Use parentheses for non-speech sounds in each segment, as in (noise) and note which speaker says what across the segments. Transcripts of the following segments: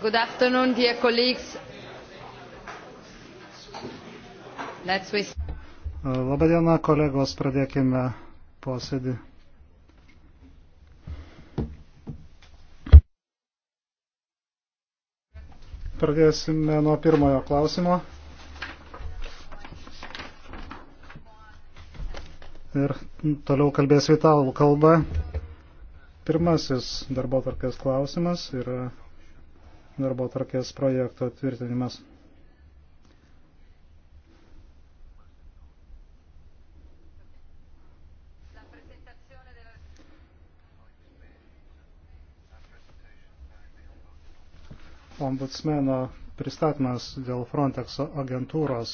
Speaker 1: Good afternoon, dear colleagues. Let's we...
Speaker 2: Labadiena, kolegos, pradėkime posėdį. Pradėsime nuo pirmojo klausimo. Ir toliau kalbės italų kalba. Pirmasis darbo tarkės klausimas yra darbo tarkės projekto tvirtinimas. ombudsmeno pristatymas dėl Frontex agentūros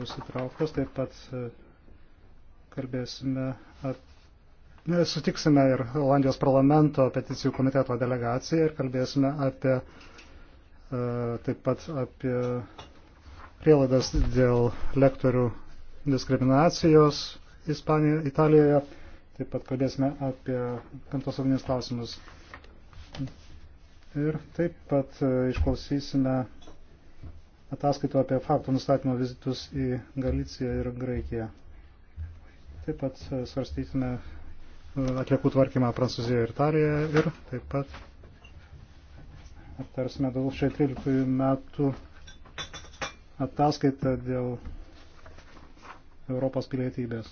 Speaker 2: bus įtrauktas. Taip pat e, kalbėsime apie sutiksime ir Olandijos parlamento peticijų komiteto delegaciją ir kalbėsime apie e, taip pat apie prielaidas dėl lektorių diskriminacijos Ispanijoje, Italijoje. Taip pat kalbėsime apie gamtosauginės klausimus. Ir taip pat e, išklausysime ataskaitų apie faktų nustatymo vizitus į Galiciją ir Graikiją. Taip pat e, svarstysime atliekų tvarkymą Prancūzijoje ir Italijoje ir taip pat aptarsime 2013 metų ataskaitą dėl Europos pilietybės.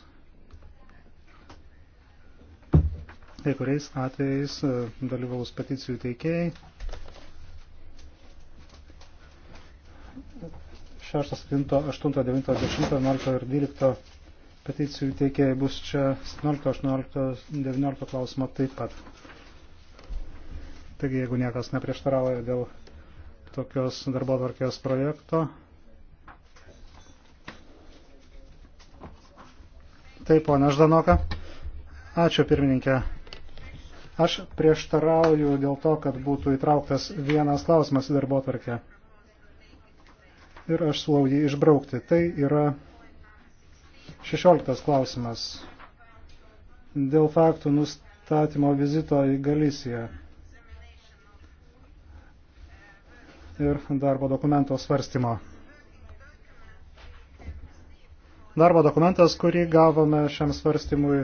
Speaker 2: Kai kuriais atvejais e, dalyvaus peticijų teikėjai. šeštas, 7, 8, 9, 10, 11 ir 12 peticijų teikėjai bus čia 17, 18, 19 klausimo taip pat. Taigi, jeigu niekas neprieštarauja dėl tokios darbo tvarkės projekto, Taip, ponia Ždanoka. Ačiū, pirmininkė. Aš prieštarauju dėl to, kad būtų įtrauktas vienas klausimas į darbo tvarkę. Ir aš siūlau jį išbraukti. Tai yra 16 klausimas. Dėl faktų nustatymo vizito į Galisiją ir darbo dokumento svarstymo. Darbo dokumentas, kurį gavome šiam svarstymui,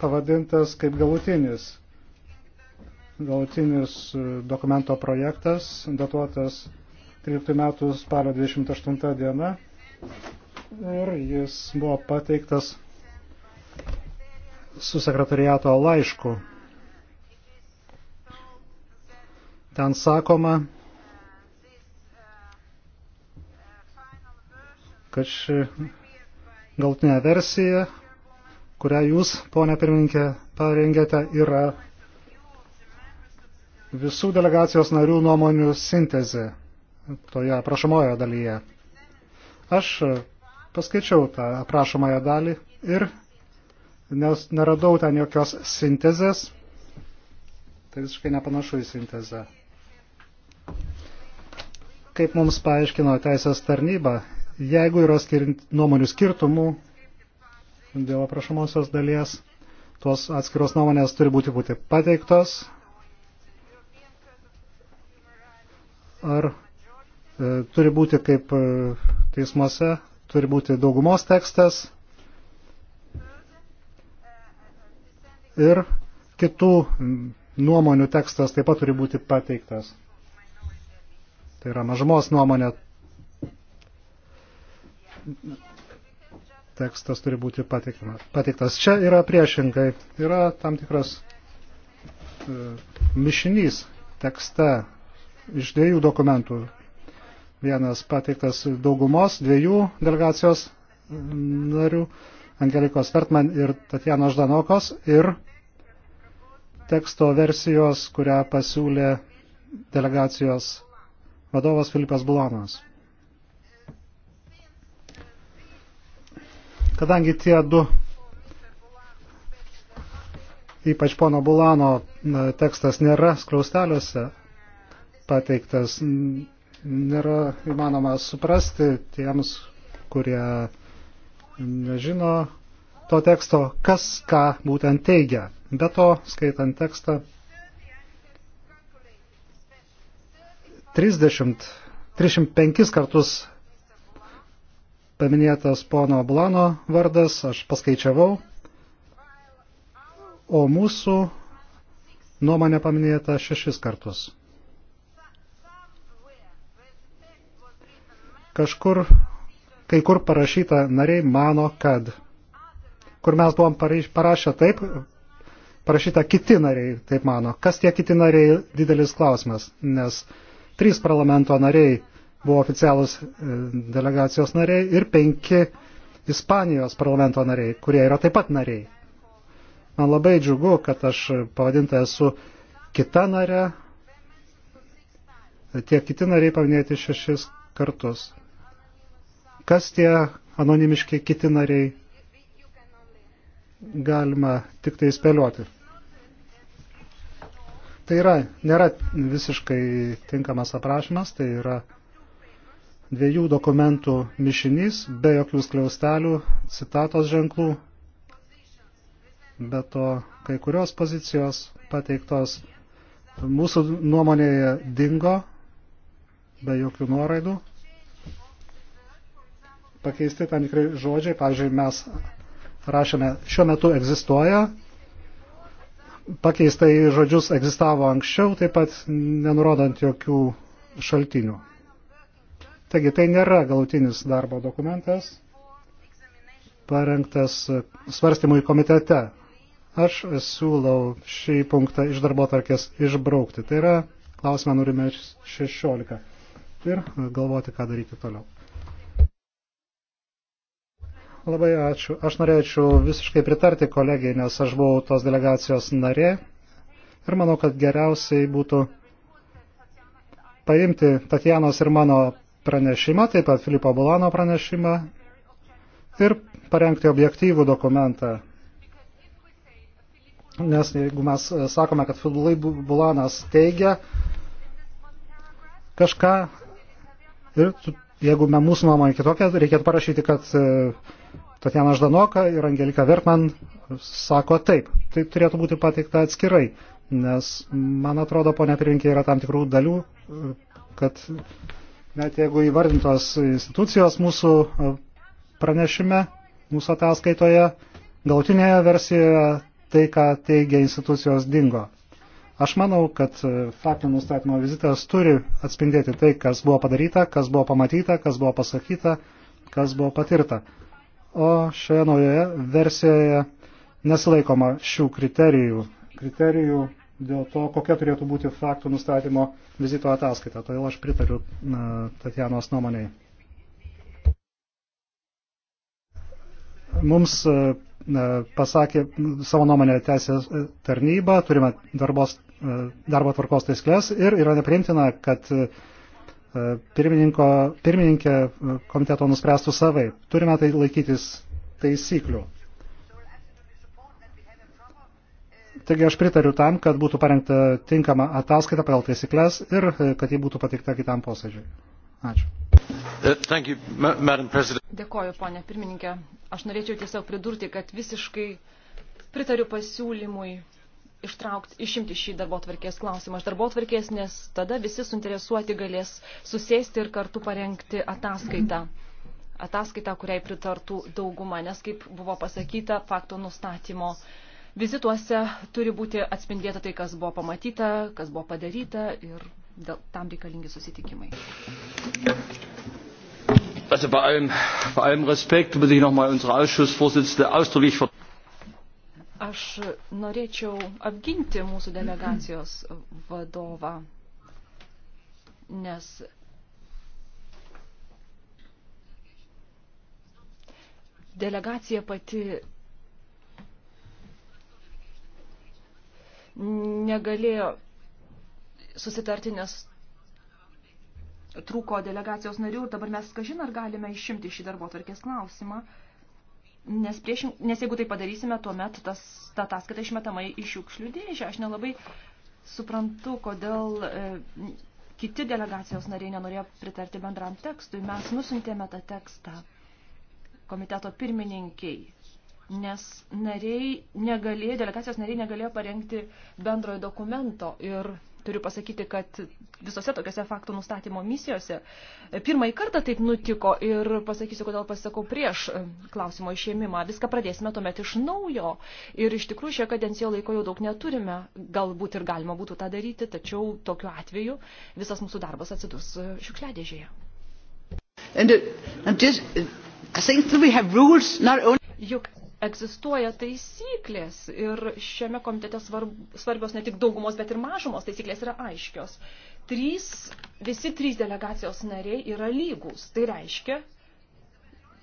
Speaker 2: pavadintas kaip galutinis. Galutinis e, dokumento projektas, datuotas 13 metų spalio 28 diena ir jis buvo pateiktas su sekretariato laišku. Ten sakoma, kad ši galtinė versija, kurią jūs, ponė pirmininkė, parengėte, yra visų delegacijos narių nuomonių sintezė toje prašomojo dalyje. Aš Paskaičiau tą aprašomąją dalį ir nes neradau ten jokios sintezės. Tai visiškai nepanašu į sintezę. Kaip mums paaiškino teisės tarnyba, jeigu yra skirint, nuomonių skirtumų dėl aprašomosios dalies, tuos atskiros nuomonės turi būti būti pateiktos. Ar e, turi būti kaip e, teismuose turi būti daugumos tekstas ir kitų nuomonių tekstas taip pat turi būti pateiktas. Tai yra mažumos nuomonė. Tekstas turi būti pateiktas. Čia yra priešinkai. Yra tam tikras e, mišinys tekste iš dviejų dokumentų Vienas pateiktas daugumos dviejų delegacijos narių, Angelikos Vertman ir Tatjano Ždanokos ir teksto versijos, kurią pasiūlė delegacijos vadovas Filipas Bulonas. Kadangi tie du, ypač pono Bulano tekstas nėra skliausteliuose pateiktas, nėra įmanoma suprasti tiems, kurie nežino to teksto, kas ką būtent teigia. Be to, skaitant tekstą, 30, 35 kartus paminėtas pono Blano vardas, aš paskaičiavau, o mūsų nuomonė paminėta šešis kartus. Kažkur, kai kur parašyta, nariai mano, kad, kur mes buvom parašę taip, parašyta kiti nariai taip mano. Kas tie kiti nariai, didelis klausimas, nes trys parlamento nariai buvo oficialūs e, delegacijos nariai ir penki Ispanijos parlamento nariai, kurie yra taip pat nariai. Man labai džiugu, kad aš pavadinta esu kita nare. Tie kiti nariai paminėti šešis kartus. Kas tie anonimiški kiti nariai? Galima tik tai spėlioti. Tai yra, nėra visiškai tinkamas aprašymas, tai yra dviejų dokumentų mišinys, be jokių skliaustelių, citatos ženklų, bet to kai kurios pozicijos pateiktos mūsų nuomonėje dingo, be jokių nuoraidų pakeisti tam tikrai žodžiai. Pavyzdžiui, mes rašėme, šiuo metu egzistuoja, pakeistai žodžius egzistavo anksčiau, taip pat nenurodant jokių šaltinių. Taigi tai nėra galutinis darbo dokumentas, parengtas svarstymui komitete. Aš siūlau šį punktą iš darbo tarkės išbraukti. Tai yra klausimą norime 16 ir galvoti, ką daryti toliau. Labai ačiū. Aš norėčiau visiškai pritarti kolegijai, nes aš buvau tos delegacijos narė ir manau, kad geriausiai būtų paimti Tatjanos ir mano pranešimą, taip pat Filipo Bulano pranešimą ir parengti objektyvų dokumentą. Nes jeigu mes sakome, kad Filai Bulanas teigia kažką ir jeigu mūsų nuomonė kitokia, reikėtų parašyti, kad uh, Tatjana Ždanoka ir Angelika Vertman sako taip. Tai turėtų būti pateikta atskirai, nes man atrodo, ponia pirinkė, yra tam tikrų dalių, kad net jeigu įvardintos institucijos mūsų pranešime, mūsų ataskaitoje, gautinėje versijoje tai, ką teigia institucijos dingo. Aš manau, kad faktinio nustatymo vizitas turi atspindėti tai, kas buvo padaryta, kas buvo pamatyta, kas buvo pasakyta, kas buvo patirta o šioje naujoje versijoje nesilaikoma šių kriterijų. Kriterijų dėl to, kokia turėtų būti faktų nustatymo vizito ataskaita. Todėl aš pritariu na, Tatjanos nuomonėjai. Mums na, pasakė savo nuomonę teisės tarnyba, turime darbos, darbo tvarkos taisyklės ir yra nepriimtina, kad E, pirmininkė e, komiteto nuspręstų savai. Turime tai laikytis taisyklių. Taigi aš pritariu tam, kad būtų parengta tinkama ataskaita pagal taisyklės ir e, kad ji būtų pateikta kitam posėdžiui. Ačiū. Uh, you,
Speaker 3: Dėkoju, ponė pirmininkė. Aš norėčiau tiesiog pridurti, kad visiškai pritariu pasiūlymui ištraukti, išimti šį darbo tvarkės klausimą iš darbo tvarkės, nes tada visi suinteresuoti galės susėsti ir kartu parengti ataskaitą. Ataskaitą, kuriai pritartų dauguma, nes kaip buvo pasakyta, fakto nustatymo vizituose turi būti atspindėta tai, kas buvo pamatyta, kas buvo padaryta ir dėl, tam reikalingi susitikimai.
Speaker 1: Also bei allem, bei allem Respekt muss ich nochmal unsere Ausschussvorsitzende ausdrücklich vertreten.
Speaker 3: Aš norėčiau apginti mūsų delegacijos vadovą, nes delegacija pati negalėjo susitarti, nes trūko delegacijos narių ir dabar mes, kažin, ar galime išimti šį darbo tvarkės klausimą. Uh, Nes, priešim, nes jeigu tai padarysime, tuomet tas, ta ataskaita išmetama į šiukšlių dėžę. Aš nelabai suprantu, kodėl e, kiti delegacijos nariai nenorėjo pritarti bendram tekstui. Mes nusintėme tą tekstą komiteto pirmininkiai, nes nariai negalėjo, delegacijos nariai negalėjo parengti bendrojo dokumento ir turiu pasakyti, kad visose tokiose faktų nustatymo misijose e, pirmąjį kartą taip nutiko ir pasakysiu, kodėl pasisakau prieš e, klausimo išėmimą. Viską pradėsime tuomet iš naujo ir iš tikrųjų šią kadenciją laiko jau daug neturime. Galbūt ir galima būtų tą daryti, tačiau tokiu atveju visas mūsų darbas atsidurs e, šiukšliadėžėje.
Speaker 4: Uh, uh, Juk
Speaker 3: egzistuoja taisyklės ir šiame komitete svarbios ne tik daugumos, bet ir mažumos taisyklės yra aiškios. Trys, visi trys delegacijos nariai yra lygus. Tai reiškia,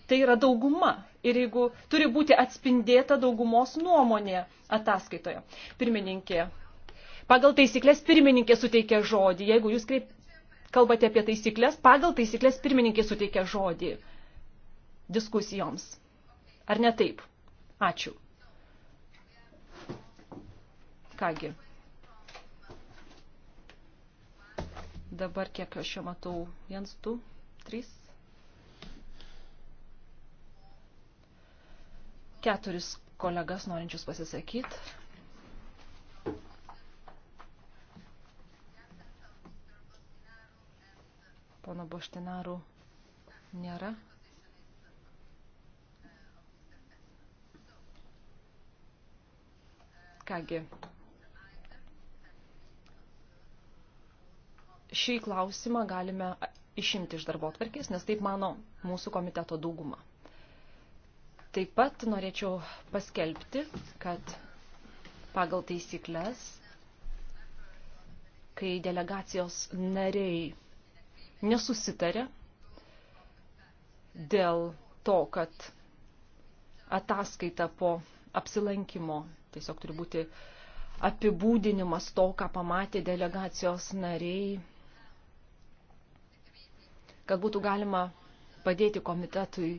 Speaker 3: tai yra dauguma ir jeigu turi būti atspindėta daugumos nuomonė ataskaitoje. Pirmininkė, pagal taisyklės pirmininkė suteikia žodį. Jeigu jūs kreip, kalbate apie taisyklės, pagal taisyklės pirmininkė suteikia žodį diskusijoms. Ar ne taip? Ačiū. Kągi. Dabar kiek aš jau matau? 1, 2, 3. Keturis kolegas norinčius pasisakyti. pono Boštinarų nėra. Kągi, šį klausimą galime išimti iš darbo atvarkės, nes taip mano mūsų komiteto dauguma. Taip pat norėčiau paskelbti, kad pagal taisyklės, kai delegacijos nariai nesusitarė dėl to, kad ataskaita po apsilankimo tiesiog turi būti apibūdinimas to, ką pamatė delegacijos nariai, kad būtų galima padėti komitetui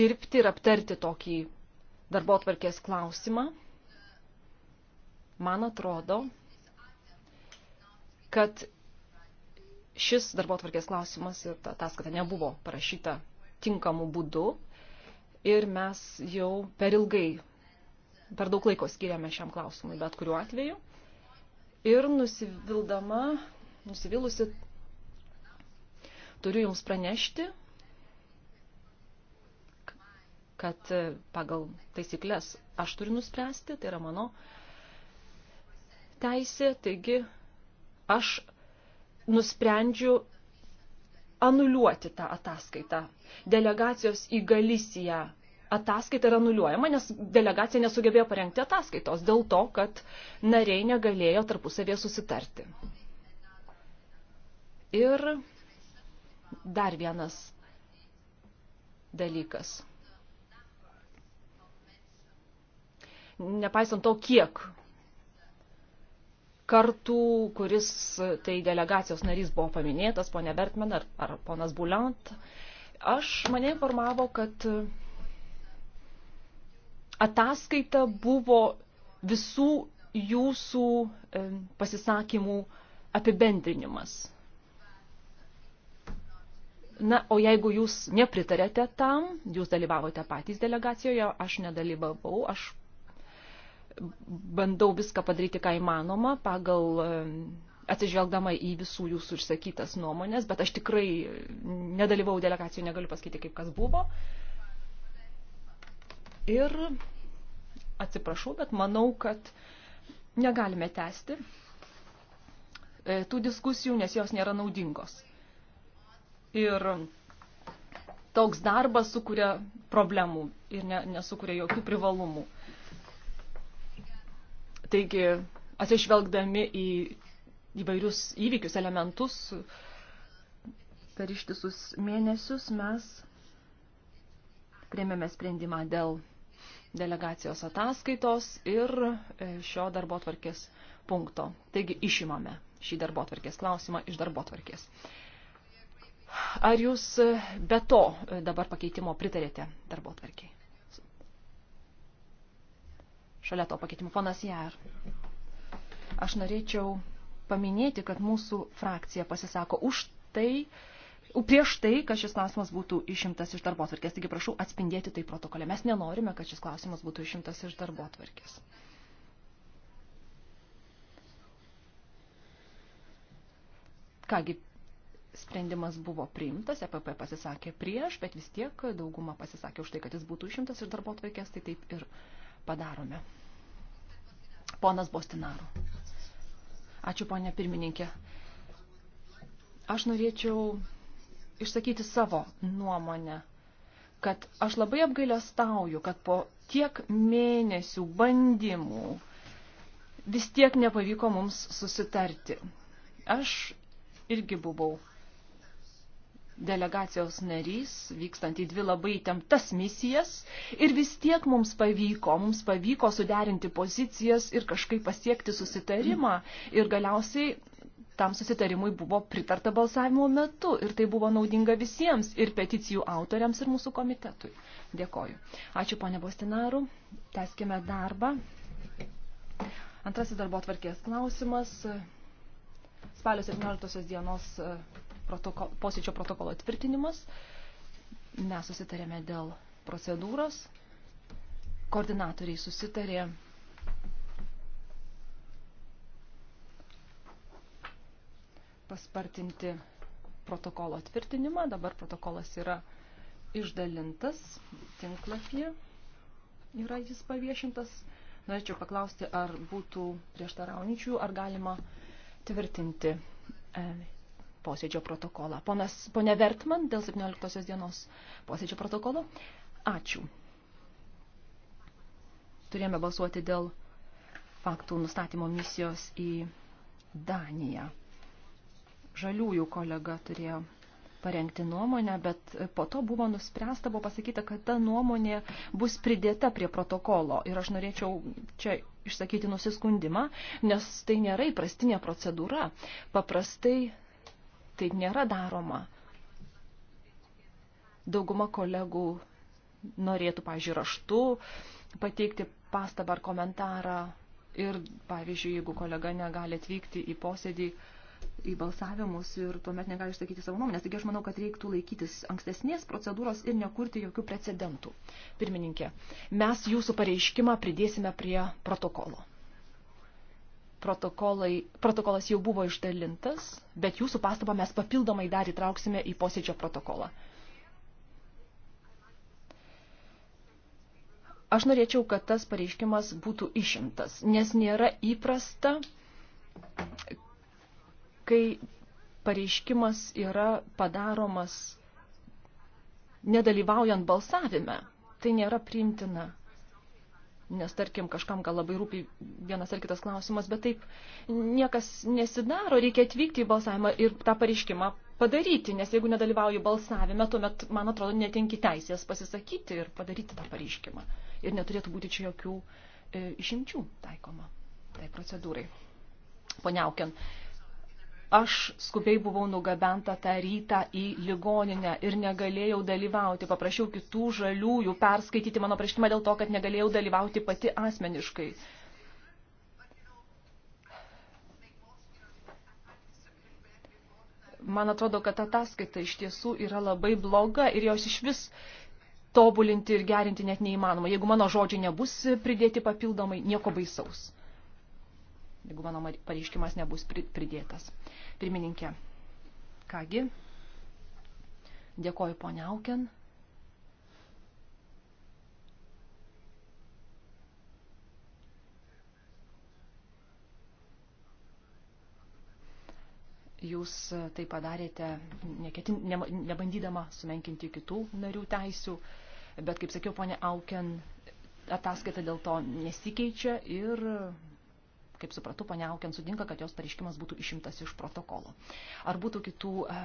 Speaker 3: dirbti ir aptarti tokį darbo atvarkės klausimą. Man atrodo, kad šis darbo atvarkės klausimas ir ta ataskaita nebuvo parašyta tinkamu būdu ir mes jau per ilgai per daug laiko skiriame šiam klausimui, bet kuriuo atveju. Ir nusivildama, nusivilusi, turiu Jums pranešti, kad pagal taisyklės aš turiu nuspręsti, tai yra mano teisė, taigi aš nusprendžiu anuliuoti tą ataskaitą. Delegacijos į Galisiją ataskaita yra nuliuojama, nes delegacija nesugebėjo parengti ataskaitos dėl to, kad nariai negalėjo tarpusavėje susitarti. Ir dar vienas dalykas. Nepaisant to, kiek kartų, kuris tai delegacijos narys buvo paminėtas, ponė Bertman ar, ar ponas Bulant, aš mane informavo, kad ataskaita buvo visų jūsų e, pasisakymų apibendrinimas. Na, o jeigu jūs nepritarėte tam, jūs dalyvavote patys delegacijoje, aš nedalyvavau, aš bandau viską padaryti, ką įmanoma, pagal e, atsižvelgdama į visų jūsų išsakytas nuomonės, bet aš tikrai nedalyvau delegacijoje, negaliu pasakyti, kaip kas buvo. Uh, Ir atsiprašau, bet manau, kad negalime tęsti e, tų diskusijų, nes jos nėra naudingos. Ir toks darbas sukuria problemų ir ne, nesukuria jokių privalumų. Taigi, atsižvelgdami į įvairius įvykius, elementus, per ištisus mėnesius mes priemėme sprendimą dėl delegacijos ataskaitos ir e, šio darbo tvarkės punkto. Taigi išimame šį darbo tvarkės klausimą iš darbo tvarkės. Ar jūs e, be to e, dabar pakeitimo pritarėte darbo tvarkiai? Šalia to pakeitimo, ponas Jar. Aš norėčiau paminėti, kad mūsų frakcija pasisako už tai, prieš tai, kad šis klausimas būtų išimtas iš darbo atvarkės. Taigi prašau atspindėti tai protokole. Mes nenorime, kad šis klausimas būtų išimtas iš darbo atvarkės. Kągi, sprendimas buvo priimtas, EPP pasisakė prieš, bet vis tiek dauguma pasisakė už tai, kad jis būtų išimtas iš darbo atvarkės, tai taip ir padarome. Ponas Bostinaru. Ačiū, ponė pirmininkė. Aš norėčiau išsakyti savo nuomonę, kad aš labai apgailestauju, kad po tiek mėnesių bandymų vis tiek nepavyko mums susitarti. Aš irgi buvau delegacijos narys, vykstant į dvi labai temtas misijas ir vis tiek mums pavyko, mums pavyko suderinti pozicijas ir kažkaip pasiekti susitarimą ir galiausiai tam susitarimui buvo pritarta balsavimo metu ir tai buvo naudinga visiems ir peticijų autoriams ir mūsų komitetui. Dėkoju. Ačiū ponė Bostinaru. Teskime darbą. Antrasis darbo atvarkės klausimas. Spalio 17 dienos e, protokol, posėdžio protokolo tvirtinimas. Mes susitarėme dėl procedūros. Koordinatoriai susitarė paspartinti protokolo tvirtinimą. Dabar protokolas yra išdalintas tinklapyje. Yra jis paviešintas. Norėčiau paklausti, ar būtų prieštaraujančių, ar galima tvirtinti e, posėdžio protokolą. Ponas, ponė Vertman, dėl 17 dienos posėdžio protokolo. Ačiū. Turėjome balsuoti dėl faktų nustatymo misijos į Daniją žaliųjų kolega turėjo parengti nuomonę, bet po to buvo nuspręsta, buvo pasakyta, kad ta nuomonė bus pridėta prie protokolo. Ir aš norėčiau čia išsakyti nusiskundimą, nes tai nėra įprastinė procedūra. Paprastai taip nėra daroma. Dauguma kolegų norėtų, pažiūrėjau, raštu pateikti pastabą ar komentarą. Ir, pavyzdžiui, jeigu kolega negali atvykti į posėdį, uh, į balsavimus ir tuomet negali išsakyti savo nuomonės. Taigi aš manau, kad reiktų laikytis ankstesnės procedūros ir nekurti jokių precedentų. Pirmininkė, mes jūsų pareiškimą pridėsime prie protokolo. Protokolai, protokolas jau buvo išdalintas, bet jūsų pastabą mes papildomai dar įtrauksime į posėdžio protokolą. Aš norėčiau, kad tas pareiškimas būtų išimtas, nes nėra įprasta kai pareiškimas yra padaromas nedalyvaujant balsavime, tai nėra priimtina. Nes, tarkim, kažkam gal labai rūpi vienas ar kitas klausimas, bet taip niekas nesidaro, reikia atvykti į balsavimą ir tą pareiškimą padaryti, nes jeigu nedalyvauju balsavime, tuomet, man atrodo, netenki teisės pasisakyti ir padaryti tą pareiškimą. Ir neturėtų būti čia jokių e, išimčių taikoma tai procedūrai. Poniaukiant, aš skubiai buvau nugabenta tą rytą į ligoninę ir negalėjau dalyvauti. Paprašiau kitų žaliųjų perskaityti mano prašymą dėl to, kad negalėjau dalyvauti pati asmeniškai. Man atrodo, kad ataskaita iš tiesų yra labai bloga ir jos iš vis tobulinti ir gerinti net neįmanoma. Jeigu mano žodžiai nebus pridėti papildomai, nieko baisaus jeigu mano pareiškimas nebus pridėtas. Pirmininkė, kągi, dėkoju ponia Auken. Jūs tai padarėte, neketin, ne, nebandydama sumenkinti kitų narių teisių, bet, kaip sakiau, ponė Auken, ataskaita dėl to nesikeičia ir kaip supratau, ponia Aukiant sudinka, kad jos pareiškimas būtų išimtas iš protokolo. Ar būtų kitų e,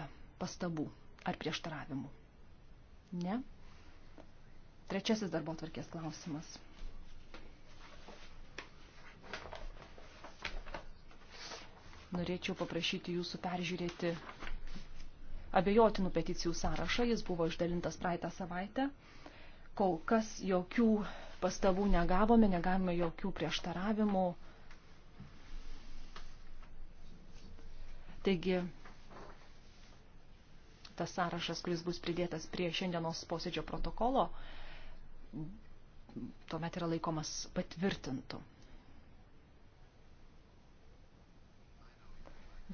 Speaker 3: pastabų ar prieštaravimų? Ne. Trečiasis darbo tvarkės klausimas. Norėčiau paprašyti jūsų peržiūrėti abejotinų peticijų sąrašą. Jis buvo išdalintas praeitą savaitę. Kol kas jokių pastabų negavome, negavome jokių prieštaravimų. Taigi, tas sąrašas, kuris bus pridėtas prie šiandienos posėdžio protokolo, tuomet yra laikomas patvirtintų.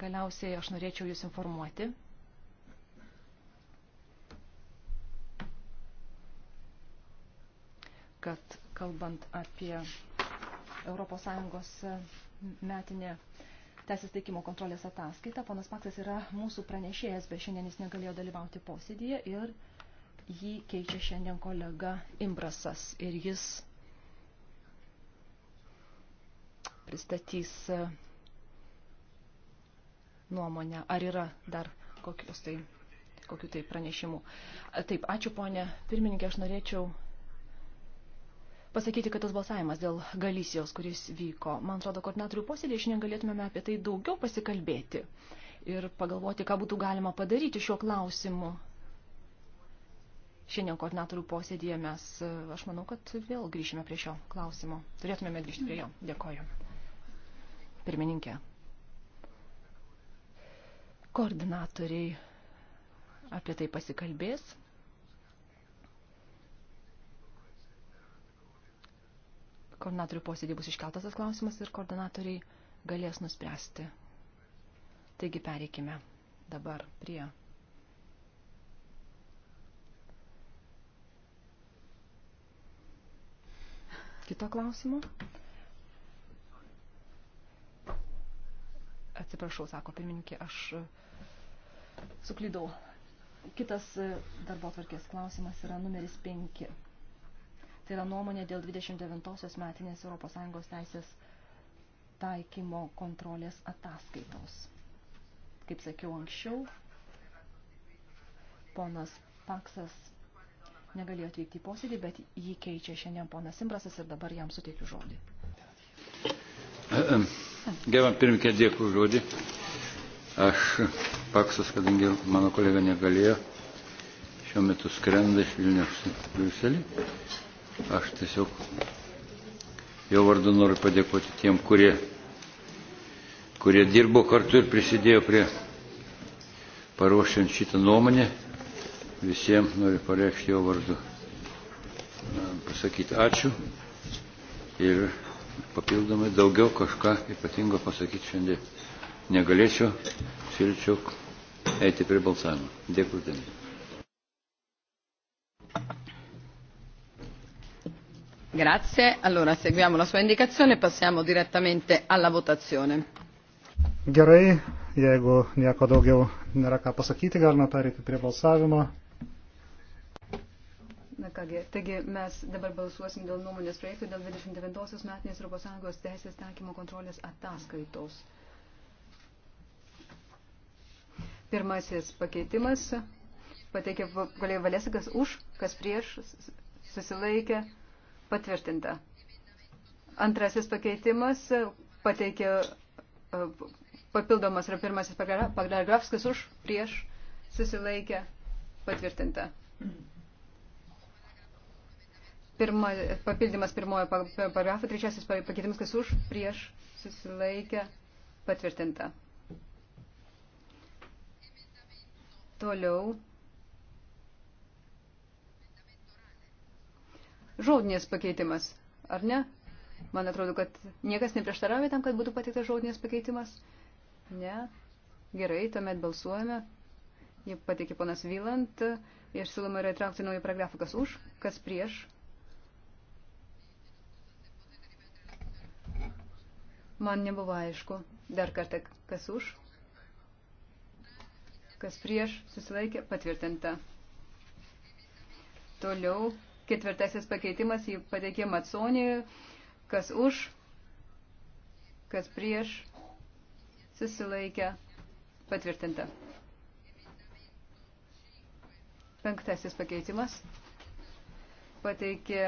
Speaker 3: Galiausiai aš norėčiau Jūs informuoti, kad kalbant apie ES metinę teisės teikimo kontrolės ataskaitą. Ponas Paksas yra mūsų pranešėjas, bet šiandien jis negalėjo dalyvauti posėdėje ir jį keičia šiandien kolega Imbrasas ir jis pristatys e, nuomonę, ar yra dar kokius tai, kokiu tai pranešimu. Taip, ačiū ponė pirmininkė, aš norėčiau pasakyti, kad tas balsavimas dėl Galisijos, kuris vyko, man atrodo, koordinatorių posėdėje šiandien galėtumėme apie tai daugiau pasikalbėti ir pagalvoti, ką būtų galima padaryti šiuo klausimu. Šiandien koordinatorių posėdėje mes, aš manau, kad vėl grįšime prie šio klausimo. Turėtumėme grįžti prie jo. Dėkoju. Pirmininkė. Koordinatoriai apie tai pasikalbės. koordinatorių posėdį bus iškeltas tas klausimas ir koordinatoriai galės nuspręsti. Taigi pereikime dabar prie kito klausimo. Atsiprašau, sako pirmininkė, aš suklydau. Kitas e, darbo tvarkės klausimas yra numeris 5. Tai yra nuomonė dėl 29-osios metinės ES teisės taikymo kontrolės ataskaitos. Kaip sakiau anksčiau, ponas Paksas negalėjo atvykti į posėdį, bet jį keičia šiandien ponas Imbrasas ir dabar jam suteikiu žodį.
Speaker 2: Gerbiam pirmininkė, dėkui žodį. Aš Paksas, kadangi mano kolega negalėjo,
Speaker 3: šiuo metu skrenda iš Vilniaus į Briuselį. Aš tiesiog jo vardu noriu padėkoti tiem, kurie, kurie dirbo kartu ir prisidėjo prie paruošiant šitą nuomonę. Visiems noriu pareikšti jo vardu. Pasakyti ačiū ir papildomai daugiau kažką ypatingo pasakyti šiandien negalėčiau, siūlyčiau eiti prie balsavimo. Dėkui. Dėkui.
Speaker 1: Grazie. Allora seguiamo la sua indicazione e passiamo direttamente alla votazione.
Speaker 2: Gerai, jeigu nieko daugiau nėra ką pasakyti, galime pereiti prie balsavimo.
Speaker 4: Na kągi, taigi mes dabar balsuosim dėl nuomonės projektų dėl 29-osios metinės ES teisės taikymo kontrolės ataskaitos. Pirmasis pakeitimas pateikė galėjo valėsikas už, kas prieš, susilaikė, Patvirtinta. Antrasis pakeitimas pateikė e, papildomas yra pirmasis paragrafskas už, prieš, susilaikė, patvirtinta. Pirma, papildymas pirmojo paragrafo, trečiasis pakeitimas, kas už, prieš, susilaikė, patvirtinta. Toliau žodinės pakeitimas, ar ne? Man atrodo, kad niekas neprieštaravė tam, kad būtų pateiktas žodinės pakeitimas. Ne. Gerai, tuomet balsuojame. Jie pateikė ponas Vylant ir siūloma yra įtraukti naują paragrafą, kas už, kas prieš. Man nebuvo aišku. Dar kartą, kas už, kas prieš, susilaikė, patvirtinta. Toliau Ketvirtasis pakeitimas jį pateikė Matsonį, kas už, kas prieš, susilaikė, patvirtinta. Penktasis pakeitimas pateikė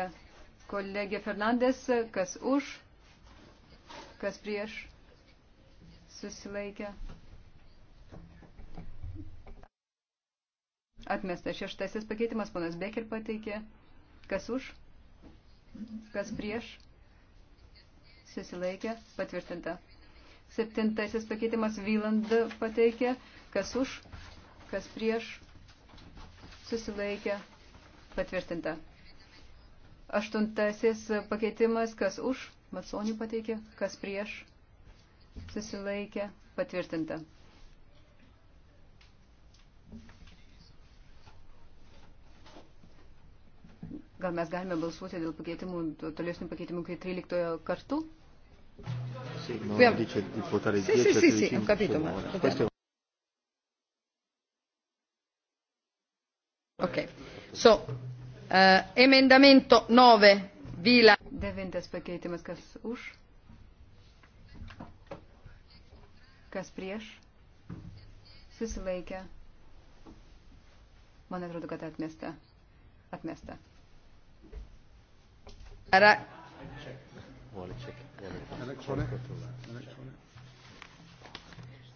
Speaker 4: kolegė Fernandės, kas už, kas prieš, susilaikė. Atmestas šeštasis pakeitimas, ponas Becker pateikė. Kas už? Kas prieš? Susilaikė. Patvirtinta. Septintasis pakeitimas Vyland pateikė. Kas už? Kas prieš? Susilaikė. Patvirtinta. Aštuntasis pakeitimas, kas už, Matsonių pateikė, kas prieš, susilaikė, patvirtinta. Gal mes galime balsuoti dėl pakeitimų, tolesnių pakeitimų, kai 13 kartu?
Speaker 1: Sì, no, Abbiamo... dice di votare sì, 10 sì, sì, sì, ho capito, ma... Questo... Ok, so, uh, emendamento 9, Vila.
Speaker 4: Devintas pakeitimas, kas už? Kas prieš? Susilaikė. Man atrodo, kad atmesta. Atmesta. Ra-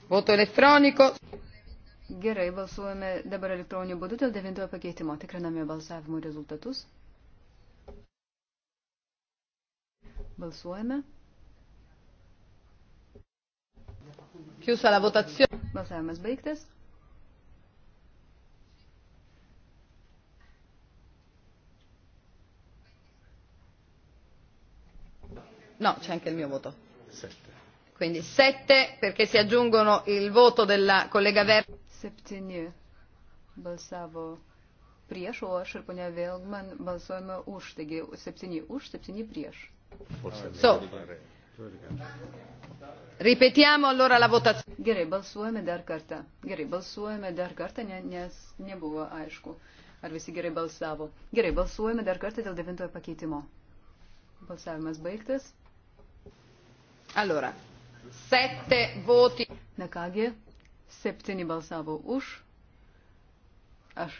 Speaker 1: Voto elektroniko.
Speaker 4: Gerai, balsuojame dabar elektroniniu būdu dėl devintojo pakeitimo. Tikriname balsavimo rezultatus. Balsuojame. Chiusa la votazione. Balsavimas baigtas.
Speaker 1: no c'è anche il mio voto quindi sette perché si aggiungono il voto della collega Verdi
Speaker 4: septyni balsavo prieš, o aš ir ponia Vėlgman balsuojame už. Taigi septyni už, septyni prieš. So.
Speaker 1: Ripetiamo allora la votazione.
Speaker 4: Gerai, balsuojame dar kartą. Gerai, balsuojame dar kartą, nes nebuvo aišku, ar visi gerai balsavo. Gerai, balsuojame dar kartą dėl devintojo pakeitimo. Balsavimas baigtas. Allora, sette voti. Na kągi, septyni balsavo už. Aš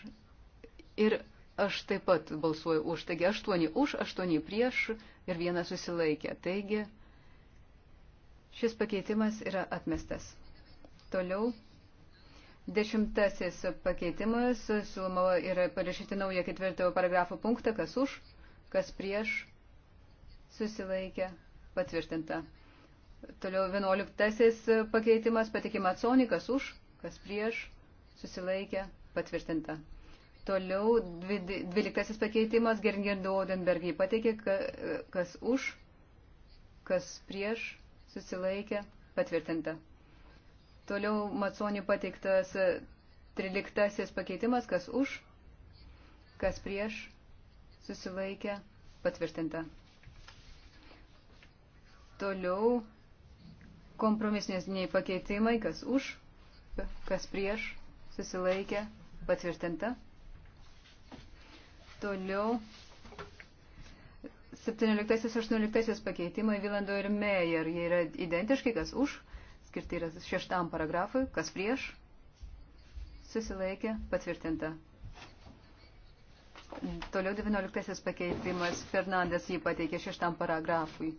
Speaker 4: ir aš taip pat balsuoju už. Taigi aštuoni už, aštuoni prieš ir vienas susilaikė. Taigi šis pakeitimas yra atmestas. Toliau. Dešimtasis pakeitimas siūloma yra parašyti naują ketvirtojo paragrafo punktą, kas už, kas prieš, susilaikė, patvirtinta. Toliau vienuoliktasis pakeitimas patikima Sonikas už, kas prieš, susilaikė, patvirtinta. Toliau dvyliktasis pakeitimas Geringerdo Odenberg jį pateikė, kas už, kas prieš, susilaikė, patvirtinta. Toliau Maconių pateiktas triliktasis pakeitimas, kas už, kas prieš, susilaikė, patvirtinta. Toliau Kompromisinės nei pakeitimai, kas už, kas prieš, susilaikė, patvirtinta. Toliau 17-18 pakeitimai Vilando ir Meyer. Jie yra identiški, kas už, skirti yra šeštam paragrafui, kas prieš, susilaikė, patvirtinta. Toliau 19 pakeitimas Fernandas jį pateikė šeštam paragrafui.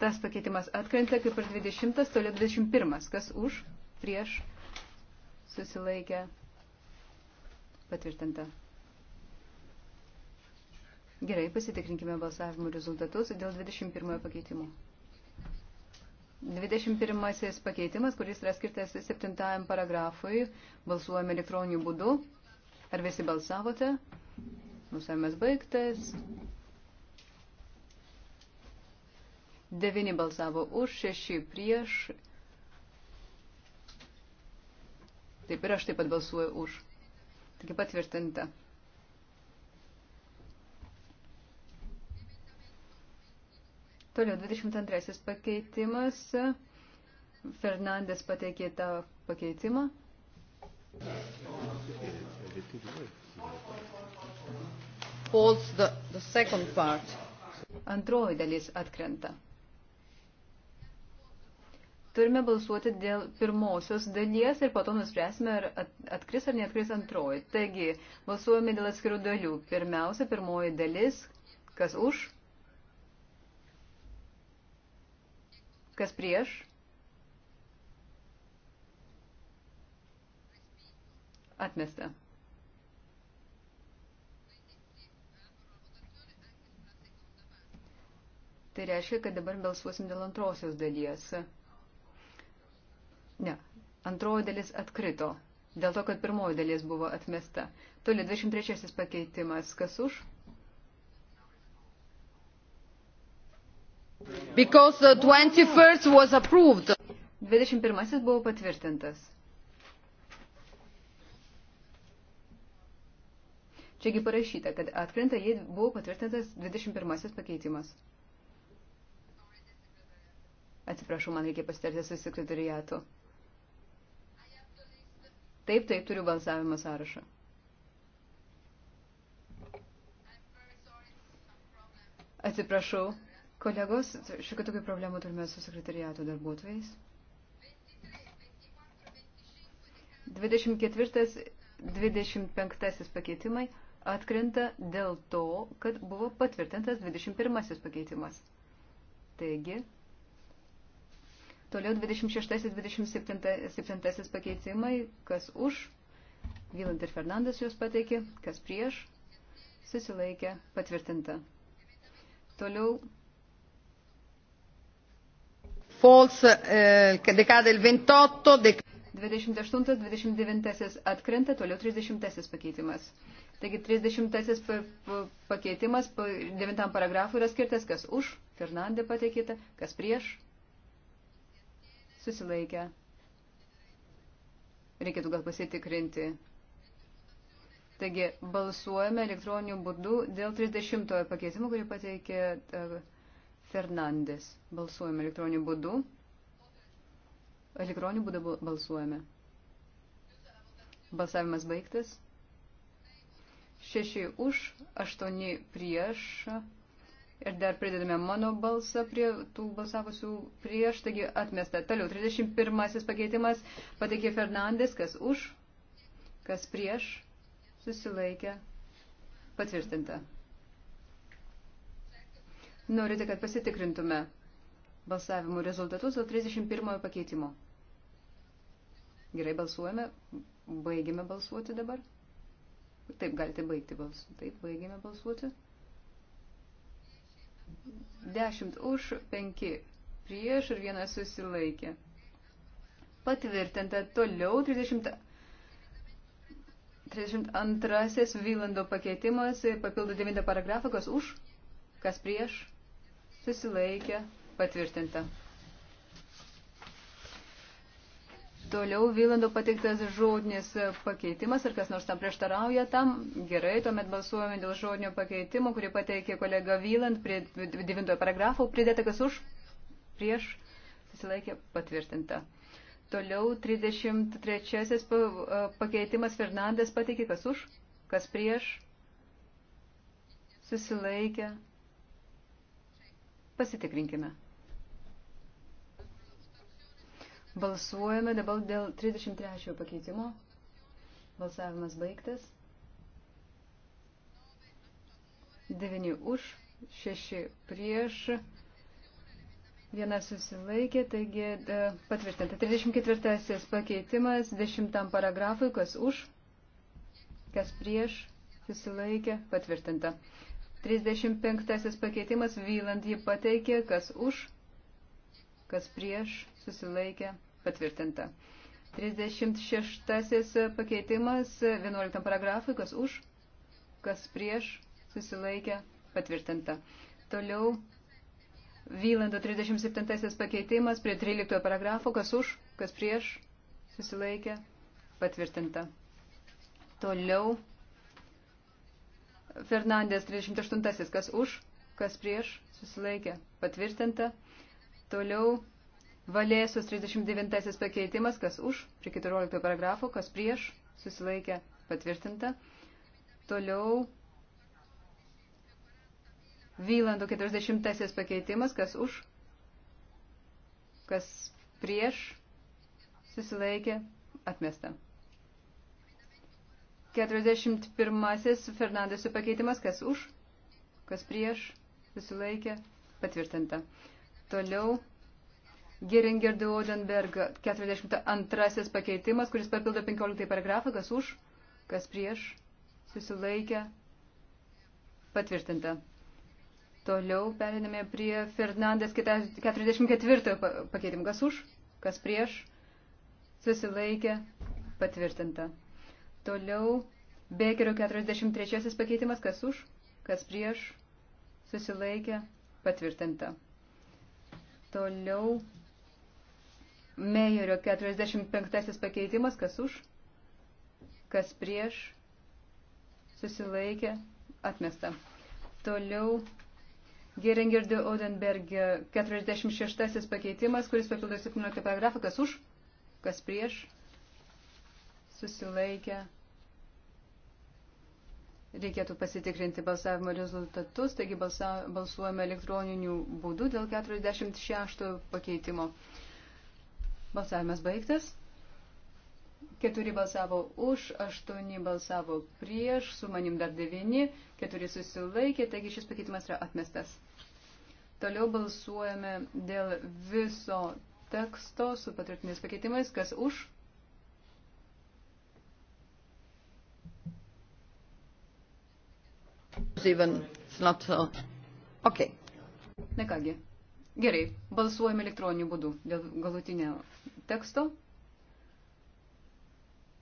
Speaker 4: Tas pakeitimas atkrenta kaip ir 20, toliau 21. Kas už, prieš, susilaikė, patvirtinta. Gerai, pasitikrinkime balsavimo rezultatus dėl 21 pakeitimo. 21 pakeitimas, kuris yra skirtas 7 paragrafui, balsuojame elektroniniu būdu. Ar visi balsavote? Balsavimas baigtas. 9 balsavo už, 6 prieš. Taip ir aš taip pat balsuoju už. Taigi patvirtinta. Toliau 22 pakeitimas. Fernandes pateikė tą pakeitimą. Falls the, the second part. Antroji dalis atkrenta. Turime balsuoti dėl pirmosios dalies ir po to nuspręsime, ar atkris ar neatkris antroji. Taigi, balsuojame dėl atskirų dalių. Pirmiausia, pirmoji dalis, kas už, kas prieš, atmesta. Tai reiškia, kad dabar balsuosim dėl antrosios dalies. Ne, antroji dalis atkrito, dėl to, kad pirmoji dalis buvo atmesta. Toliau 23 pakeitimas, kas už? Because the 21st was approved. 21 buvo patvirtintas. Čiagi parašyta, kad atkrinta, jei buvo patvirtintas 21 pakeitimas. Atsiprašau, man reikia pasitarti su sekretariatu. Taip, tai turiu balsavimo sąrašą. Atsiprašau, kolegos, šiokių tokių problemų turime su sekretariato darbuotojais. 24-25 pakeitimai atkrinta dėl to, kad buvo patvirtintas 21 pakeitimas. Taigi, Toliau 26-27 pakeitimai, kas už, Vylant ir Fernandas juos pateikė, kas prieš, susilaikė, patvirtinta. Toliau. False, eh, decade il 28, dec... 28-29 atkrenta, toliau 30 pakeitimas. Taigi 30 pakeitimas 9 paragrafui yra skirtas, kas už, Fernandė pateikėta, kas prieš, susilaikę. Reikėtų gal pasitikrinti. Taigi balsuojame elektroniniu būdu dėl 30 pakeitimo, kurį pateikė e, Fernandes. Balsuojame elektroniniu būdu. Elektroniniu būdu balsuojame. Balsavimas baigtas. 6 už, 8 prieš. Ir dar pridedame mano balsą prie tų balsavusių prieš, taigi atmesta. Toliau, 31 pakeitimas pateikė Fernandes, kas už, kas prieš, susilaikė, patvirtinta. Norite, kad pasitikrintume balsavimų rezultatus dėl 31 pakeitimo. Gerai balsuojame, baigime balsuoti dabar. Taip, galite baigti balsuoti. Taip, baigime balsuoti. 10 už, 5 prieš ir vienas susilaikė. Patvirtinta toliau 30, 32 Vylando pakeitimas, papildo 9 paragrafą, kas už, kas prieš, susilaikė, patvirtinta. Toliau Vilando pateiktas žodinis pakeitimas, ar kas nors tam prieštarauja tam. Gerai, tuomet balsuojame dėl žodinio pakeitimo, kurį pateikė kolega Viland prie 9 paragrafo. Pridėta kas už, prieš, susilaikė patvirtinta. Toliau 33 pakeitimas Fernandas pateikė kas už, kas prieš, susilaikė. Pasitikrinkime. Balsuojame dabar dėl 33 pakeitimo. Balsavimas baigtas. 9 už, 6 prieš, viena susilaikė, taigi e, patvirtinta. 34 pakeitimas 10 paragrafui, kas už, kas prieš, susilaikė, patvirtinta. 35 pakeitimas, vylant jį pateikė, kas už, kas prieš, susilaikė, Patvirtinta. 36 pakeitimas 11 paragrafui, kas už, kas prieš, susilaikė, patvirtinta. Toliau Vylando 37 pakeitimas prie 13 paragrafo, kas už, kas prieš, susilaikė, patvirtinta. Toliau Fernandės 38, kas už, kas prieš, susilaikė, patvirtinta. Toliau Valėsus 39 pakeitimas, kas už, prie 14 paragrafo, kas prieš, susilaikė patvirtinta. Toliau Vylandų 40 pakeitimas, kas už, kas prieš, susilaikė atmesta. 41 Fernandesų pakeitimas, kas už, kas prieš, susilaikė patvirtinta. Toliau Geringer de Odenberg 42 pakeitimas, kuris papildo 15 paragrafą, kas už, kas prieš, susilaikė, patvirtinta. Toliau periname prie Fernandės 44 pakeitimų, kas už, kas prieš, susilaikė, patvirtinta. Toliau Bekerio 43 pakeitimas, kas už, kas prieš, susilaikė, patvirtinta. Toliau Meijerio 45 pakeitimas, kas už, kas prieš, susilaikė, atmesta. Toliau Geringirdė Odenberg 46 pakeitimas, kuris papildo 17 paragrafą, kas už, kas prieš, susilaikė. Reikėtų pasitikrinti balsavimo rezultatus, taigi balsa, balsuojame elektroniniu būdu dėl 46 pakeitimo. Balsavimas baigtas. Keturi balsavo už, aštuoni balsavo prieš, su manim dar devyni, keturi susilaikė, taigi šis pakeitimas yra atmestas. Toliau balsuojame dėl viso teksto su patvirtiniais pakeitimais, kas už.
Speaker 1: Uh, okay.
Speaker 4: Na kągi, gerai, balsuojame elektroniniu būdu dėl galutinio teksto.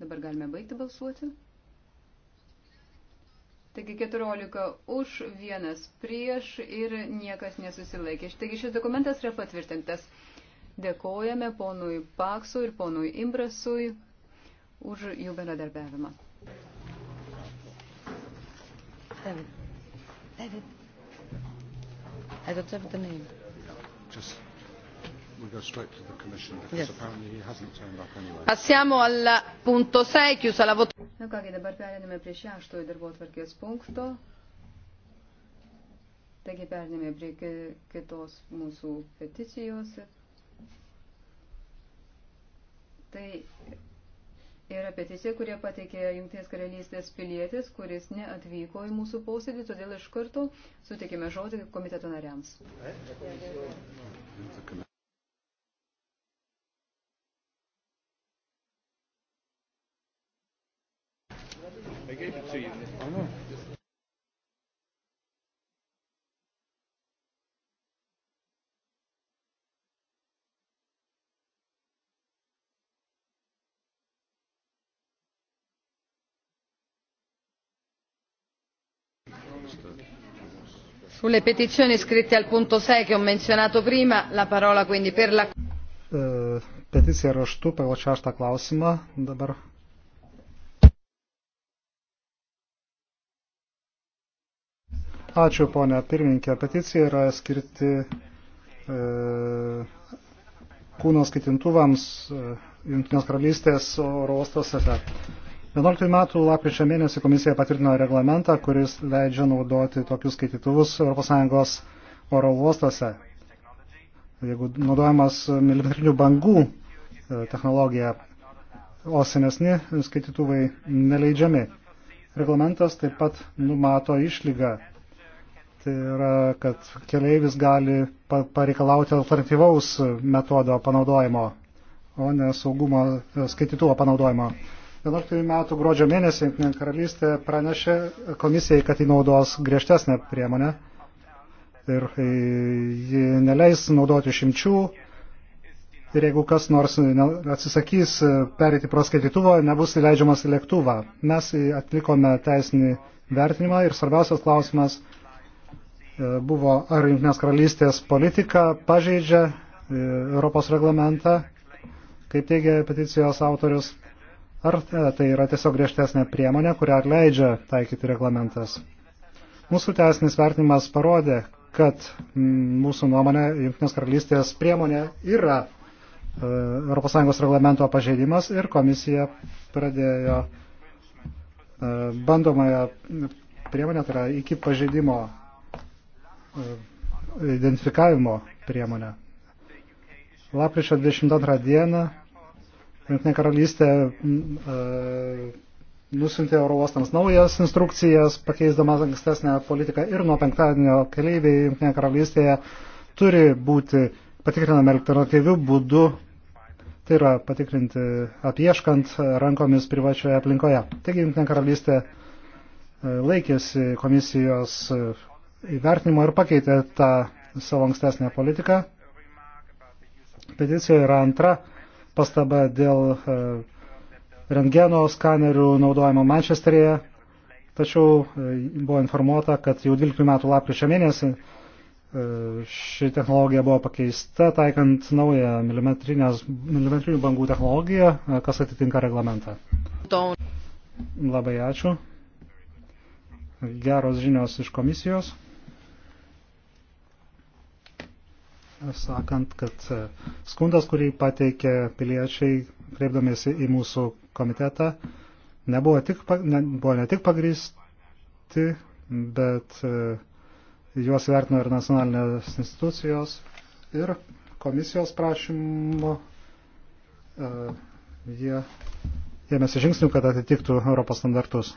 Speaker 4: Dabar galime baigti balsuoti. Taigi 14 už, vienas prieš ir niekas nesusilaikė. Taigi šis dokumentas yra patvirtintas. Dėkojame ponui Paksu ir ponui Imbrasui už jų bendradarbiavimą. David. David. I don't have the name.
Speaker 3: Just. Yes. Passiamo
Speaker 4: al punto 6, chiusa la votazione. Na kągi, dabar perėdame prie šeštojo darbo tvarkės punkto. Taigi perėdame prie kitos mūsų peticijos. Tai yra peticija, kurie pateikė Junktinės karalystės pilietis, kuris neatvyko į mūsų posėdį, todėl iš karto sutikime žodį komiteto nariams.
Speaker 2: I gave it to you. I know.
Speaker 1: Sulle petizioni scritte al punto 6 che ho menzionato prima, la parola quindi per la.
Speaker 2: Eh, peticija raštu pagal šeštą klausimą dabar Ačiū, ponia pirmininkė. Peticija yra skirti e, kūno skaitintuvams e, Junktinės karalystės oro uostose. 11 metų lapkričio mėnesį komisija patvirtino reglamentą, kuris leidžia naudoti tokius skaitytuvus ES oro uostose. Jeigu naudojamas milimetrinių bangų e, technologija, o senesni skaitytuvai neleidžiami. Reglamentas taip pat numato išlygą Tai yra, kad keleivis gali pareikalauti alternatyvaus metodo panaudojimo, o ne saugumo skaitytuvo panaudojimo. 11 metų gruodžio mėnesį Junktinė karalystė pranešė komisijai, kad jį naudos griežtesnę priemonę ir e, ji neleis naudoti šimčių ir jeigu kas nors atsisakys perėti pro skaitytuvo, nebus įleidžiamas į lėktuvą. Mes atlikome teisinį vertinimą ir svarbiausias klausimas E, buvo, ar Junktinės karalystės politika pažeidžia e, Europos reglamentą, kaip teigia peticijos autorius, ar e, tai yra tiesiog griežtesnė priemonė, kurią leidžia taikyti reglamentas. Mūsų teisinis vertinimas parodė, kad mūsų nuomonė Junktinės karalystės priemonė yra ES reglamento pažeidimas ir komisija pradėjo bandomąją priemonę, tai yra iki pažeidimo E, identifikavimo priemonę. Lapkričio 22 dieną Junktinė karalystė e, nusintė oro uostams naujas instrukcijas, pakeisdamas ankstesnę politiką ir nuo penktadienio keleiviai Junktinė karalystėje turi būti patikrinami alternatyvių būdų, tai yra patikrinti apieškant rankomis privačioje aplinkoje. Taigi Junktinė karalystė e, laikėsi komisijos įvertinimo ir pakeitė tą savo ankstesnę politiką. Peticijoje yra antra pastaba dėl e, rentgeno skanerių naudojimo Mančesterėje, tačiau e, buvo informuota, kad jau 12 metų lapkričio mėnesį e, ši technologija buvo pakeista, taikant naują milimetrinių bangų technologiją, kas atitinka reglamentą. Labai ačiū. Geros žinios iš komisijos. sakant, kad e, skundas, kurį pateikė piliečiai, kreipdamėsi į mūsų komitetą, nebuvo, tik, ne, buvo ne tik pagristi, bet e, juos vertino ir nacionalinės institucijos ir komisijos prašymu e, jie ėmėsi žingsnių, kad atitiktų Europos standartus.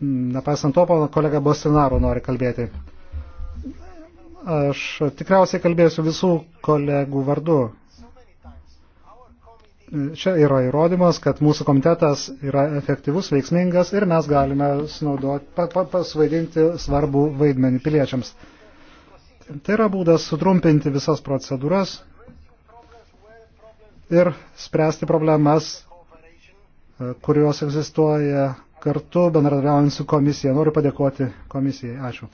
Speaker 2: Nepaisant to, kolega Bostinaro nori kalbėti. Aš tikriausiai kalbėsiu visų kolegų vardu. Čia yra įrodymas, kad mūsų komitetas yra efektyvus, veiksmingas ir mes galime pa, pa, pasvaidinti svarbų vaidmenį piliečiams. Tai yra būdas sutrumpinti visas procedūras ir spręsti problemas, kurios egzistuoja kartu bendradarbiaujant su komisija. Noriu padėkoti komisijai. Ačiū.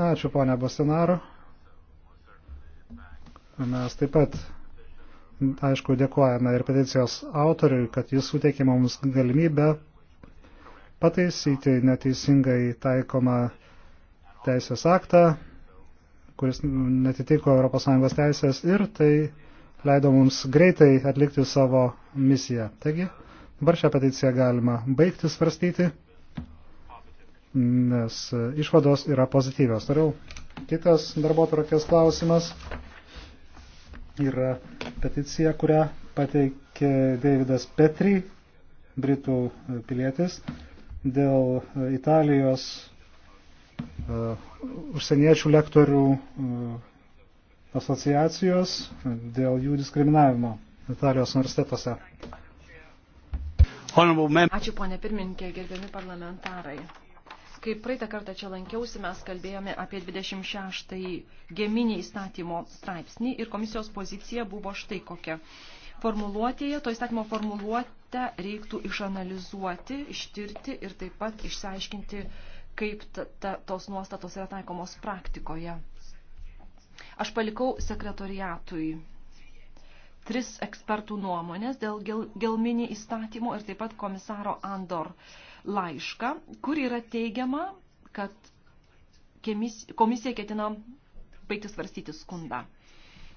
Speaker 2: Ačiū, ponia Bostinaru. Mes taip pat, aišku, dėkojame ir peticijos autoriui, kad jis suteikė mums galimybę pataisyti neteisingai taikomą teisės aktą, kuris netitiko ES teisės ir tai leido mums greitai atlikti savo misiją. Taigi, dabar šią peticiją galima baigti svarstyti nes e, išvados yra pozityvios. Toliau kitas darbo tvarkės klausimas yra peticija, kurią pateikė Davidas Petri, Britų pilietis, dėl e, Italijos uh, užsieniečių lektorių uh, asociacijos dėl jų diskriminavimo Italijos universitetuose. Ačiū,
Speaker 3: ponė pirmininkė, gerbiami parlamentarai kai praeitą kartą čia lankiausi, mes kalbėjome apie 26 geminį įstatymo straipsnį ir komisijos pozicija buvo štai kokia. Formuluotėje, to įstatymo formuluotę reiktų išanalizuoti, ištirti ir taip pat išsiaiškinti, kaip ta, ta, tos nuostatos yra taikomos praktikoje. Aš palikau sekretoriatui tris ekspertų nuomonės dėl gelminį įstatymo ir taip pat komisaro Andor uh, laišką, kur yra teigiama, kad komisija ketina baigti svarstyti skundą.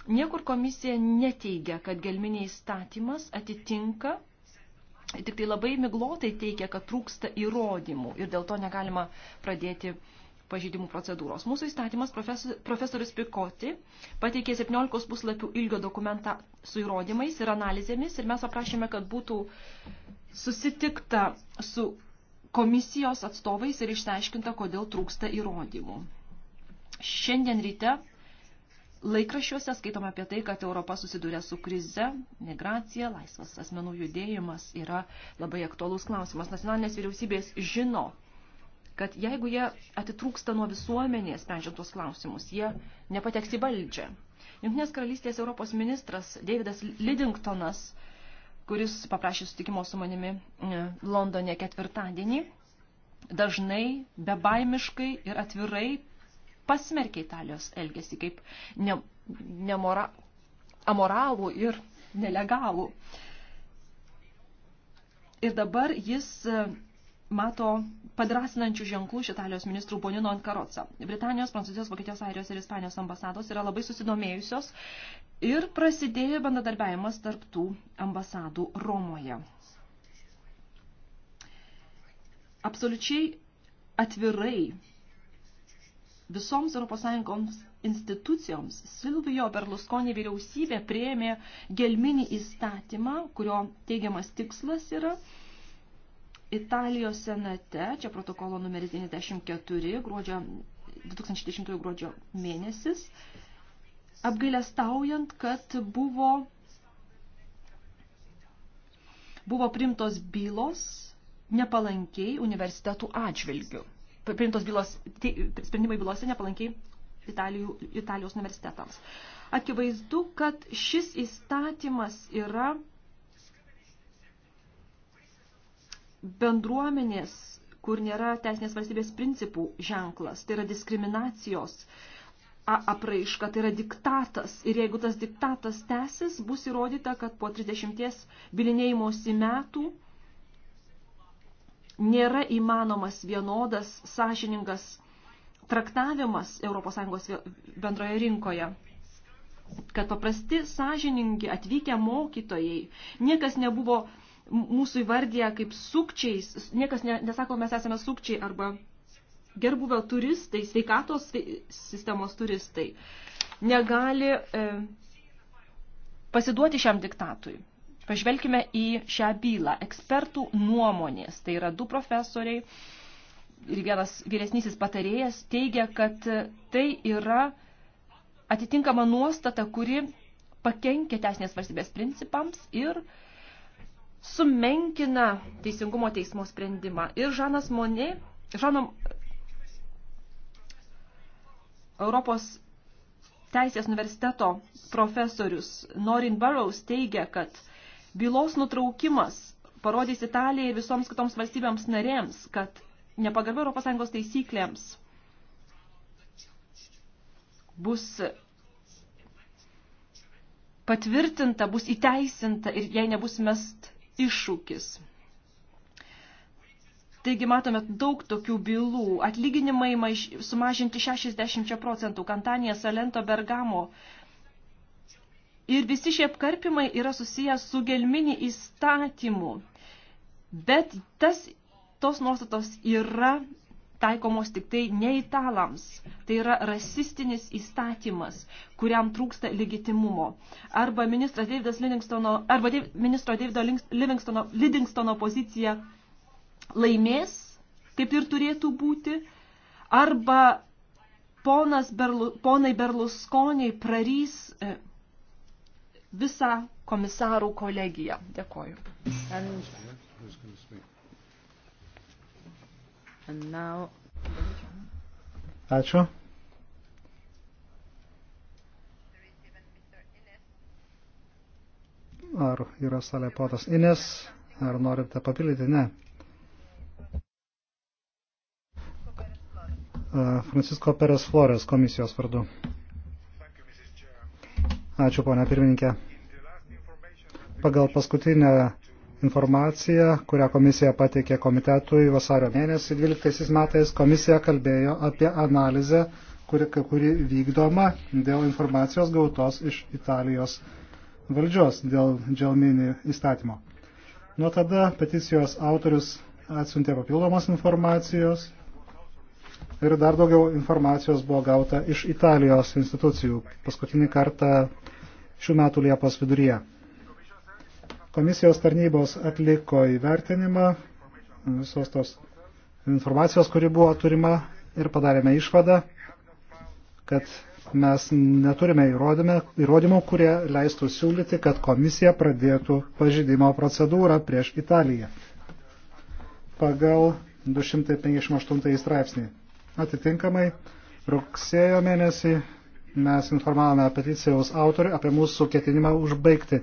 Speaker 3: Niekur komisija neteigia, kad gelminiai įstatymas atitinka, tik tai labai miglotai teigia, kad trūksta įrodymų ir dėl to negalima pradėti pažeidimų procedūros. Mūsų įstatymas profesorius Pikoti pateikė 17 puslapių ilgio dokumentą su įrodymais ir analizėmis ir mes aprašėme, kad būtų susitikta su komisijos atstovais ir išteiškinta, kodėl trūksta įrodymų. Šiandien ryte laikrašiuose skaitome apie tai, kad Europa susiduria su krize, migracija, laisvas asmenų judėjimas yra labai aktualus klausimas. Nacionalinės vyriausybės žino, kad jeigu jie atitrūksta nuo visuomenės, sprendžiant tuos klausimus, jie nepateks į valdžią. Junktinės karalystės Europos ministras Davidas Lidingtonas kuris paprašė sutikimo su manimi e, Londone ketvirtadienį, dažnai, bebaimiškai ir atvirai pasmerkė Italijos elgesį kaip ne, nemora, amoralų ir nelegalų. Ir dabar jis e, mato padrasinančių ženklų iš Italijos ministrų Bonino Ankaroca. Britanijos, Prancūzijos, Vokietijos, Airijos ir Ispanijos ambasados yra labai susidomėjusios ir prasidėjo bendradarbiavimas tarptų ambasadų Romoje. Absoliučiai atvirai visoms ES institucijoms Silvijo Berlusconi vyriausybė prieėmė gelminį įstatymą, kurio teigiamas tikslas yra – Italijos senate, čia protokolo numeris 94, gruodžio, 2010 gruodžio mėnesis, apgailestaujant, kad buvo, buvo primtos bylos nepalankiai universitetų atžvilgių. Primtos bylos, sprendimai bylose nepalankiai Italijų, Italijos universitetams. Akivaizdu, kad šis įstatymas yra bendruomenės, kur nėra teisinės valstybės principų ženklas, tai yra diskriminacijos apraiška, tai yra diktatas. Ir jeigu tas diktatas tęsis, bus įrodyta, kad po 30 bilinėjimosi metų nėra įmanomas vienodas sąžiningas traktavimas ES bendroje rinkoje. Kad paprasti sąžiningi atvykę mokytojai, niekas nebuvo mūsų įvardyje kaip sukčiais, niekas ne, nesako, mes esame sukčiai arba gerbuvio turistai, sveikatos sistemos turistai, negali e, pasiduoti šiam diktatui. Pažvelkime į šią bylą. Ekspertų nuomonės, tai yra du profesoriai ir vienas vyresnysis patarėjas, teigia, kad tai yra atitinkama nuostata, kuri pakenkia teisinės valstybės principams ir e, sumenkina teisingumo teismo sprendimą. Ir Žanas Monė, Žano Europos teisės universiteto profesorius Norin Burrows teigia, kad bylos nutraukimas parodys Italijai ir visoms kitoms valstybėms narėms, kad nepagarbė ES taisyklėms bus patvirtinta, bus įteisinta ir jei nebus mest iššūkis. Taigi matome daug tokių bylų. Atlyginimai maiš, sumažinti 60 procentų. Kantanija, Salento, Bergamo. Ir visi šie apkarpimai yra susijęs su gelminį įstatymu. Bet tas, tos nuostatos yra taikomos tik tai ne italams. Tai yra rasistinis įstatymas, kuriam trūksta legitimumo. Arba, ministras Davidas Livingstono, arba Deiv, ministro Davido Livingstono, Livingstono pozicija laimės, kaip ir turėtų būti, arba ponas Berlu, ponai Berlusconiai prarys e, visą komisarų kolegiją. Dėkoju. And... Now...
Speaker 2: Ačiū. Ar yra salė potas Ines? Ar norite papildyti? Ne. Francisco Perez Flores komisijos vardu. Ačiū, ponia pirmininkė. Pagal paskutinę informaciją, kurią komisija pateikė komitetui vasario mėnesį 12 metais. Komisija kalbėjo apie analizę, kuri, kuri vykdoma dėl informacijos gautos iš Italijos valdžios dėl dželmini įstatymo. Nuo tada peticijos autorius atsiuntė papildomas informacijos ir dar daugiau informacijos buvo gauta iš Italijos institucijų paskutinį kartą šių metų Liepos viduryje. Komisijos tarnybos atliko įvertinimą visos tos informacijos, kuri buvo turima ir padarėme išvadą, kad mes neturime įrodymų, kurie leistų siūlyti, kad komisija pradėtų pažydimo procedūrą prieš Italiją pagal 258 straipsnį. Atitinkamai, rugsėjo mėnesį mes informavome peticijos autorių apie mūsų ketinimą užbaigti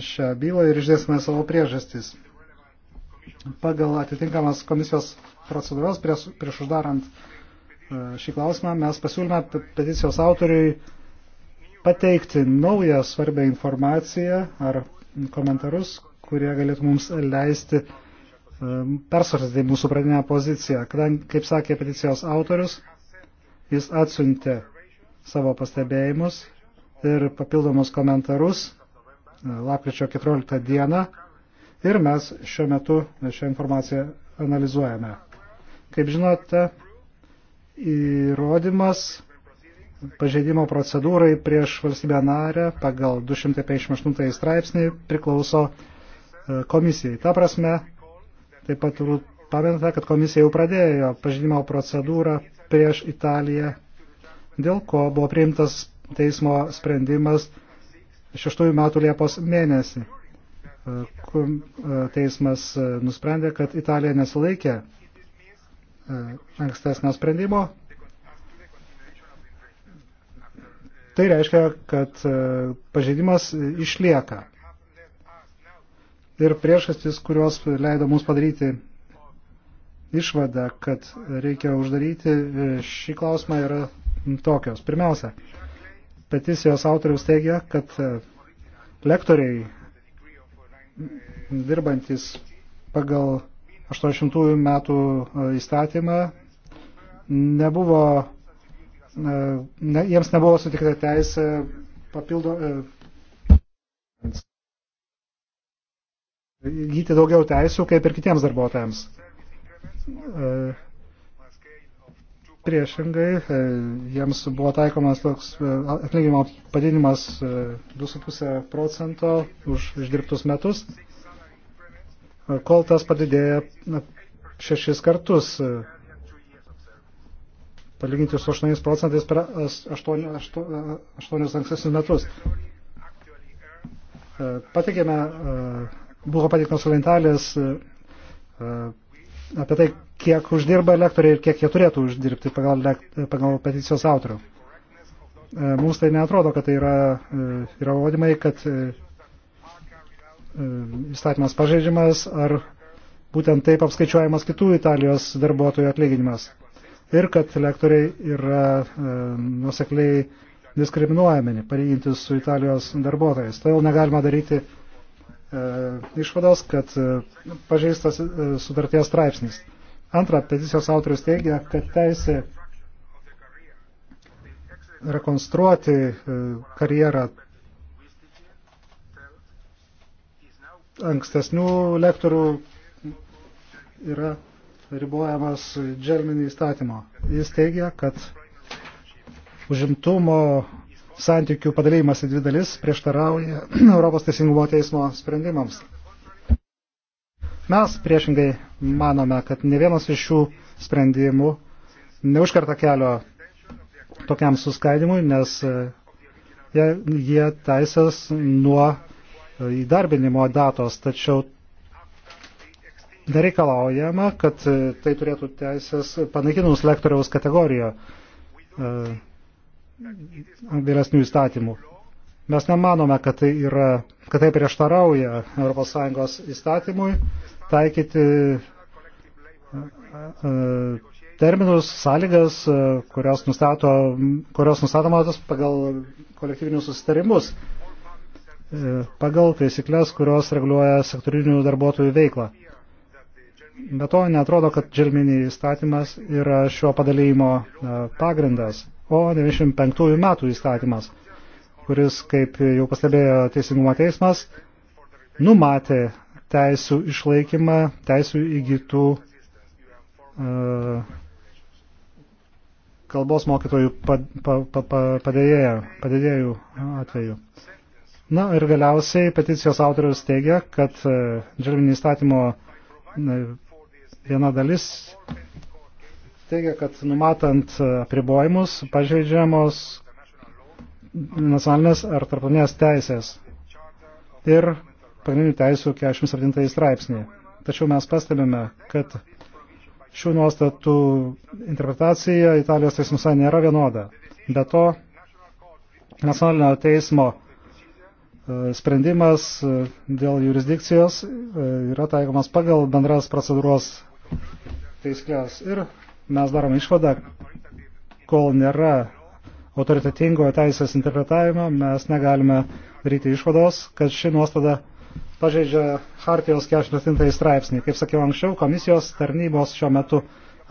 Speaker 2: šią bylą ir išdėsime savo priežastys. Pagal atitinkamas komisijos procedūras prieš, prieš uždarant e, šį klausimą mes pasiūlėme peticijos autoriui pateikti naują svarbę informaciją ar komentarus, kurie galėtų mums leisti e, persvarstyti mūsų pradinę poziciją. Kadangi, kaip sakė peticijos autorius, jis atsiuntė savo pastebėjimus ir papildomus komentarus lapkričio 14 dieną ir mes šiuo metu šią informaciją analizuojame. Kaip žinote, įrodymas pažeidimo procedūrai prieš valstybę narę pagal 258 straipsnį priklauso e, komisijai. Ta prasme, taip pat pamenate, kad komisija jau pradėjo pažeidimo procedūrą prieš Italiją, dėl ko buvo priimtas teismo sprendimas šeštųjų metų Liepos mėnesį. E, e, teismas e, nusprendė, kad Italija nesilaikė ankstesnio sprendimo. Tai reiškia, kad pažeidimas išlieka. Ir priešastis, kurios leido mums padaryti išvadą, kad reikia uždaryti šį klausimą, yra tokios. Pirmiausia, Peticijos autorius teigia, kad e, lektoriai dirbantis pagal 80 metų e, įstatymą nebuvo, e, ne, jiems nebuvo sutikta teisė papildo, gyti daugiau teisų kaip ir kitiems darbuotojams. Priešingai, e, jiems buvo taikomas toks e, atlyginimo padidinimas 2,5 e, procento už išdirbtus metus, kol tas padidėja šešis kartus, palyginti su 8 procentais per 8, 8, 8 ankstesnius metus. Patikėme, buvo patiknos lentelės apie tai, kiek uždirba lektoriai ir kiek jie turėtų uždirbti pagal, pagal peticijos autorių. E, mums tai neatrodo, kad tai yra e, įrodymai, kad e, įstatymas pažeidžiamas ar būtent taip apskaičiuojamas kitų Italijos darbuotojų atlyginimas. Ir kad lektoriai yra nusekliai diskriminuojami, palyginti su Italijos darbuotojais. Todėl negalima daryti uh, E, išvados, kad e, pažeistas e, sutarties straipsnis. Antra, peticijos autorius teigia, kad teisė rekonstruoti karjerą ankstesnių lektorių yra ribojamas dželminį įstatymo. Jis teigia, kad užimtumo santykių padalymas į dvi dalis prieštarauja (clears throat) Europos teisingumo teismo sprendimams. Mes priešingai manome, kad ne vienas iš šių sprendimų neužkarta kelio tokiam suskaidimui, nes e, jie, jie taisės nuo e, įdarbinimo datos, tačiau nereikalaujama, kad e, tai turėtų teisės panaikinus lektoriaus kategoriją vėlesnių įstatymų. Mes nemanome, kad tai, yra, kad tai prieštarauja ES įstatymui taikyti e, e, terminus, sąlygas, e, kurios, nustato, kurios nustatomatos pagal kolektyvinius susitarimus, pagal taisyklės, kurios reguliuoja sektorinių darbuotojų veiklą. Be to, netrodo, kad dželminiai įstatymas yra šio padalymo pagrindas o 95 metų įstatymas, kuris, kaip jau pastebėjo Teisingumo teismas, numatė teisų išlaikymą, teisų įgytų uh, kalbos mokytojų pad, pa, pa, pa, padėjėjų, padėjėjų atveju. Na ir galiausiai peticijos autorius teigia, kad uh, e, dželvinį įstatymo uh, viena dalis teigia, kad numatant e, apribojimus pažeidžiamos nacionalinės ar tarptautinės teisės ir pagrindinių teisų 47 straipsnį. Tačiau mes pastebime, kad šių nuostatų interpretacija Italijos teismuose nėra vienoda. Be to, nacionalinio teismo e, sprendimas e, dėl jurisdikcijos yra taikomas pagal bendras procedūros taisyklės. Ir mes darome išvadą, kol nėra autoritetingo teisės interpretavimo, mes negalime daryti išvados, kad ši nuostada pažeidžia Hartijos 47 straipsnį. Kaip sakiau anksčiau, komisijos tarnybos šiuo metu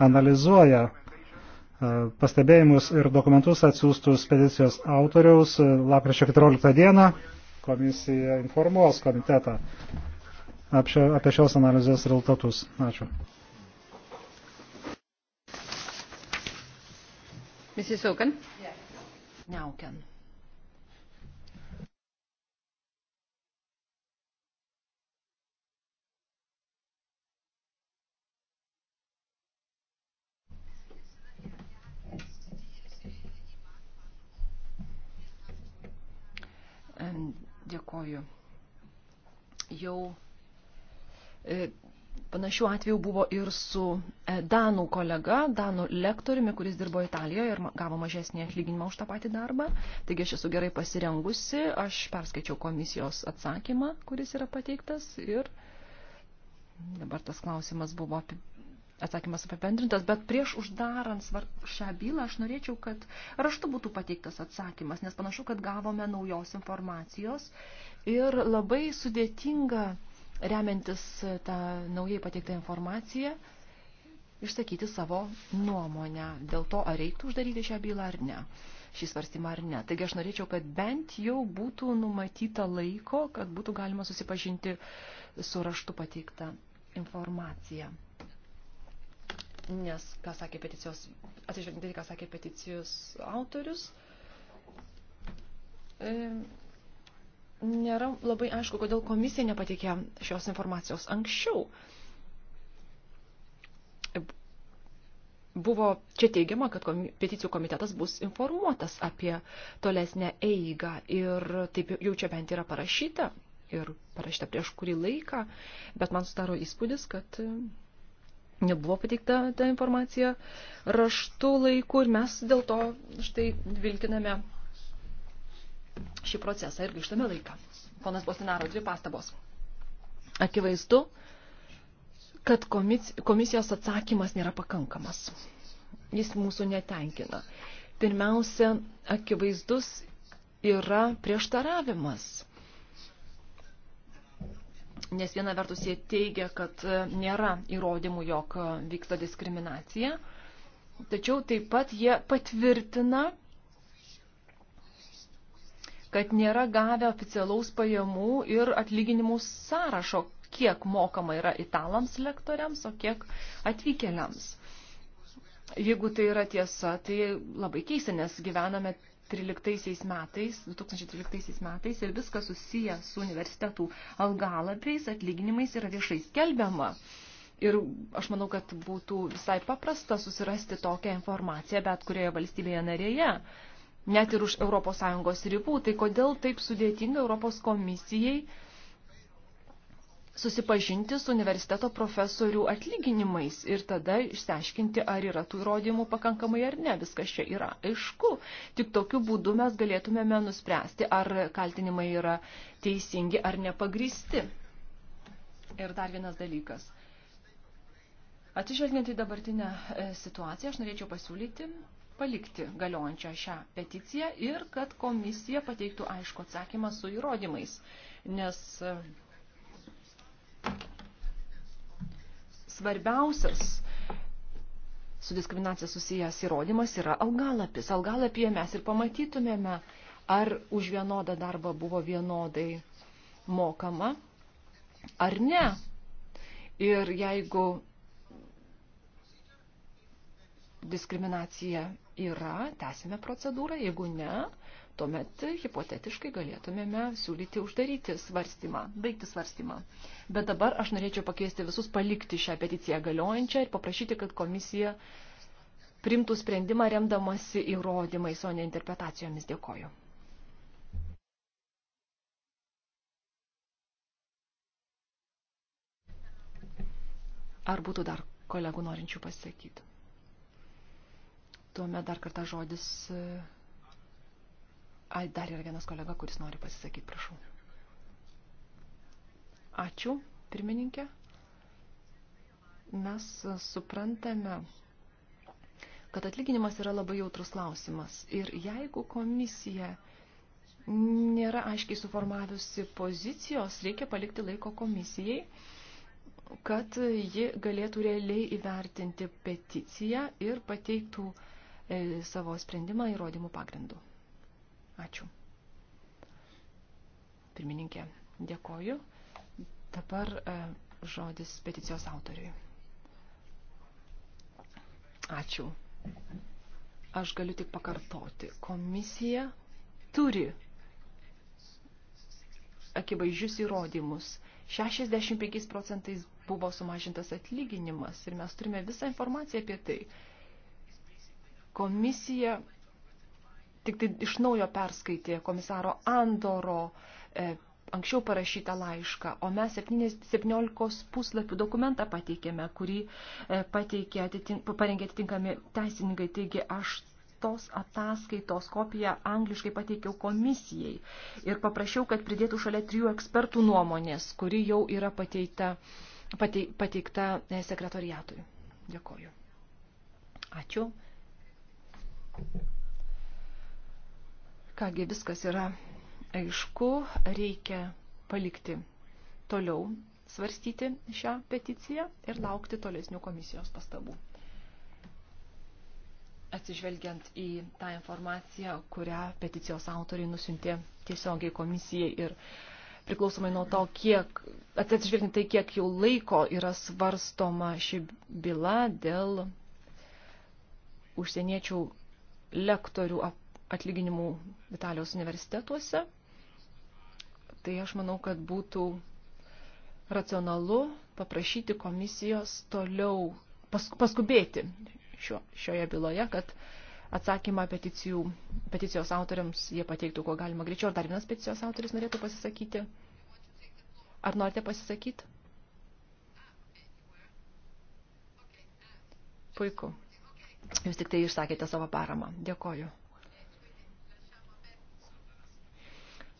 Speaker 2: analizuoja e, pastebėjimus ir dokumentus atsiųstus peticijos autoriaus e, lapkričio 14 dieną. Komisija informuos komitetą apie šios analizės rezultatus. Ačiū.
Speaker 3: Mrs. Auken? Yes. Auken. Dėkoju. Jau e, Panašių atvejų buvo ir su e, Danų kolega, Danų lektoriumi, kuris dirbo Italijoje ir gavo mažesnį atlyginimą už tą patį darbą. Taigi aš esu gerai pasirengusi, aš perskaičiau komisijos atsakymą, kuris yra pateiktas ir dabar tas klausimas buvo apie atsakymas apibendrintas, bet prieš uždarant šią bylą aš norėčiau, kad raštu būtų pateiktas atsakymas, nes panašu, kad gavome naujos informacijos ir labai sudėtinga remiantis e, tą naujai pateiktą informaciją, išsakyti savo nuomonę dėl to, ar reiktų uždaryti šią bylą ar ne, šį svarstymą ar ne. Taigi aš norėčiau, kad bent jau būtų numatyta laiko, kad būtų galima susipažinti su raštu pateiktą informaciją. Nes, ką sakė peticijos, atsižvelgiant tai, ką sakė peticijos autorius, e, nėra labai aišku, kodėl komisija nepatikė šios informacijos anksčiau. Buvo čia teigiama, kad peticijų komitetas bus informuotas apie tolesnę eigą ir taip jau čia bent yra parašyta ir parašyta prieš kurį laiką, bet man sudaro įspūdis, kad nebuvo pateikta ta informacija raštu laiku ir mes dėl to štai vilkiname šį procesą ir grįžtame laiką. Ponas Bostinaro, dvi pastabos. Akivaizdu, kad komisijos atsakymas nėra pakankamas. Jis mūsų netenkina. Pirmiausia, akivaizdus yra prieštaravimas nes viena vertus jie teigia, kad nėra įrodymų, jog vyksta diskriminacija, tačiau taip pat jie patvirtina kad nėra gavę oficialaus pajamų ir atlyginimų sąrašo, kiek mokama yra italams lektoriams, o kiek atvykėliams. Jeigu tai yra tiesa, tai labai keista, nes gyvename 13 metais, 2013 metais ir viskas susiję su universitetų algalapiais, atlyginimais yra viešai skelbiama. Ir aš manau, kad būtų visai paprasta susirasti tokią informaciją bet kurioje valstybėje narėje. Uh, net ir už ES ribų. Tai kodėl taip sudėtinga Europos komisijai susipažinti su universiteto profesorių atlyginimais ir tada išsiaiškinti, ar yra tų įrodymų pakankamai ar ne. Viskas čia yra aišku. Tik tokiu būdu mes galėtumėme nuspręsti, ar kaltinimai yra teisingi ar nepagristi. Ir dar vienas dalykas. Atsižvelgiant į dabartinę e, situaciją, aš norėčiau pasiūlyti palikti galiojančią šią peticiją ir kad komisija pateiktų aišku atsakymą su įrodymais, nes e, svarbiausias su diskriminacija susijęs įrodymas yra algalapis. Algalapyje mes ir pamatytumėme, ar už vienodą darbą buvo vienodai mokama ar ne. Ir jeigu diskriminacija yra, tęsime procedūrą, jeigu ne, tuomet hipotetiškai galėtumėme siūlyti uždaryti svarstymą, baigti svarstymą. Bet dabar aš norėčiau pakviesti visus palikti šią peticiją galiojančią ir paprašyti, kad komisija primtų sprendimą remdamasi įrodymais, o ne interpretacijomis. Dėkoju. Ar būtų dar kolegų norinčių pasakyti? Tuomet dar kartą žodis. E, ai, dar yra vienas kolega, kuris nori pasisakyti, prašau. Ačiū, pirmininkė. Mes suprantame, kad atlyginimas yra labai jautrus klausimas. Ir jeigu komisija nėra aiškiai suformavusi pozicijos, reikia palikti laiko komisijai, kad ji galėtų realiai įvertinti peticiją ir pateiktų uh, E, savo sprendimą įrodymų pagrindų. Ačiū. Pirmininkė, dėkoju. Dabar e, žodis peticijos autoriui. Ačiū. Aš galiu tik pakartoti. Komisija turi akivaizdžius įrodymus. 65 procentais buvo sumažintas atlyginimas ir mes turime visą informaciją apie tai. Komisija tik tai iš naujo perskaitė komisaro Andoro e, anksčiau parašytą laišką, o mes 17 puslapių dokumentą pateikėme, kurį e, pateikė atitink, parengė atitinkami teisininkai. Taigi aš tos ataskaitos kopiją angliškai pateikiau komisijai ir paprašiau, kad pridėtų šalia trijų ekspertų nuomonės, kuri jau yra pateikta, pateikta e, sekretoriatui. Dėkoju. Ačiū. Kągi viskas yra aišku, reikia palikti toliau svarstyti šią peticiją ir laukti tolesnių komisijos pastabų. Atsižvelgiant į tą informaciją, kurią peticijos autoriai nusintė tiesiogiai komisijai ir priklausomai nuo to, kiek, atsižvelgiant tai, kiek jau laiko yra svarstoma ši byla dėl užsieniečių lektorių atlyginimų Italijos universitetuose. Tai aš manau, kad būtų racionalu paprašyti komisijos toliau paskubėti šio, šioje byloje, kad atsakymą peticijų, peticijos autoriams jie pateiktų, kuo galima greičiau. Ar dar vienas peticijos autoris norėtų pasisakyti? Ar norite pasisakyti? Puiku. Jūs tik tai išsakėte savo paramą. Dėkoju.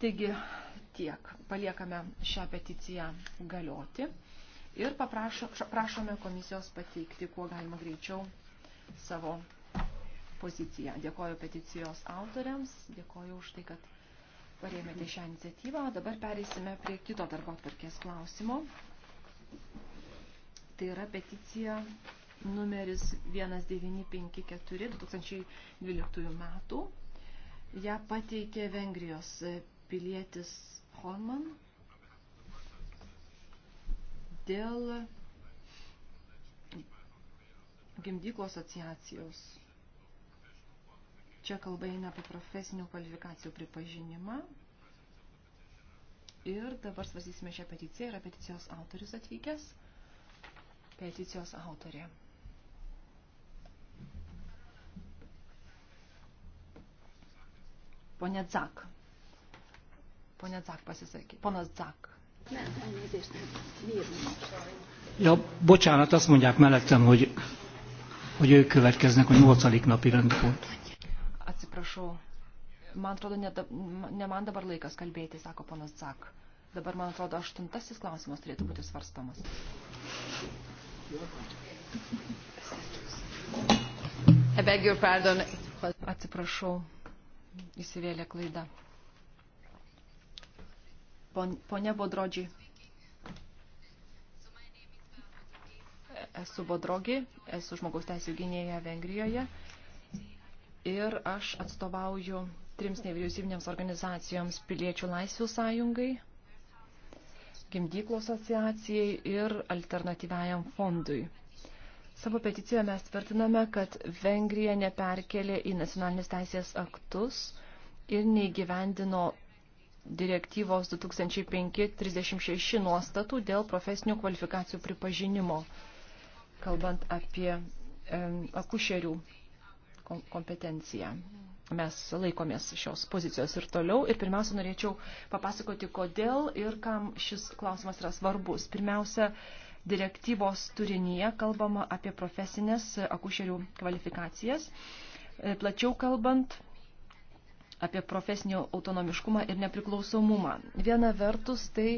Speaker 3: Taigi tiek. Paliekame šią peticiją galioti ir paprašome komisijos pateikti, kuo galima greičiau, savo poziciją. Dėkoju peticijos autoriams, dėkoju už tai, kad parėmėte šią iniciatyvą. Dabar pereisime prie kito darbo tvarkės klausimo. Tai yra peticija numeris 1954 2012 metų. Ja pateikė Vengrijos pilietis Holman dėl gimdyklų asociacijos. Čia kalba eina apie profesinių kvalifikacijų pripažinimą. Ir dabar svarstysime šią peticiją, yra peticijos autoris atvykęs, peticijos autorė. Pone Zak. Pone Zak pasisakė. Ponas Zak. Tai
Speaker 2: ja, bocsánat, azt mondják mellettem, hogy, hogy ők következnek a nyolcadik napi rendpont.
Speaker 3: Atsiprašau, man atrodo, ne, ne man dabar laikas kalbėti, sako ponas Zak. Dabar, man atrodo, aštuntasis klausimas turėtų būti svarstamas. Atsiprašau įsivėlė klaida. Pone Bodrodžiai. Esu Bodrogi, esu žmogaus teisų gynėja Vengrijoje ir aš atstovauju trims nevyriausybinėms organizacijoms Piliečių laisvių sąjungai, Gimdyklų asociacijai ir Alternatyviajam fondui. Savo peticijoje mes tvirtiname, kad Vengrija neperkelė į nacionalinius teisės aktus ir neįgyvendino direktyvos 2005-36 nuostatų dėl profesinių kvalifikacijų pripažinimo, kalbant apie e, akušerių kompetenciją. Mes laikomės šios pozicijos ir toliau. Ir pirmiausia, norėčiau papasakoti, kodėl ir kam šis klausimas yra svarbus. Pirmiausia, e, direktyvos turinyje kalbama apie profesinės akušerių kvalifikacijas. E, plačiau kalbant apie profesinį autonomiškumą ir nepriklausomumą. Viena vertus tai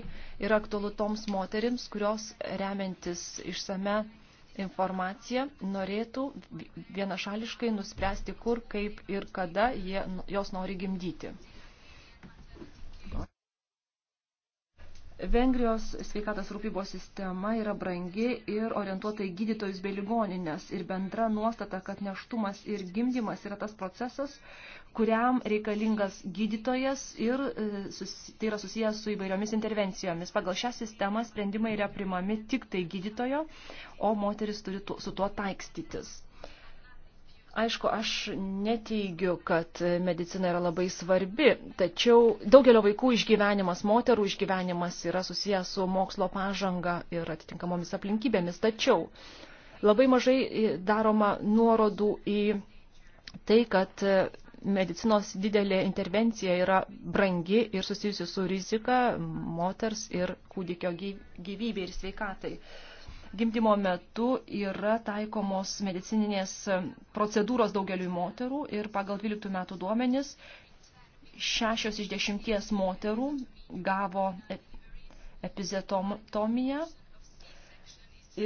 Speaker 3: yra aktualu toms moterims, kurios remiantis išsame informacija norėtų vienašališkai nuspręsti, kur, kaip ir kada jie, jos nori gimdyti. Vengrijos sveikatos rūpybos sistema yra brangi ir orientuota į gydytojus bei ligoninės ir bendra nuostata, kad neštumas ir gimdymas yra tas procesas, kuriam reikalingas gydytojas ir e, tai yra susijęs su įvairiomis intervencijomis. Pagal šią sistemą sprendimai yra primami tik tai gydytojo, o moteris turi su tuo taikstytis. Aišku, aš neteigiu, kad medicina yra labai svarbi, tačiau daugelio vaikų išgyvenimas, moterų išgyvenimas yra susijęs su mokslo pažanga ir atitinkamomis aplinkybėmis. Tačiau labai mažai e, daroma nuorodų į tai, kad e, medicinos didelė intervencija yra brangi ir susijusi su rizika moters ir kūdikio gyvybė ir sveikatai. Uh, gimdymo metu yra taikomos medicininės procedūros daugeliui moterų ir pagal 12 metų duomenis šešios iš dešimties moterų gavo e- epizetomiją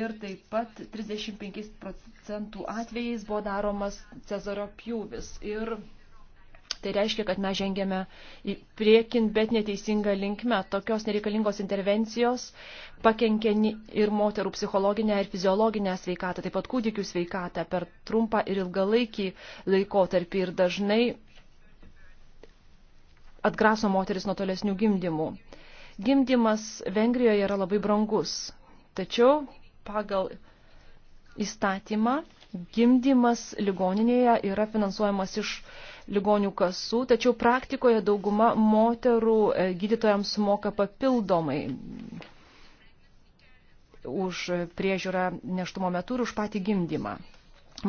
Speaker 3: ir taip pat 35 procentų atvejais buvo daromas cezario pjūvis. Ir Tai reiškia, kad mes žengėme į priekin, bet neteisingą linkmę. Tokios nereikalingos intervencijos pakenkė ir moterų psichologinę ir fiziologinę sveikatą, taip pat kūdikių sveikatą per trumpą ir ilgalaikį laikotarpį ir dažnai atgraso moteris nuo tolesnių gimdymų. Gimdymas Vengrijoje yra labai brangus, tačiau pagal įstatymą gimdymas ligoninėje yra finansuojamas iš ligonių kasų, tačiau praktikoje dauguma moterų e, gydytojams moka papildomai už priežiūrą neštumo metu ir už patį gimdymą.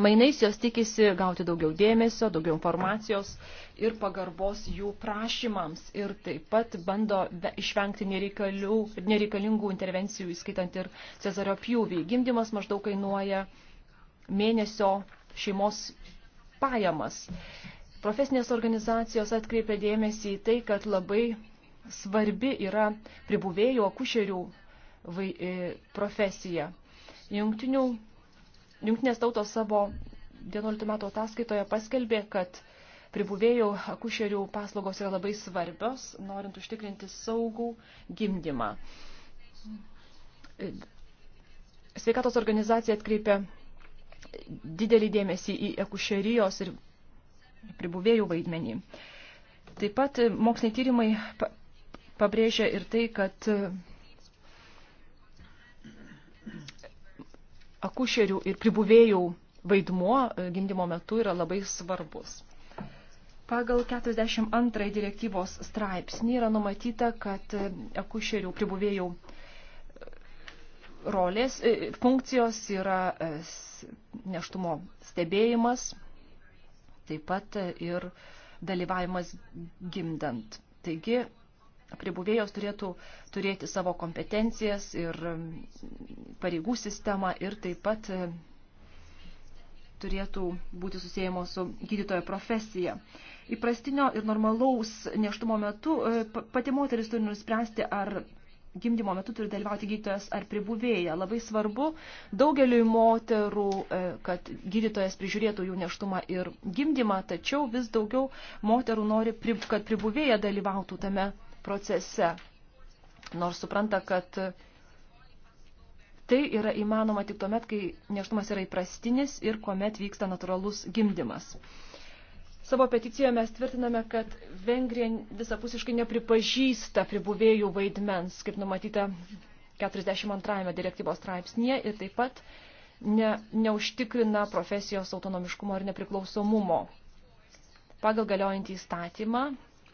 Speaker 3: Mainais jos tikisi gauti daugiau dėmesio, daugiau informacijos ir pagarbos jų prašymams ir taip pat bando išvengti nereikalingų intervencijų, įskaitant ir Cezario pjūvį. Gimdymas maždaug kainuoja mėnesio šeimos pajamas. Profesinės organizacijos atkreipia dėmesį į tai, kad labai svarbi yra pribuvėjų akušerių vai, e, profesija. Jungtinių, jungtinės tautos savo 11 metų ataskaitoje paskelbė, kad pribuvėjų akušerių paslaugos yra labai svarbios, norint užtikrinti saugų gimdymą. Sveikatos organizacija atkreipia didelį dėmesį į akušerijos ir pribuvėjų vaidmenį. Taip pat moksliniai tyrimai pabrėžia ir tai, kad e, akušerių ir pribuvėjų vaidmuo e, gimdymo metu yra labai svarbus. Pagal 42 direktyvos straipsnį yra numatyta, kad e, akušerių pribuvėjų rolės, funkcijos yra neštumo stebėjimas, taip pat ir dalyvavimas gimdant. Taigi, pribuvėjos turėtų turėti savo kompetencijas ir um, pareigų sistemą ir taip pat um, turėtų būti susijęmo su gydytojo profesija. Įprastinio ir normalaus neštumo metu uh, pati moteris turi nuspręsti, ar gimdymo metu turi dalyvauti gydytojas ar pribuvėja. Labai svarbu daugeliui moterų, e, kad gydytojas prižiūrėtų jų neštumą ir gimdymą, tačiau vis daugiau moterų nori, kad pribuvėja dalyvautų tame procese. Nors supranta, kad tai yra įmanoma tik tuomet, kai neštumas yra įprastinis ir kuomet vyksta natūralus gimdymas. Savo peticijoje mes tvirtiname, kad Vengrija visapusiškai nepripažįsta pribuvėjų vaidmens, kaip numatyta 42 direktyvos straipsnėje ir taip pat ne, neužtikrina profesijos autonomiškumo ir nepriklausomumo. Pagal galiojantį įstatymą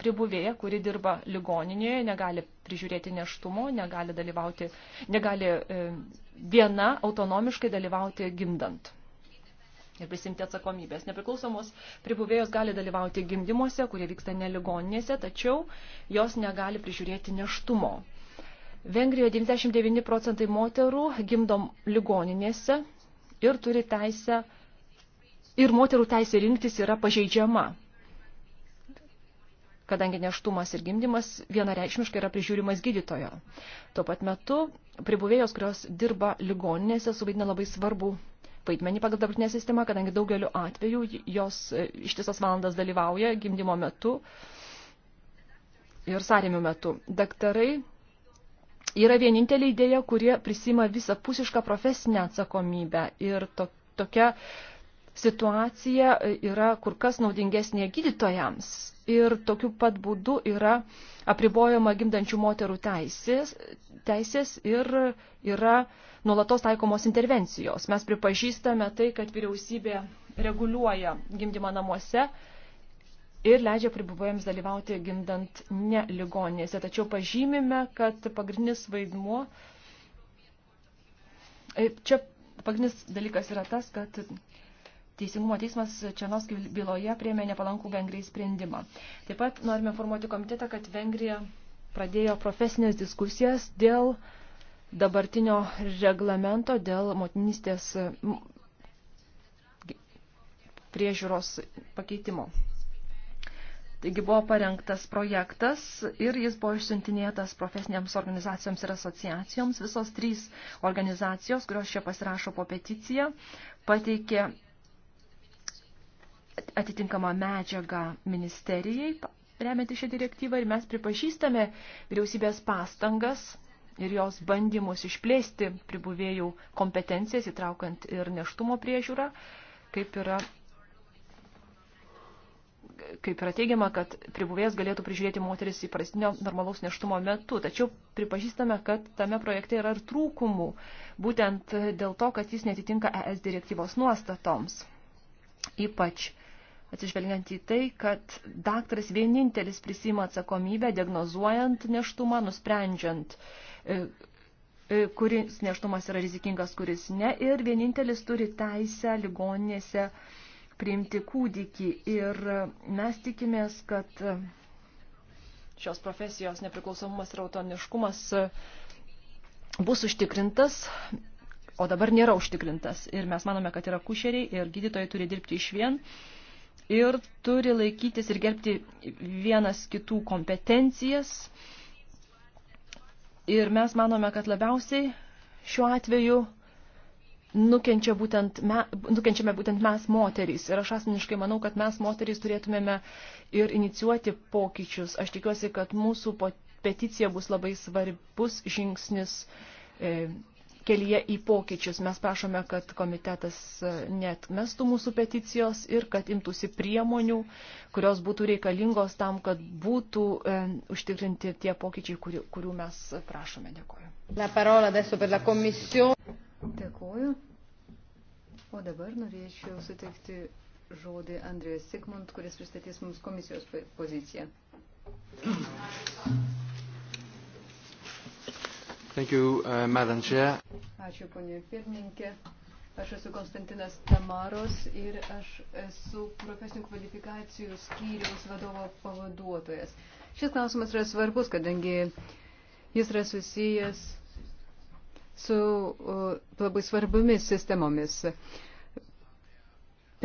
Speaker 3: pribuvėja, kuri dirba ligoninėje, negali prižiūrėti neštumo, negali, dalyvauti, negali e, viena autonomiškai dalyvauti gimdant ir prisimti atsakomybės. Nepriklausomos pribuvėjos gali dalyvauti gimdymuose, kurie vyksta neligoninėse, tačiau jos negali prižiūrėti neštumo. Vengrijoje 99 procentai moterų gimdom ligoninėse ir turi teisę, ir moterų teisė rinktis yra pažeidžiama, kadangi neštumas ir gimdymas vienareikšmiškai yra prižiūrimas gydytojo. Tuo pat metu pribuvėjos, kurios dirba ligoninėse, suvaidina labai svarbu vaidmenį pagal dabartinę sistemą, kadangi daugeliu atveju jos e, ištisas valandas dalyvauja gimdymo metu ir sąrėmių metu. Daktarai yra vieninteliai idėja, kurie prisima visapusišką profesinę atsakomybę ir to, tokia situacija e, yra kur kas naudingesnė gydytojams ir tokiu pat būdu yra apribojama gimdančių moterų teisės, teisės ir yra nuolatos taikomos intervencijos. Mes pripažįstame tai, kad vyriausybė reguliuoja gimdymą namuose ir leidžia pribuvojams dalyvauti gimdant ne ligoninėse. Tačiau pažymime, kad pagrindinis vaidmuo e, čia pagrindinis dalykas yra tas, kad Teisingumo teismas Černoskių byloje priemė nepalankų Vengrijai sprendimą. Taip pat norime informuoti komitetą, kad Vengrija pradėjo profesinės diskusijas dėl dabartinio reglamento, dėl motinystės priežiūros pakeitimo. Taigi buvo parengtas projektas ir jis buvo išsiuntinėtas profesinėms organizacijoms ir asociacijoms. Visos trys organizacijos, kurios čia pasirašo po peticiją, pateikė atitinkamą medžiagą ministerijai, remianti šią direktyvą, ir mes pripažįstame vyriausybės pastangas ir jos bandymus išplėsti pribuvėjų kompetencijas, įtraukant ir neštumo priežiūrą, kaip yra, kaip yra teigiama, kad pribuvėjas galėtų prižiūrėti moteris įprastinio normalaus neštumo metu. Tačiau pripažįstame, kad tame projekte yra ir trūkumų, būtent dėl to, kad jis netitinka ES direktyvos nuostatoms. Ypač atsižvelgiant į tai, kad daktaras vienintelis prisima atsakomybę diagnozuojant neštumą, nusprendžiant, e, e, kuris neštumas yra rizikingas, kuris ne, ir vienintelis turi teisę ligoninėse priimti kūdikį. Ir mes tikimės, kad šios profesijos nepriklausomumas ir autonomiškumas bus užtikrintas, o dabar nėra užtikrintas. Ir mes manome, kad yra kušeriai ir gydytojai turi dirbti iš vien ir turi laikytis ir gerbti vienas kitų kompetencijas. Ir mes manome, kad labiausiai šiuo atveju nukenčia būtent me, nukenčiame būtent mes moterys. Ir aš asmeniškai manau, kad mes moterys turėtumėme ir inicijuoti pokyčius. Aš tikiuosi, kad mūsų peticija bus labai svarbus žingsnis e, kelyje į pokyčius. Mes prašome, kad komitetas e, net mestų mūsų peticijos ir kad imtųsi priemonių, kurios būtų reikalingos tam, kad būtų e, užtikrinti tie pokyčiai, kurių, kurių
Speaker 4: mes prašome. Dėkuoju. La parola adesso per la commissione. Dėkuoju. O dabar norėčiau suteikti žodį Andrėjas Sikmund, kuris pristatys mums komisijos poziciją. Thank you.
Speaker 2: Thank you, uh, Madam Chair.
Speaker 4: Ačiū, ponė pirmininkė. Aš esu Konstantinas Tamaros ir aš esu profesinių kvalifikacijų skyriaus vadovo pavaduotojas. Šis klausimas yra svarbus, kadangi jis yra susijęs su uh, labai svarbiomis sistemomis.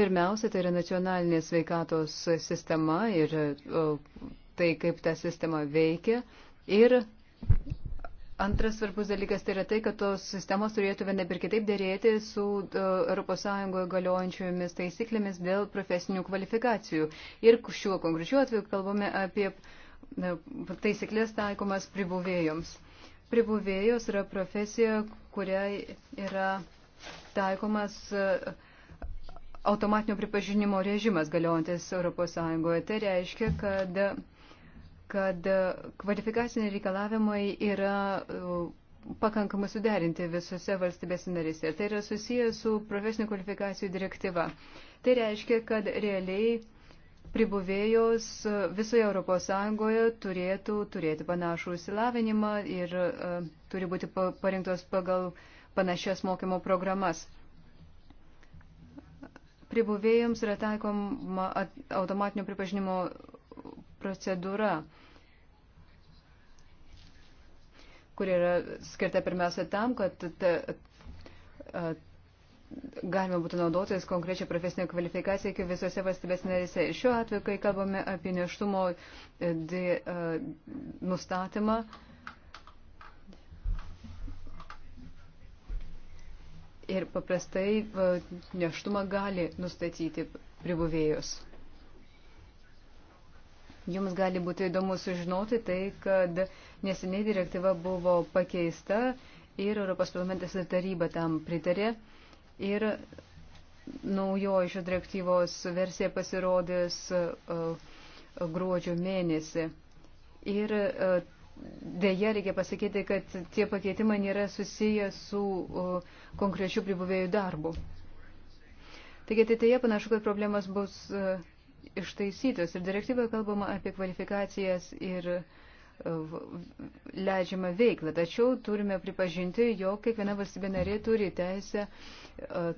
Speaker 4: Pirmiausia, tai yra nacionalinė sveikatos sistema ir uh, tai, kaip ta sistema veikia ir Antras svarbus dalykas tai yra tai, kad tos sistemos turėtų vienaip ir kitaip dėrėti su ES galiojančiomis taisyklėmis dėl profesinių kvalifikacijų. Ir šiuo konkrečiu atveju kalbame apie e, taisyklės taikomas pribuvėjoms. Pribuvėjos yra profesija, kuriai yra taikomas e, automatinio pripažinimo režimas galiojantis ES. Tai reiškia, kad kad kvalifikaciniai reikalavimai yra uh, pakankamai suderinti visose valstybės narėse. Tai yra susijęs su profesinių kvalifikacijų direktyva. Tai reiškia, kad realiai pribuvėjos uh, visoje ES turėtų turėti panašų įsilavinimą ir uh, turi būti parinktos pagal panašias mokymo programas. Pribuvėjams yra taikoma automatinio pripažinimo procedūra, kuri yra skirta pirmiausia tam, kad ta, a, galima būtų naudotis konkrečią profesinę kvalifikaciją iki visose valstybės narėse. Šiuo atveju, kai kalbame apie neštumo e, di, a, nustatymą, ir paprastai neštumą gali nustatyti pribuvėjus. Jums gali būti įdomu sužinoti tai, kad neseniai direktyva buvo pakeista ir Europos parlamentas ir taryba tam pritarė. Ir naujoji šio direktyvos versija pasirodys e, gruodžio mėnesį. Ir e, dėja reikia pasakyti, kad tie pakeitimai nėra susiję su e, konkrečiu pribuvėjų darbu. Taigi ateityje panašu, kad problemas bus ištaisytos. Ir direktyvoje kalbama apie kvalifikacijas ir e, leidžiamą veiklą. Tačiau turime pripažinti, jog kiekviena valstybė narė turi teisę e,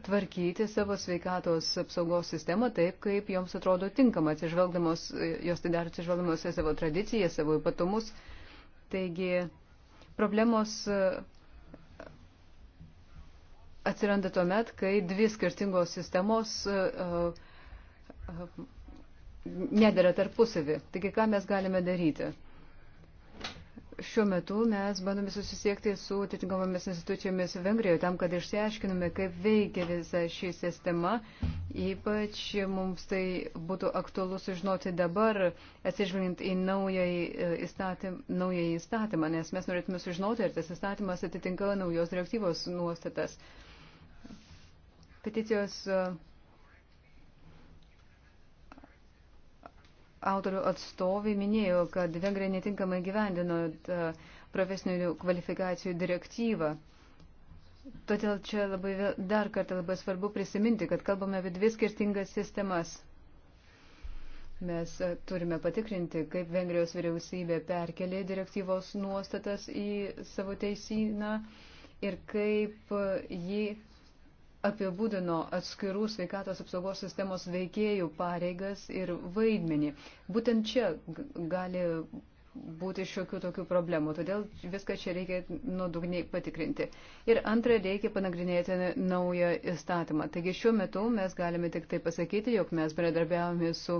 Speaker 4: tvarkyti savo sveikatos apsaugos sistemą taip, kaip joms atrodo tinkama, atsižvelgdamos, e, jos tai daro atsižvelgdamos į savo tradiciją, savo ypatumus. Taigi problemos atsiranda tuomet, kai dvi skirtingos sistemos uh, uh, nedėra tarpusavį. Taigi, ką mes galime daryti? Šiuo metu mes bandome susisiekti su atitinkamomis institucijomis Vengrijoje tam, kad išsiaiškinume, kaip veikia visa ši sistema. Ypač mums tai būtų aktualu sužinoti dabar, atsižvelgiant į naująjį e, įstatymą, naująjį įstatymą, nes mes norėtume sužinoti, ar tas įstatymas atitinka naujos direktyvos nuostatas. Peticijos uh, autorių atstovai minėjo, kad Vengrija netinkamai gyvendino e, profesinių kvalifikacijų direktyvą. Todėl čia labai, dar kartą labai svarbu prisiminti, kad kalbame apie dvi skirtingas sistemas. Mes e, turime patikrinti, kaip Vengrijos vyriausybė perkelė direktyvos nuostatas į savo teisyną ir kaip e, ji apibūdino atskirų sveikatos apsaugos sistemos veikėjų pareigas ir vaidmenį. Būtent čia gali būti šiokių tokių problemų, todėl viską čia reikia nuodugniai patikrinti. Ir antra, reikia panagrinėti naują įstatymą. Taigi šiuo metu mes galime tik tai pasakyti, jog mes bendradarbiavome su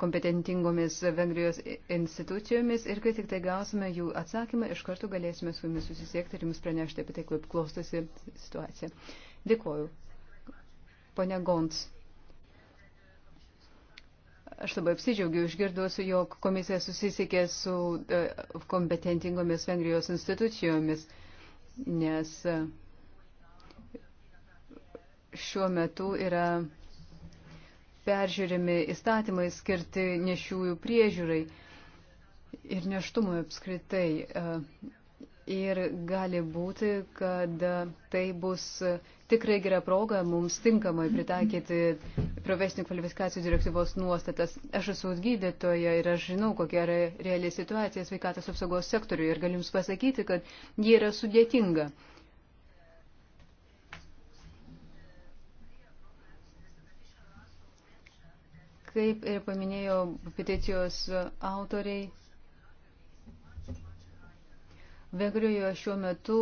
Speaker 4: kompetentingomis Vengrijos institucijomis ir kai tik tai gausime jų atsakymą, iš karto galėsime su jumis susisiekti ir jums pranešti apie tai, kaip klostosi situacija. Dėkuoju. Pone Gons. Aš labai apsidžiaugiu, išgirduosiu, jog komisija susisiekė su e, kompetentingomis Vengrijos institucijomis, nes e, šiuo metu yra peržiūrimi įstatymai skirti nešiųjų priežiūrai ir neštumui apskritai. E, Ir gali būti, kad tai bus tikrai gera proga mums tinkamai pritaikyti profesinių kvalifikacijų direktyvos nuostatas. Aš esu gydytoja ir aš žinau, kokia yra reali situacija sveikatos apsaugos sektoriuje ir galiu Jums pasakyti, kad ji yra sudėtinga. Kaip ir paminėjo peticijos autoriai, Vengrijoje šiuo metu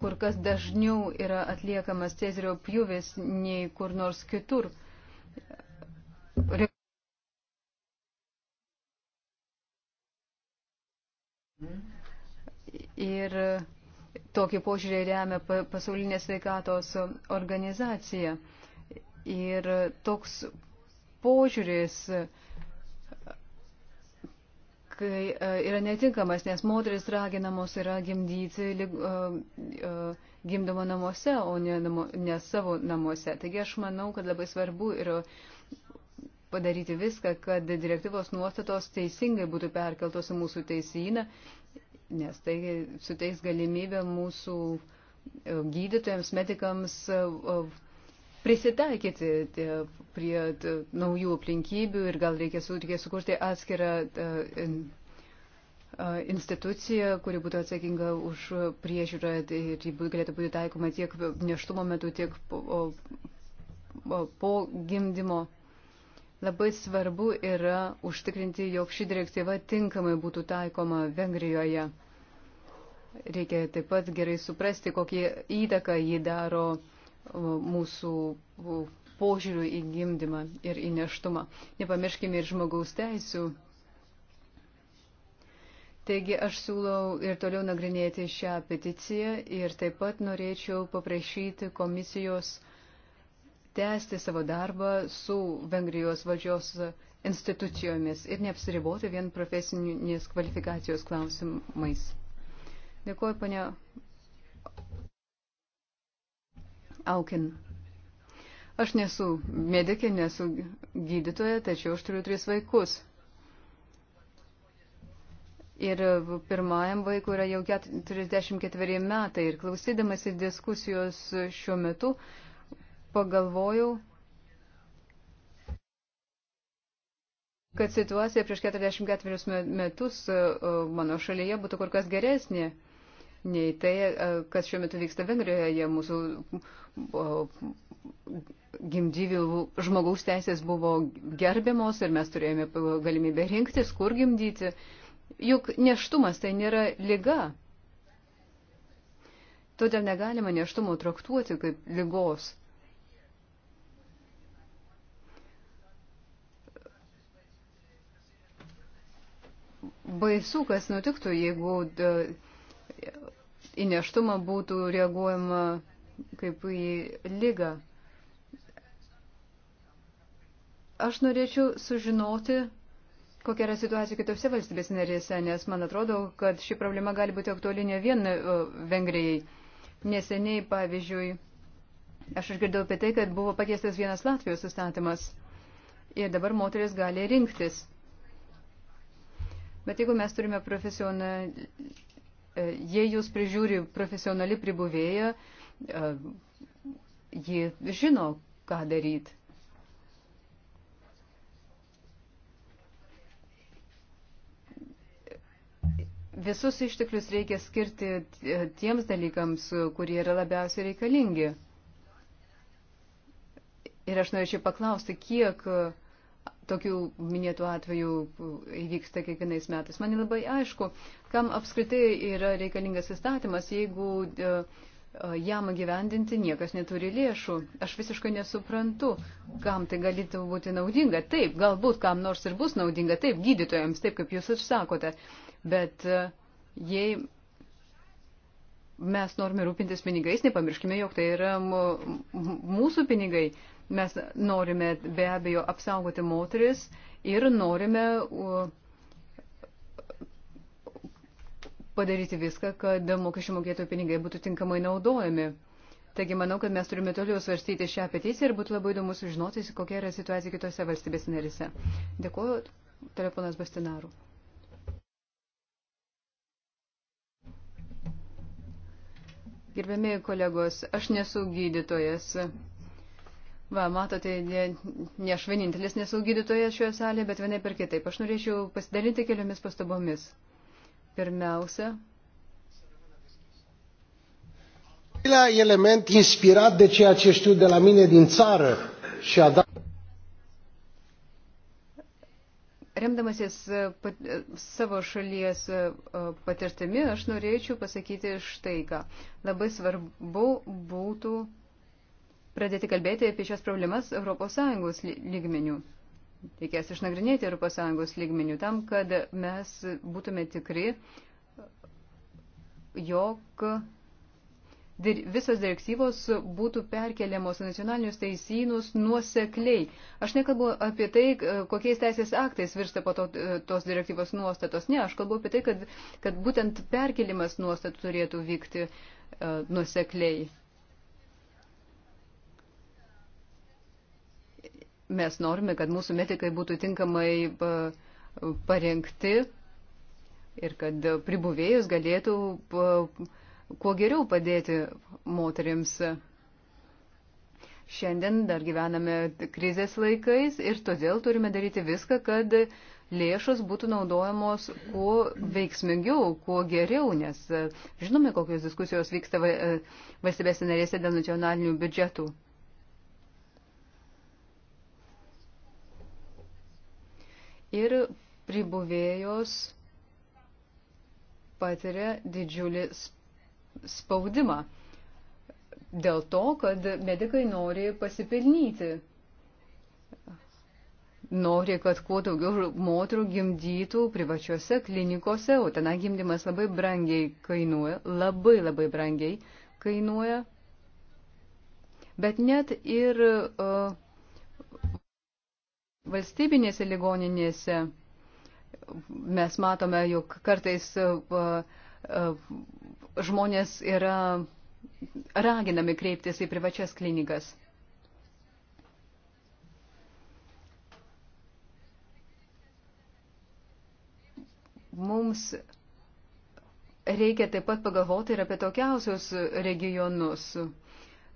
Speaker 4: kur kas dažniau yra atliekamas Cezario pjūvis nei kur nors kitur. Ir tokį požiūrį remia pasaulinė sveikatos organizacija. Ir toks požiūris uh, kai e, yra netinkamas, nes moteris raginamos yra gimdyti e, e, gimdomo namuose, o ne, namo, ne savo namuose. Taigi aš manau, kad labai svarbu yra padaryti viską, kad direktyvos nuostatos teisingai būtų perkeltos į mūsų teisyną, nes tai suteiks galimybę mūsų gydytojams, medikams prisitaikyti prie naujų aplinkybių ir gal reikia, su, reikia sukurti atskirą institucija, kuri būtų atsakinga už priežiūrą ir ji tai, tai galėtų būti taikoma tiek neštumo metu, tiek po, po gimdymo. Labai svarbu yra užtikrinti, jog ši direktyva tinkamai būtų taikoma Vengrijoje. Reikia taip pat gerai suprasti, kokie įtaką jį daro uh, mūsų požiūrių į gimdymą ir į neštumą. Nepamirškime ir žmogaus teisų. Taigi aš siūlau ir toliau nagrinėti šią peticiją ir taip pat norėčiau paprašyti komisijos tęsti savo darbą su Vengrijos valdžios institucijomis ir neapsiriboti vien profesinės kvalifikacijos klausimais. Dėkuoju, ponia Aukin. Aš nesu medikė, nesu gydytoja, tačiau aš turiu tris vaikus. Ir pirmajam vaikui yra jau 34 metai. Ir klausydamasi diskusijos šiuo metu, pagalvojau, kad situacija prieš 44 metus e, mano šalyje būtų kur kas geresnė nei tai, e, kas šiuo metu vyksta Vengrijoje. Mūsų gimdyvių žmogaus teisės buvo gerbiamos ir mes turėjome galimybę rinktis, kur gimdyti. Juk neštumas tai nėra lyga. Todėl negalima neštumo traktuoti kaip lygos. Baisu, kas nutiktų, jeigu e, į neštumą būtų reaguojama kaip į lygą. Aš norėčiau sužinoti, kokia yra situacija kitose valstybės narėse, nes man atrodo, kad ši problema gali būti aktuali ne vien Vengrijai. Neseniai, pavyzdžiui, aš išgirdau apie tai, kad buvo pakeistas vienas Latvijos įstatymas ir dabar moteris gali rinktis. Bet jeigu mes turime profesionalę E, jei jūs prižiūri profesionali pribuvėja, e, ji žino, ką daryti. Visus išteklius reikia skirti e, tiems dalykams, kurie yra labiausiai reikalingi. Ir aš norėčiau paklausti, kiek uh, tokių minėtų atvejų įvyksta kiekvienais metais. Man labai aišku, kam apskritai yra reikalingas įstatymas, jeigu e, e, jam gyvendinti niekas neturi lėšų. Aš visiškai nesuprantu, kam tai galėtų būti naudinga. Taip, galbūt kam nors ir bus naudinga, taip, gydytojams, taip kaip jūs išsakote. Bet e, jei mes norime rūpintis pinigais, nepamirškime, jog tai yra mūsų pinigai. Mes norime be abejo apsaugoti moteris ir norime uh, padaryti viską, kad mokesčių mokėtojų pinigai būtų tinkamai naudojami. Taigi manau, kad mes turime toliau svarstyti šią peticiją ir būtų labai įdomu sužinoti, kokia yra situacija kitose valstybės narise. Dėkuoju, telefonas Bastinaru. Gerbėmiai kolegos, aš nesu gydytojas. Va, matote, ne, ne aš vienintelis nesu gydytojas šioje salėje, bet vienai per kitaip. Aš norėčiau pasidalinti keliomis pastabomis. Pirmiausia.
Speaker 2: element inspirat de ceea ce știu de la mine din țară și a dat...
Speaker 4: Remdamasis uh, pat, uh, savo šalies uh, patirtimi, aš norėčiau pasakyti štai ką. Labai svarbu būtų pradėti kalbėti apie šias problemas ES lygmenių. Reikės išnagrinėti ES lygmenių tam, kad mes būtume tikri, jog visos direktyvos būtų perkeliamos į nacionalinius teisynus nuosekliai. Aš nekalbu apie tai, kokiais teisės aktais virsta po to, tos direktyvos nuostatos. Ne, aš kalbu apie tai, kad, kad būtent perkelimas nuostatų turėtų vykti uh, nuosekliai. mes norime, kad mūsų medikai būtų tinkamai parengti ir kad pribuvėjus galėtų kuo geriau padėti moteriams. Šiandien dar gyvename krizės laikais ir todėl turime daryti viską, kad lėšos būtų naudojamos kuo veiksmingiau, kuo geriau, nes e, žinome, kokios diskusijos vyksta e, valstybės narėse dėl nacionalinių biudžetų. ir pribuvėjos patiria didžiulį spaudimą dėl to, kad medikai nori pasipelnyti. Nori, kad kuo daugiau moterų gimdytų privačiose klinikose, o ten gimdymas labai brangiai kainuoja, labai labai brangiai kainuoja. Bet net ir uh, valstybinėse ligoninėse mes matome, jog kartais e, e, žmonės yra raginami kreiptis į privačias klinikas. Mums reikia taip pat pagalvoti ir apie tokiausius regionus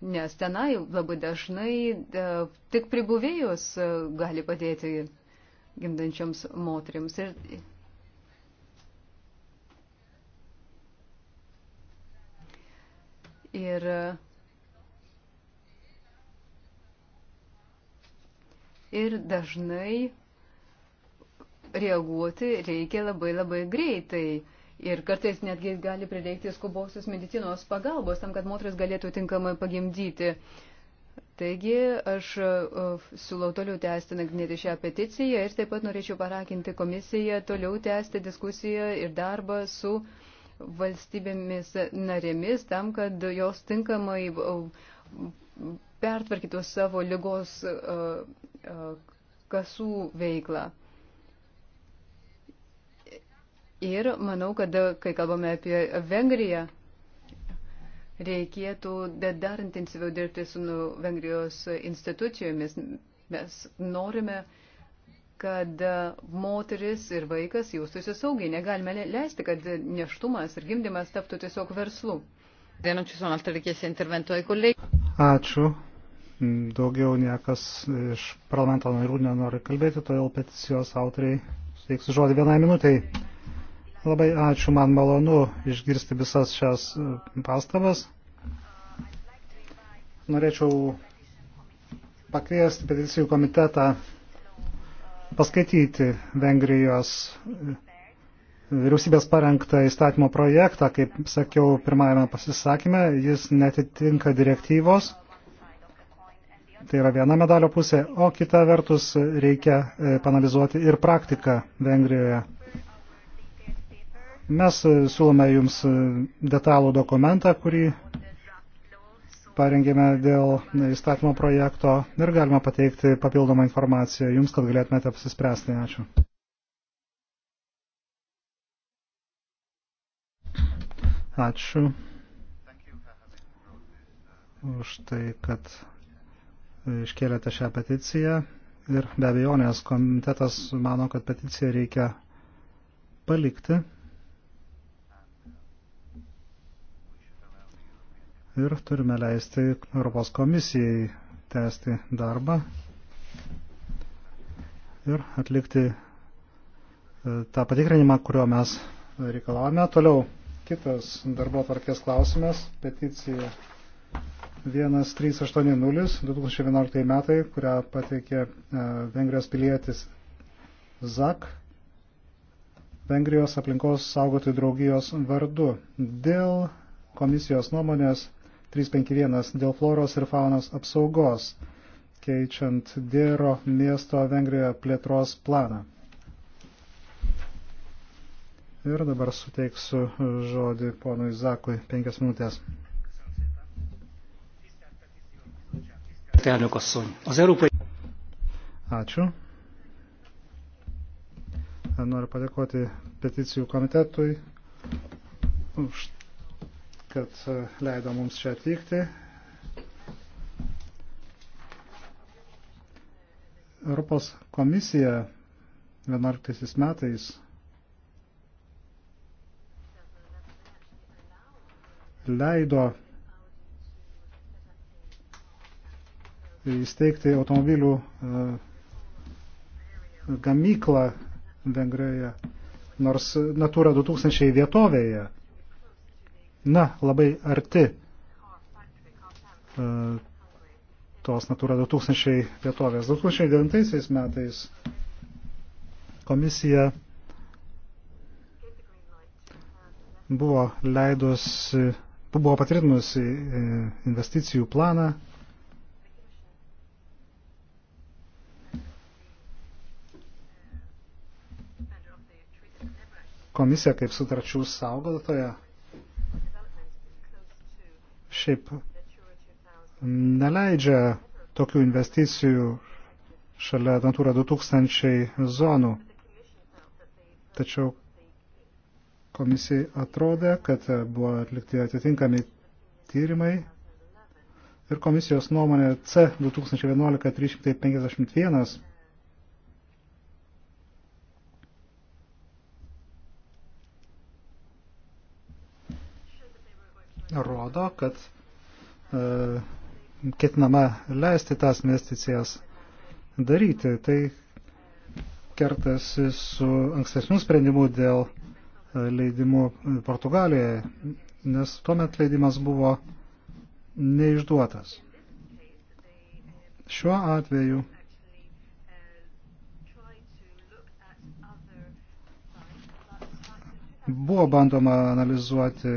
Speaker 4: nes tenai labai dažnai e, tik pribuvėjus e, gali padėti gimdančioms moteriams. Ir, ir ir dažnai reaguoti reikia labai labai greitai. Ir kartais netgi gali prireikti skubosios medicinos pagalbos tam, kad moteris galėtų tinkamai pagimdyti. Taigi aš uh, siūlau toliau tęsti nagrinėti šią peticiją ir taip pat norėčiau parakinti komisiją toliau tęsti diskusiją ir darbą su valstybėmis narėmis tam, kad jos tinkamai uh, pertvarkytų savo lygos uh, kasų veiklą. Ir manau, kad kai kalbame apie Vengriją, reikėtų dar intensyviau dirbti su nu, Vengrijos institucijomis. Mes norime, kad moteris ir vaikas jaustųsi saugiai. Negalime leisti, kad neštumas ir gimdymas taptų tiesiog verslu.
Speaker 2: Ačiū. Daugiau niekas iš parlamento narių nenori kalbėti, todėl peticijos autoriai suteiksiu žodį vienai minutiai. Labai ačiū, man malonu išgirsti visas šias e, pastabas. Norėčiau pakviesti peticijų komitetą paskaityti Vengrijos e, vyriausybės parengtą įstatymo projektą, kaip sakiau pirmajame pasisakymė, jis netitinka direktyvos. Tai yra viena medalio pusė, o kita vertus reikia e, panalizuoti ir praktiką Vengrijoje. Mes e, siūlome jums e, detalų dokumentą, kurį parengėme dėl e, įstatymo projekto ir galima pateikti papildomą informaciją jums, kad galėtumėte apsispręsti. Ačiū. Ačiū už tai, kad iškėlėte šią peticiją. Ir be abejonės komitetas mano, kad peticiją reikia palikti. ir turime leisti Europos komisijai tęsti darbą ir atlikti e, tą patikrinimą, kurio mes reikalavome. Toliau kitas darbo tvarkės klausimas, peticija 1380 2011 metai, kurią pateikė e, Vengrijos pilietis ZAK, Vengrijos aplinkos saugoti draugijos vardu dėl komisijos nuomonės 351 dėl floros ir faunos apsaugos, keičiant Dėro miesto Vengrijoje plėtros planą. Ir dabar suteiksiu žodį ponui Zakui penkias minutės. Ačiū. Noriu padėkoti peticijų komitetui už kad e, leido mums čia atvykti. Europos komisija 11 metais leido įsteigti automobilių e, gamyklą Vengrijoje, nors Natura 2000 vietovėje na, labai arti e, tos Natura 2000 vietovės. 2009 metais komisija buvo leidus, buvo patvirtinusi e, investicijų planą Komisija kaip sutarčių saugotoja šiaip neleidžia tokių investicijų šalia Natūra 2000 zonų. Tačiau komisijai atrodė, kad buvo atlikti atitinkami tyrimai ir komisijos nuomonė C2011-351 rodo, kad e, ketinama leisti tas investicijas daryti. Tai kertasi su ankstesnių sprendimų dėl e, leidimų Portugalijoje, nes tuomet leidimas buvo neišduotas. Šiuo atveju buvo bandoma analizuoti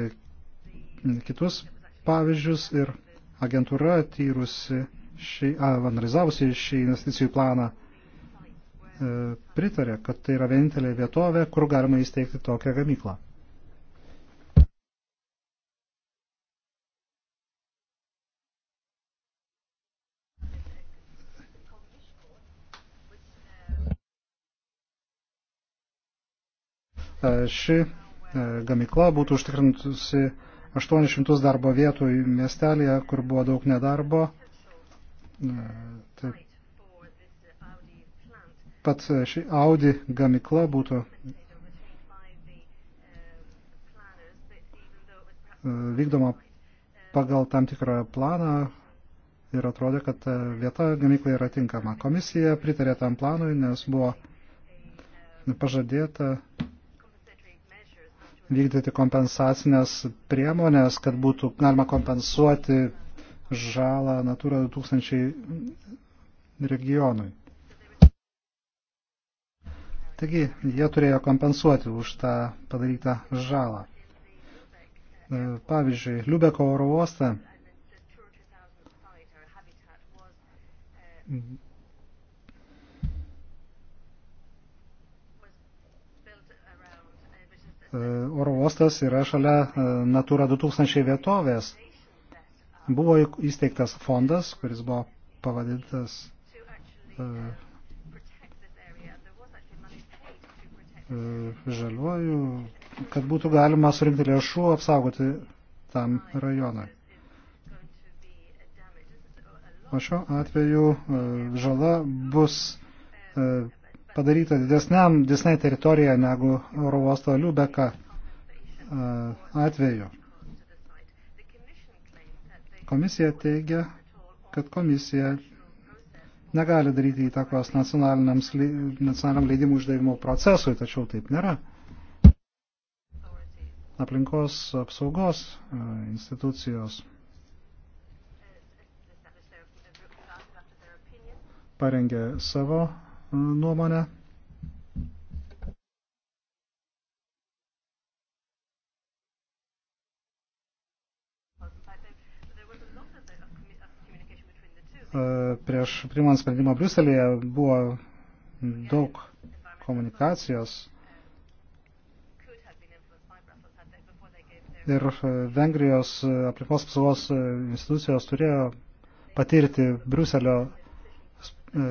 Speaker 2: kitus pavyzdžius ir agentūra tyrusi, šį, a, analizavusi šį investicijų planą e, pritarė, kad tai yra vienintelė vietovė, kur galima įsteigti tokią gamyklą. E, ši e, gamykla būtų užtikrintusi 800 darbo vietų miestelėje, kur buvo daug nedarbo. Taip. Pat ši Audi gamikla būtų vykdoma pagal tam tikrą planą ir atrodė, kad vieta gamyklai yra tinkama. Komisija pritarė tam planui, nes buvo pažadėta vykdyti kompensacinės priemonės, kad būtų galima kompensuoti žalą Natura 2000 regionui. Taigi, jie turėjo kompensuoti už tą padarytą žalą. E, pavyzdžiui, Liubeko oro uoste E, oro uostas yra šalia e, Natura 2000 vietovės. Buvo įsteigtas fondas, kuris buvo pavadintas e, žaliuoju, kad būtų galima surinkti lėšų apsaugoti tam rajonui. O šiuo atveju žala bus padaryta didesniam, didesnė teritorija negu oro uosto Liubeka e, atveju. Komisija teigia, kad komisija negali daryti įtakos nacionaliniam leidimų išdavimo procesui, tačiau taip nėra. Aplinkos apsaugos e, institucijos parengė savo nuomonę. Prieš primant sprendimą Briuselėje buvo daug komunikacijos ir Vengrijos aplinkos apsaugos institucijos turėjo patirti Briuselio E,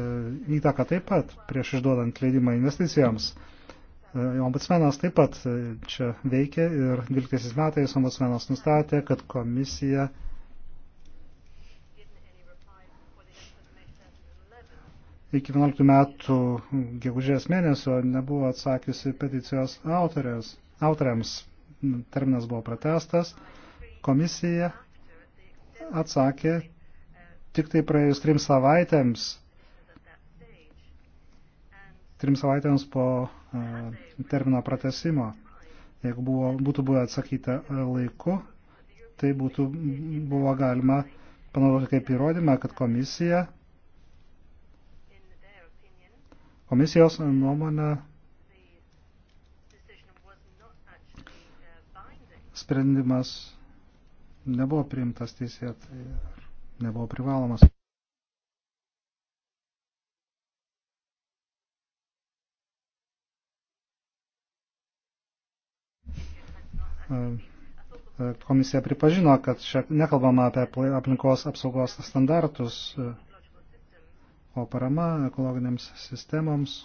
Speaker 2: įtaką taip pat prieš išduodant leidimą investicijoms. E, ombudsmenas taip pat e, čia veikia ir 12 metais ombudsmenas nustatė, kad komisija iki 11 metų gegužės mėnesio nebuvo atsakiusi peticijos autorės, autoriams. Terminas buvo pratestas. Komisija atsakė tik tai praėjus trim savaitėms trim savaitėms po e, termino pratesimo. Jeigu buvo, būtų buvę atsakyta e, laiku, tai būtų buvo galima panaudoti kaip įrodymą, kad komisija, komisijos nuomonė sprendimas nebuvo priimtas teisėtai, nebuvo privalomas. E, e, komisija pripažino, kad čia nekalbama apie aplinkos apsaugos standartus, e, o parama ekologiniams sistemoms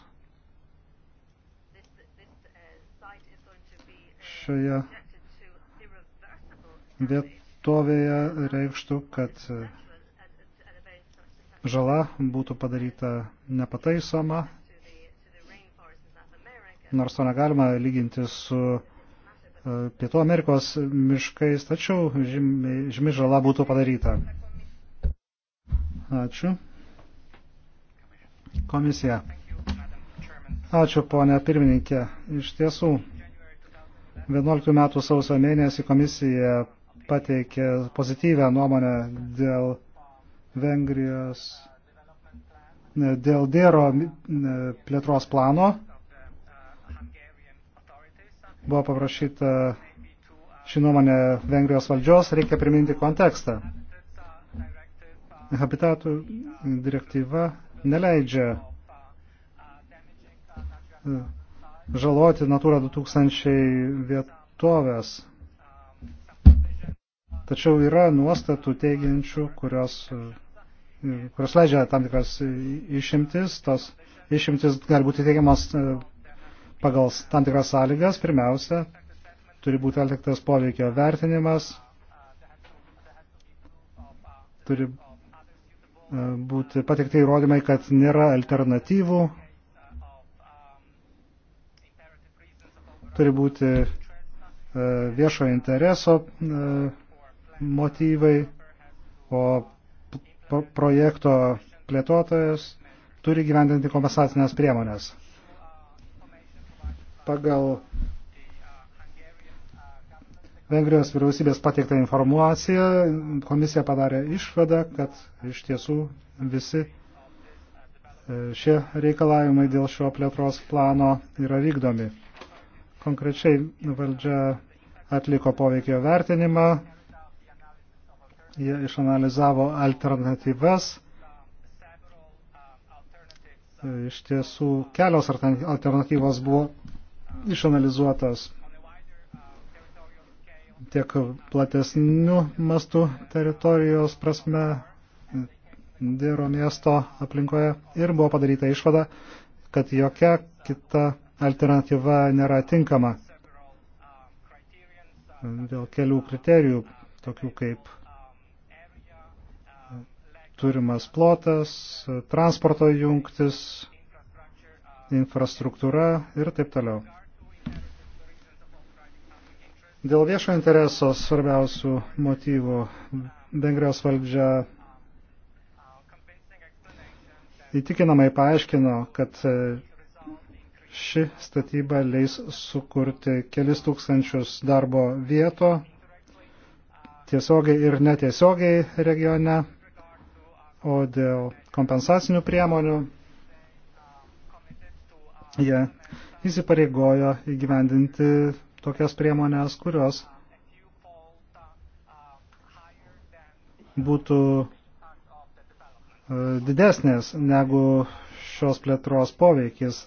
Speaker 2: šioje vietovėje reikštų, kad žala būtų padaryta nepataisoma, nors to negalima lyginti su Pietų Amerikos miškais, tačiau žymi, žymi žala būtų padaryta. Ačiū. Komisija. Ačiū, ponė pirmininkė. Iš tiesų, 11 metų sausio mėnesį komisija pateikė pozityvę nuomonę dėl Vengrijos, dėl Dėro plėtros plano buvo paprašyta šį nuomonę Vengrijos valdžios, reikia priminti kontekstą. Habitatų direktyva neleidžia e, žaloti Natura 2000 vietovės. Tačiau yra nuostatų teigiančių, kurios, e, kurios leidžia tam tikras išimtis. Tos išimtis gali būti teigiamas e, pagal tam tikras sąlygas, pirmiausia, turi būti atliktas poveikio vertinimas, turi e, būti patikti įrodymai, kad nėra alternatyvų, turi būti e, viešo intereso e, motyvai, o projekto plėtotojas turi gyvendinti kompensacinės priemonės pagal Vengrijos vyriausybės pateiktą informaciją, komisija padarė išvadą, kad iš tiesų visi e, šie reikalavimai dėl šio plėtros plano yra vykdomi. Konkrečiai valdžia atliko poveikio vertinimą, jie išanalizavo alternatyvas, e, iš tiesų kelios alternatyvos buvo išanalizuotas tiek platesnių mastų teritorijos prasme Diro miesto aplinkoje ir buvo padaryta išvada, kad jokia kita alternatyva nėra tinkama dėl kelių kriterijų, tokių kaip turimas plotas, transporto jungtis, infrastruktūra ir taip toliau. Dėl viešo intereso svarbiausių motyvų Vengrijos valdžia įtikinamai paaiškino, kad e, ši statyba leis sukurti kelis tūkstančius darbo vieto tiesiogiai ir netiesiogiai regione, o dėl kompensacinių priemonių jie įsipareigojo įgyvendinti tokias priemonės, kurios būtų e, didesnės negu šios plėtros poveikis.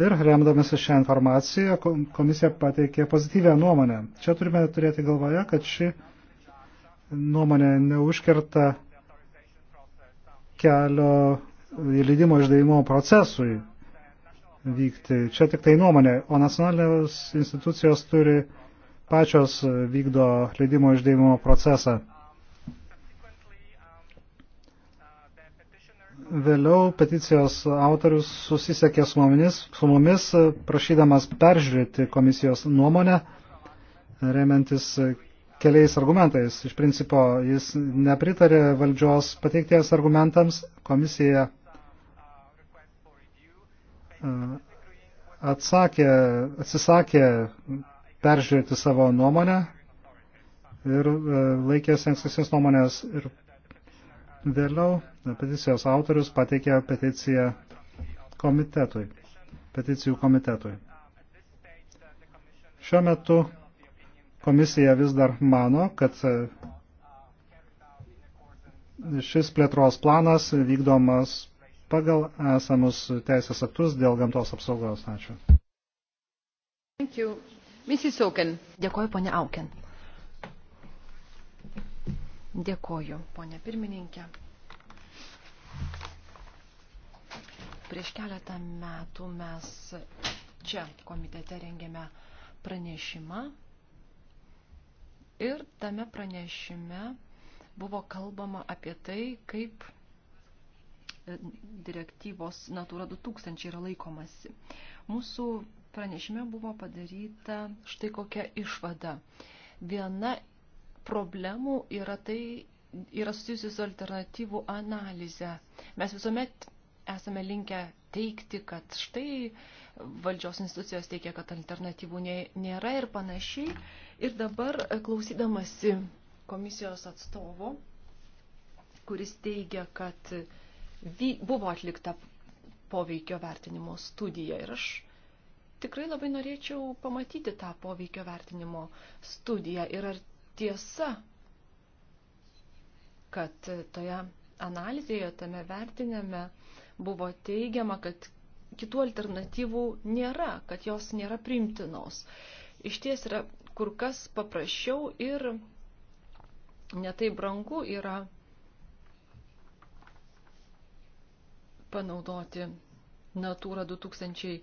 Speaker 2: Ir remdamasi šią informaciją, komisija pateikė pozityvę nuomonę. Čia turime turėti galvoje, kad ši nuomonė neužkerta kelio leidimo išdavimo procesui vykti. Čia tik tai nuomonė, o nacionalinės institucijos turi pačios vykdo leidimo išdėjimo procesą. Vėliau peticijos autorius susisiekė su mumis, su mumis prašydamas peržiūrėti komisijos nuomonę, remiantis keliais argumentais. Iš principo, jis nepritarė valdžios pateikties argumentams, komisija atsakė, atsisakė peržiūrėti savo nuomonę ir e, laikėsi ankstesnės nuomonės ir vėliau peticijos autorius pateikė peticiją komitetui, peticijų komitetui. Šiuo metu komisija vis dar mano, kad e, šis plėtros planas vykdomas pagal esamus teisės aktus dėl gamtos apsaugos. Ačiū.
Speaker 3: Dėkuoju, ponė Auken. Dėkuoju, ponė pirmininkė. Prieš keletą metų mes čia komitete rengėme pranešimą ir tame pranešime buvo kalbama apie tai, kaip E, direktyvos Natura 2000 yra laikomasi. Mūsų pranešime buvo padaryta štai kokia išvada. Viena problemų yra tai, yra susijusi su alternatyvų analize. Mes visuomet esame linkę teikti, kad štai valdžios institucijos teikia, kad alternatyvų nėra ir panašiai. Ir dabar e, klausydamasi komisijos atstovo, kuris teigia, kad buvo atlikta poveikio vertinimo studija ir aš tikrai labai norėčiau pamatyti tą poveikio vertinimo studiją ir ar tiesa, kad toje analizėje, tame vertinime buvo teigiama, kad kitų alternatyvų nėra, kad jos nėra primtinos. Iš ties yra kur kas paprasčiau ir netai brangu yra panaudoti Natūra 2000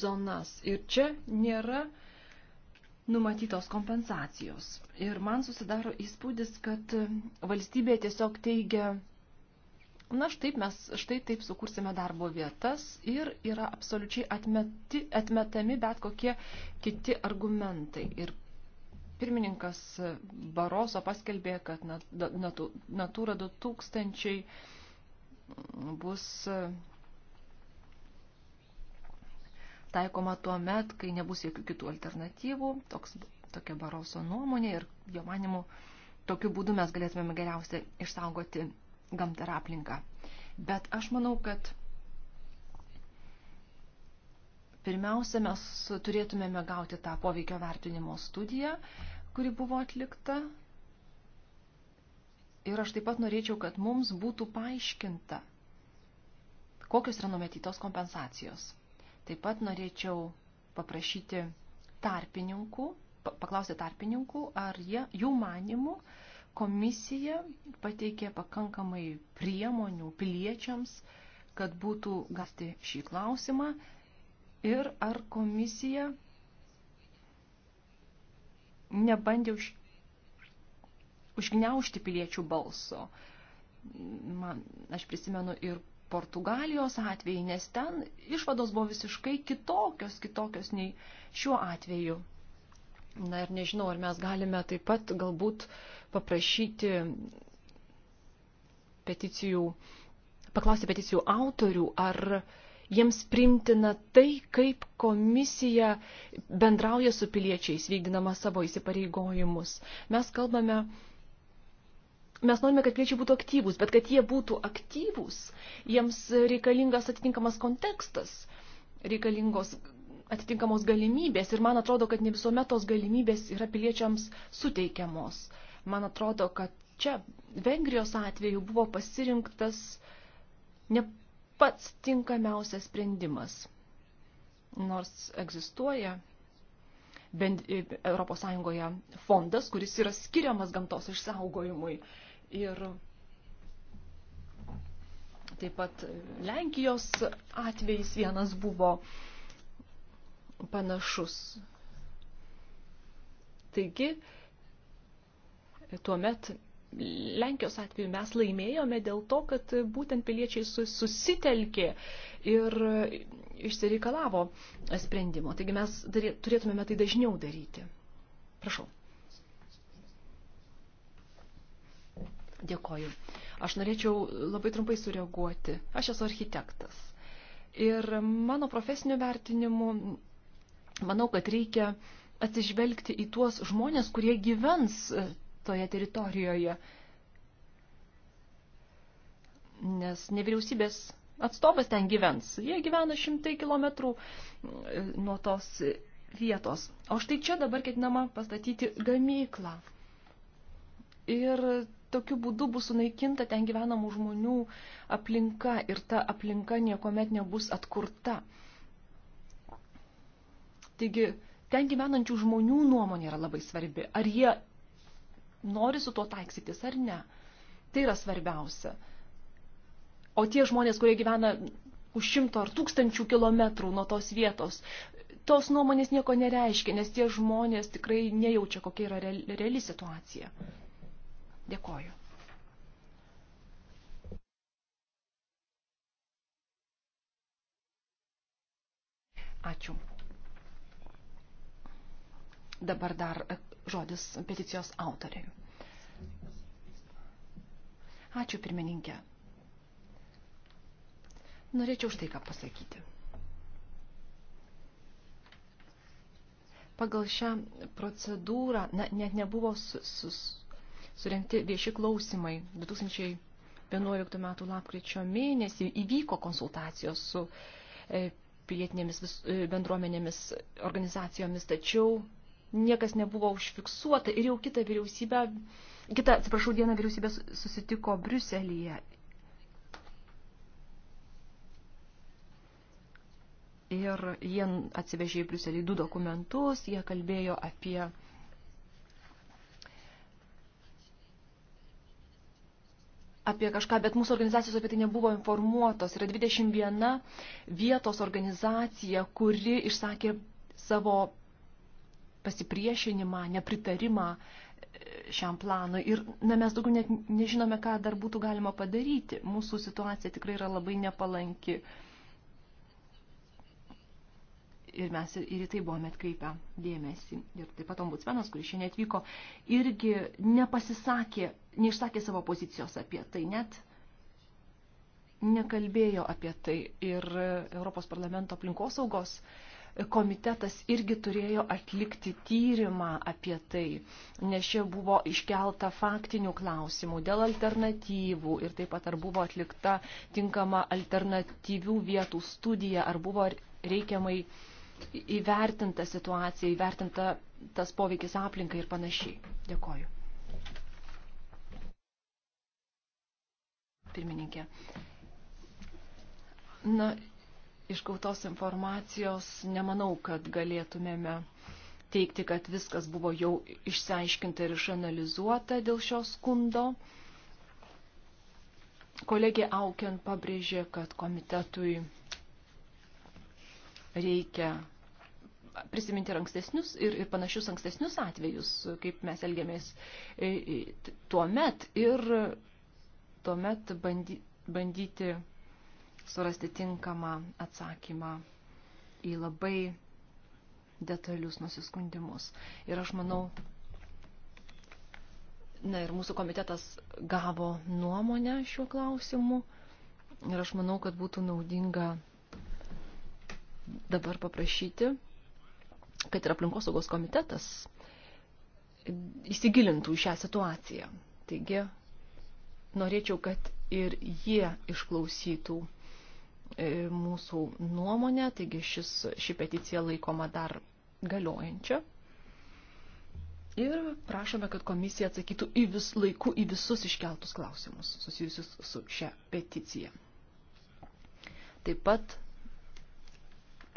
Speaker 3: zonas. Ir čia nėra numatytos kompensacijos. Ir man susidaro įspūdis, kad valstybė tiesiog teigia, na štai mes štai taip sukursime darbo vietas ir yra absoliučiai atmeti, atmetami bet kokie kiti argumentai. Ir pirmininkas Baroso paskelbė, kad Natūra 2000 bus e, taikoma tuo met, kai nebus jokių kitų alternatyvų, toks, tokia Baroso nuomonė ir jo manimu, tokiu būdu mes galėtumėme geriausiai išsaugoti gamtą ir aplinką. Bet aš manau, kad pirmiausia, mes turėtumėme gauti tą poveikio vertinimo studiją, kuri buvo atlikta Ir aš taip pat norėčiau, kad mums būtų paaiškinta, kokios yra numatytos kompensacijos. Taip pat norėčiau paprašyti tarpininkų, paklausti tarpininkų, ar jie, jų manimų komisija pateikė pakankamai priemonių piliečiams, kad būtų gasti šį klausimą ir ar komisija nebandė už užgneušti piliečių balso. Man, aš prisimenu ir Portugalijos atvejį, nes ten išvados buvo visiškai kitokios, kitokios nei šiuo atveju. Na ir nežinau, ar mes galime taip pat galbūt paprašyti peticijų, paklausti peticijų autorių, ar jiems primtina tai, kaip komisija bendrauja su piliečiais, vykdinama savo įsipareigojimus. Mes kalbame mes norime, kad piliečiai būtų aktyvūs, bet kad jie būtų aktyvūs, jiems reikalingas atitinkamas kontekstas, reikalingos atitinkamos galimybės ir man atrodo, kad ne visuomet tos galimybės yra piliečiams suteikiamos. Man atrodo, kad čia Vengrijos atveju buvo pasirinktas ne pats tinkamiausias sprendimas. Nors egzistuoja bend, Europos Sąjungoje fondas, kuris yra skiriamas gamtos išsaugojimui ir taip pat Lenkijos atvejis vienas buvo panašus. Taigi, tuomet Lenkijos atveju mes laimėjome dėl to, kad būtent piliečiai susitelkė ir išsireikalavo sprendimo. Taigi mes turėtumėme tai dažniau daryti. Prašau. Dėkoju. Aš norėčiau labai trumpai sureaguoti. Aš esu architektas. Ir mano profesiniu vertinimu, manau, kad reikia atsižvelgti į tuos žmonės, kurie gyvens e, toje teritorijoje. Nes nevyriausybės atstovas ten gyvens. Jie gyvena šimtai kilometrų e, nuo tos vietos. O štai čia dabar ketinama pastatyti gamyklą. Ir tokiu būdu bus sunaikinta ten gyvenamų žmonių aplinka ir ta aplinka niekuomet nebus atkurta. Taigi, ten gyvenančių žmonių nuomonė yra labai svarbi. Ar jie nori su tuo taiksytis ar ne. Tai yra svarbiausia. O tie žmonės, kurie gyvena už šimto ar tūkstančių kilometrų nuo tos vietos, tos nuomonės nieko nereiškia, nes tie žmonės tikrai nejaučia, kokia yra reali, reali situacija. Dėkoju. Ačiū. Dabar dar e, žodis peticijos autoriai. Ačiū pirmininkė. Norėčiau štai ką pasakyti. Pagal šią procedūrą na, net nebuvo sus, sus, surengti vieši klausimai. 2011 m. lapkričio mėnesį įvyko konsultacijos su e, pilietinėmis vis, e, bendruomenėmis organizacijomis, tačiau niekas nebuvo užfiksuota ir jau kita vyriausybė, kita, atsiprašau, diena vyriausybė susitiko Briuselyje. Ir jie atsivežė į Briuselį du dokumentus, jie kalbėjo apie apie kažką, bet mūsų organizacijos apie tai nebuvo informuotos. Yra 21 vietos organizacija, kuri išsakė savo pasipriešinimą, nepritarimą e, šiam planui. Ir na, mes daugiau net nežinome, ką dar būtų galima padaryti. Mūsų situacija tikrai yra labai nepalanki. Ir mes ir į tai buvome atkreipę dėmesį. Ir taip pat ombudsmenas, kuris šiandien atvyko, irgi nepasisakė neišsakė savo pozicijos apie tai, net nekalbėjo apie tai. Ir Europos parlamento aplinkosaugos komitetas irgi turėjo atlikti tyrimą apie tai, nes čia buvo iškelta faktinių klausimų dėl alternatyvų ir taip pat ar buvo atlikta tinkama alternatyvių vietų studija, ar buvo reikiamai įvertinta situacija, įvertinta tas poveikis aplinkai ir panašiai. Dėkoju. pirmininkė. Na, iš gautos informacijos nemanau, kad galėtumėme teikti, kad viskas buvo jau išsiaiškinta ir išanalizuota dėl šio skundo. Kolegė Aukian pabrėžė, kad komitetui reikia prisiminti ir ankstesnius ir, ir panašius ankstesnius atvejus, kaip mes elgiamės e, e, tuo met ir tuomet bandy, bandyti surasti tinkamą atsakymą į labai detalius nusiskundimus. Ir aš manau, na ir mūsų komitetas gavo nuomonę šiuo klausimu ir aš manau, kad būtų naudinga dabar paprašyti, kad ir aplinkosaugos komitetas įsigilintų šią situaciją. Taigi, norėčiau, kad ir jie išklausytų e, mūsų nuomonę, taigi šis, ši peticija laikoma dar galiojančia. Ir prašome, kad komisija atsakytų į vis, laiku į visus iškeltus klausimus susijusius su šia peticija. Taip pat,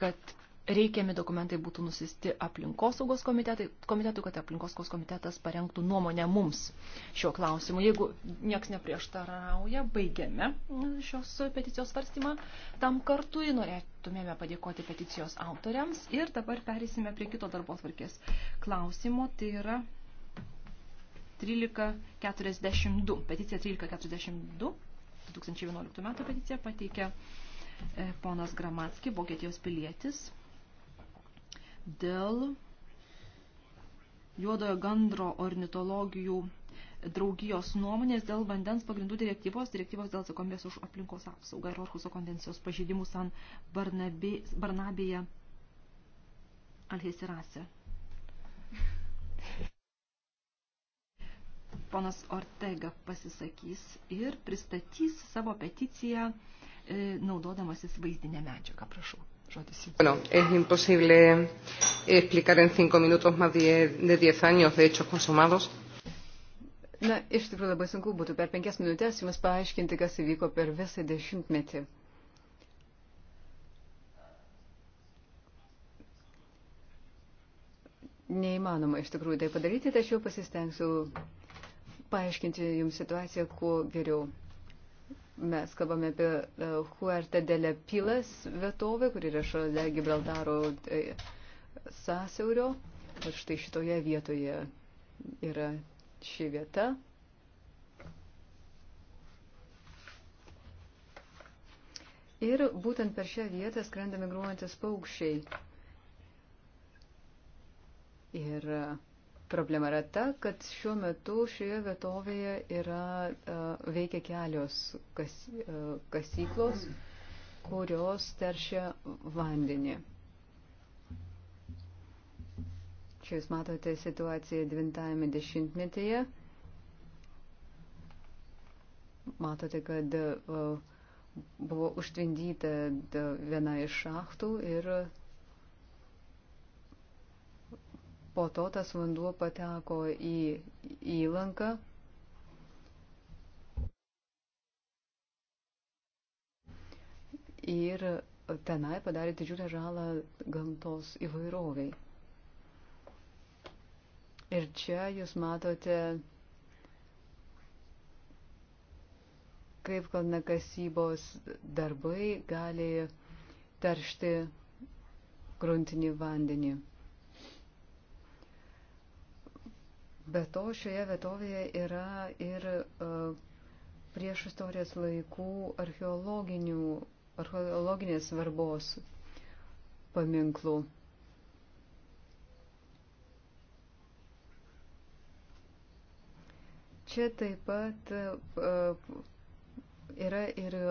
Speaker 3: kad reikiami dokumentai būtų nusisti aplinkosaugos komitetui, kad aplinkosaugos komitetas parengtų nuomonę mums šiuo klausimu. Jeigu nieks neprieštarauja, baigiame šios peticijos svarstymą. Tam kartui norėtumėme padėkoti peticijos autoriams ir dabar perėsime prie kito darbo tvarkės klausimo. Tai yra 1342. Peticija 1342. 2011 metų peticiją pateikė e, ponas Gramatski, Vokietijos pilietis dėl juodojo gandro ornitologijų draugijos nuomonės dėl vandens pagrindų direktyvos, direktyvos dėl atsakomybės už aplinkos apsaugą ir Orhuso konvencijos pažeidimų San Barnabė, Barnabėje Alheisirase. Ponas Ortega pasisakys ir pristatys savo peticiją e, naudodamasis vaizdinę medžiagą. Prašau. Žodis. Bueno, es
Speaker 1: imposible explicar en cinco minutos más diez, de diez años de hechos consumados.
Speaker 4: Na, iš tikrųjų labai sunku būtų per penkias minutės jums paaiškinti, kas įvyko per visą dešimtmetį. Neįmanoma iš tikrųjų tai padaryti, tačiau pasistengsiu paaiškinti jums situaciją kuo geriau. Mes kalbame apie e, Huerta de la Pilas vietovę, kur yra šalia Gibraltaro e, sąsiaurio. Ir štai šitoje vietoje yra ši vieta. Ir būtent per šią vietą skrenda migruojantis paukščiai. Ir uh, Problema yra ta, kad šiuo metu šioje vietovėje yra, uh, veikia kelios kas, uh, kasyklos, kurios teršia vandenį. Čia jūs matote situaciją 90-metyje. Matote, kad uh, buvo užtvindyta viena iš šachtų ir uh, Po to tas vanduo pateko į įlanką. Ir tenai padarė didžiulę žalą gamtos įvairoviai. Ir čia jūs matote, kaip kalnakasybos darbai gali taršti gruntinį vandenį. Be to, šioje vietovėje yra ir e, prieš istorijos laikų archeologinės svarbos paminklų. Čia taip pat e, yra ir e,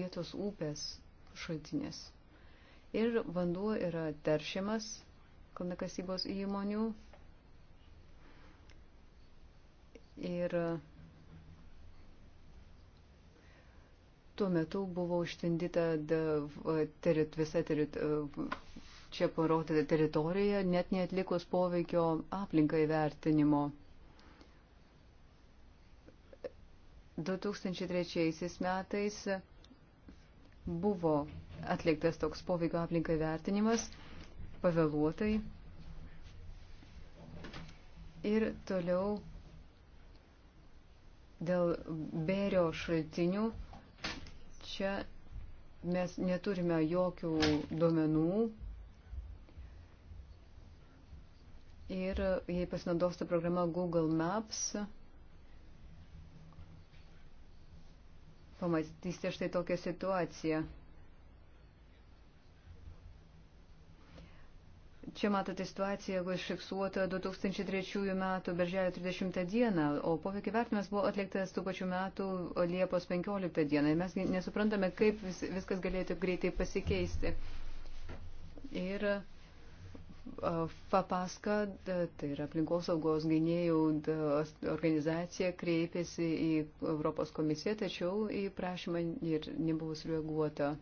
Speaker 4: vietos upės šaltinės. Ir vanduo yra teršiamas kalnakasybos įmonių Ir tuo metu buvo užtindyta terit, visa terit, čia parodyta teritorija, net neatlikus poveikio aplinkai vertinimo. 2003 metais buvo atliktas toks poveikio aplinkai vertinimas pavėluotai ir toliau Dėl bėrio šaltinių čia mes neturime jokių duomenų. Ir jei pasinaudosite programą Google Maps, pamatysite štai tokią situaciją. Čia matote situaciją, jeigu išfiksuota 2003 metų birželio 30 dieną, o poveikį vertinimas buvo atliktas tų pačių metų Liepos 15 dieną. Ir mes nesuprantame, kaip vis, viskas galėtų greitai pasikeisti. Ir FAPASKA, tai yra aplinkosaugos gynėjų organizacija, kreipėsi į Europos komisiją, tačiau į prašymą ir nebuvo sureaguota.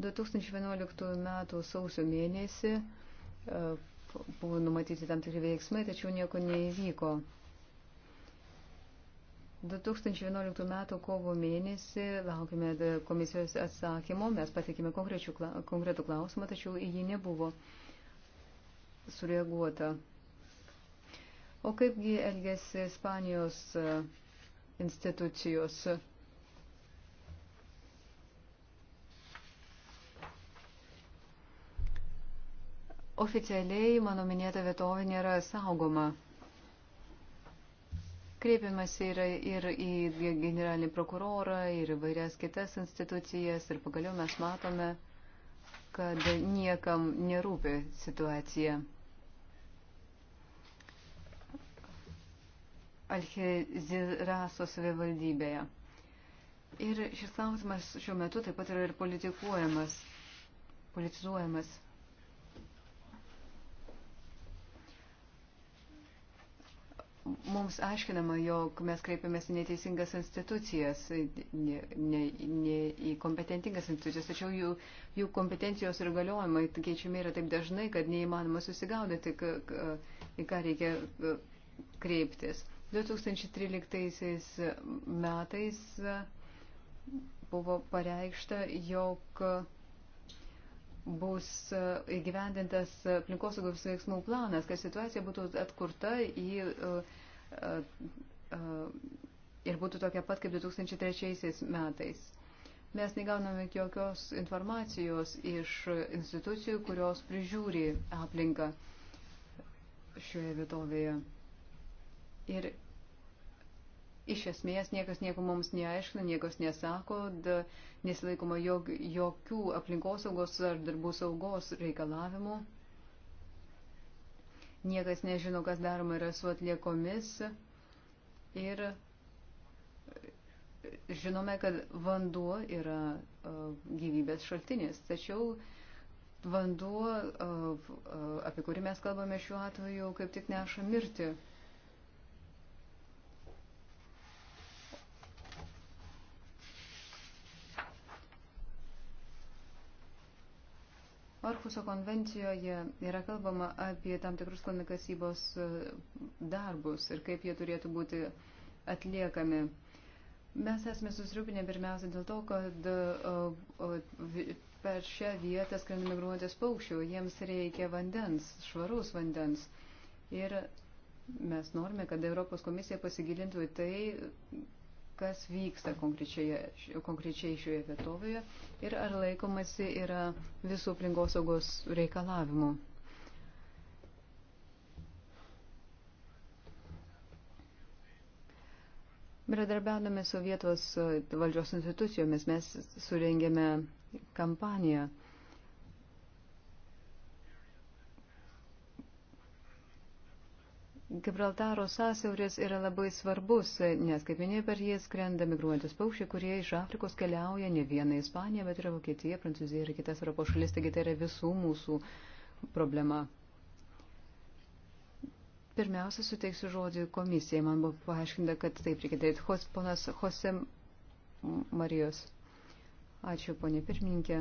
Speaker 4: 2011 m. sausio mėnesį e, buvo numatyti tam tikri veiksmai, tačiau nieko neįvyko. 2011 m. kovo mėnesį laukime komisijos atsakymo, mes patikime konkretų klausimą, tačiau į jį nebuvo sureaguota. O kaipgi elgėsi Ispanijos e, institucijos? Oficialiai mano minėta vietovė nėra saugoma. Kreipiamas yra ir į generalinį prokurorą, ir įvairias kitas institucijas, ir pagaliau mes matome, kad niekam nerūpi situacija. Alheziraso savivaldybėje. Ir šis klausimas šiuo metu taip pat yra ir politikuojamas, politizuojamas. mums aiškinama, jog mes kreipiamės į neteisingas institucijas, ne, ne, ne į kompetentingas institucijas, tačiau jų, jų kompetencijos ir galiojimai keičiami yra taip dažnai, kad neįmanoma susigaudyti, į ką reikia e, kreiptis. 2013 metais buvo pareikšta, jog bus e, įgyvendintas aplinkosaugos veiksmų planas, kad situacija būtų atkurta į, e, e, ir būtų tokia pat kaip 2003 metais. Mes negauname jokios informacijos iš institucijų, kurios prižiūri aplinką šioje vietovėje. Ir iš esmės niekas nieko mums neaiškina, niekas nesako, da, nesilaikoma jog, jokių aplinkosaugos ar darbų saugos reikalavimų. Niekas nežino, kas daroma yra su atliekomis. Ir e, žinome, kad vanduo yra e, gyvybės šaltinis, tačiau vanduo, e, apie kurį mes kalbame šiuo atveju, kaip tik neša mirti. Orhuso konvencijoje yra kalbama apie tam tikrus kalnakasybos e, darbus ir kaip jie turėtų būti atliekami. Mes esame susirūpinę pirmiausia dėl to, kad e, per šią vietą skrenda migruojantis paukščių, jiems reikia vandens, švarus vandens. Ir mes norime, kad Europos komisija pasigilintų į tai, kas vyksta konkrečiai, konkrečiai šioje vietovėje ir ar laikomasi yra visų aplinkosaugos reikalavimų. Bradarbiaudami su vietos valdžios institucijomis mes surengėme kampaniją Gibraltaro sąsiauris yra labai svarbus, nes kaip minėjau, per jį skrenda migruojantis paukščiai, kurie iš Afrikos keliauja ne vieną Ispaniją, bet ir Vokietiją, Prancūziją ir kitas Europos šalis, taigi tai yra visų mūsų problema. Pirmiausia, suteiksiu žodį komisijai. Man buvo paaiškinta, kad taip reikia daryti. Hos, ponas Jose Marijos. Ačiū, ponė pirmininkė.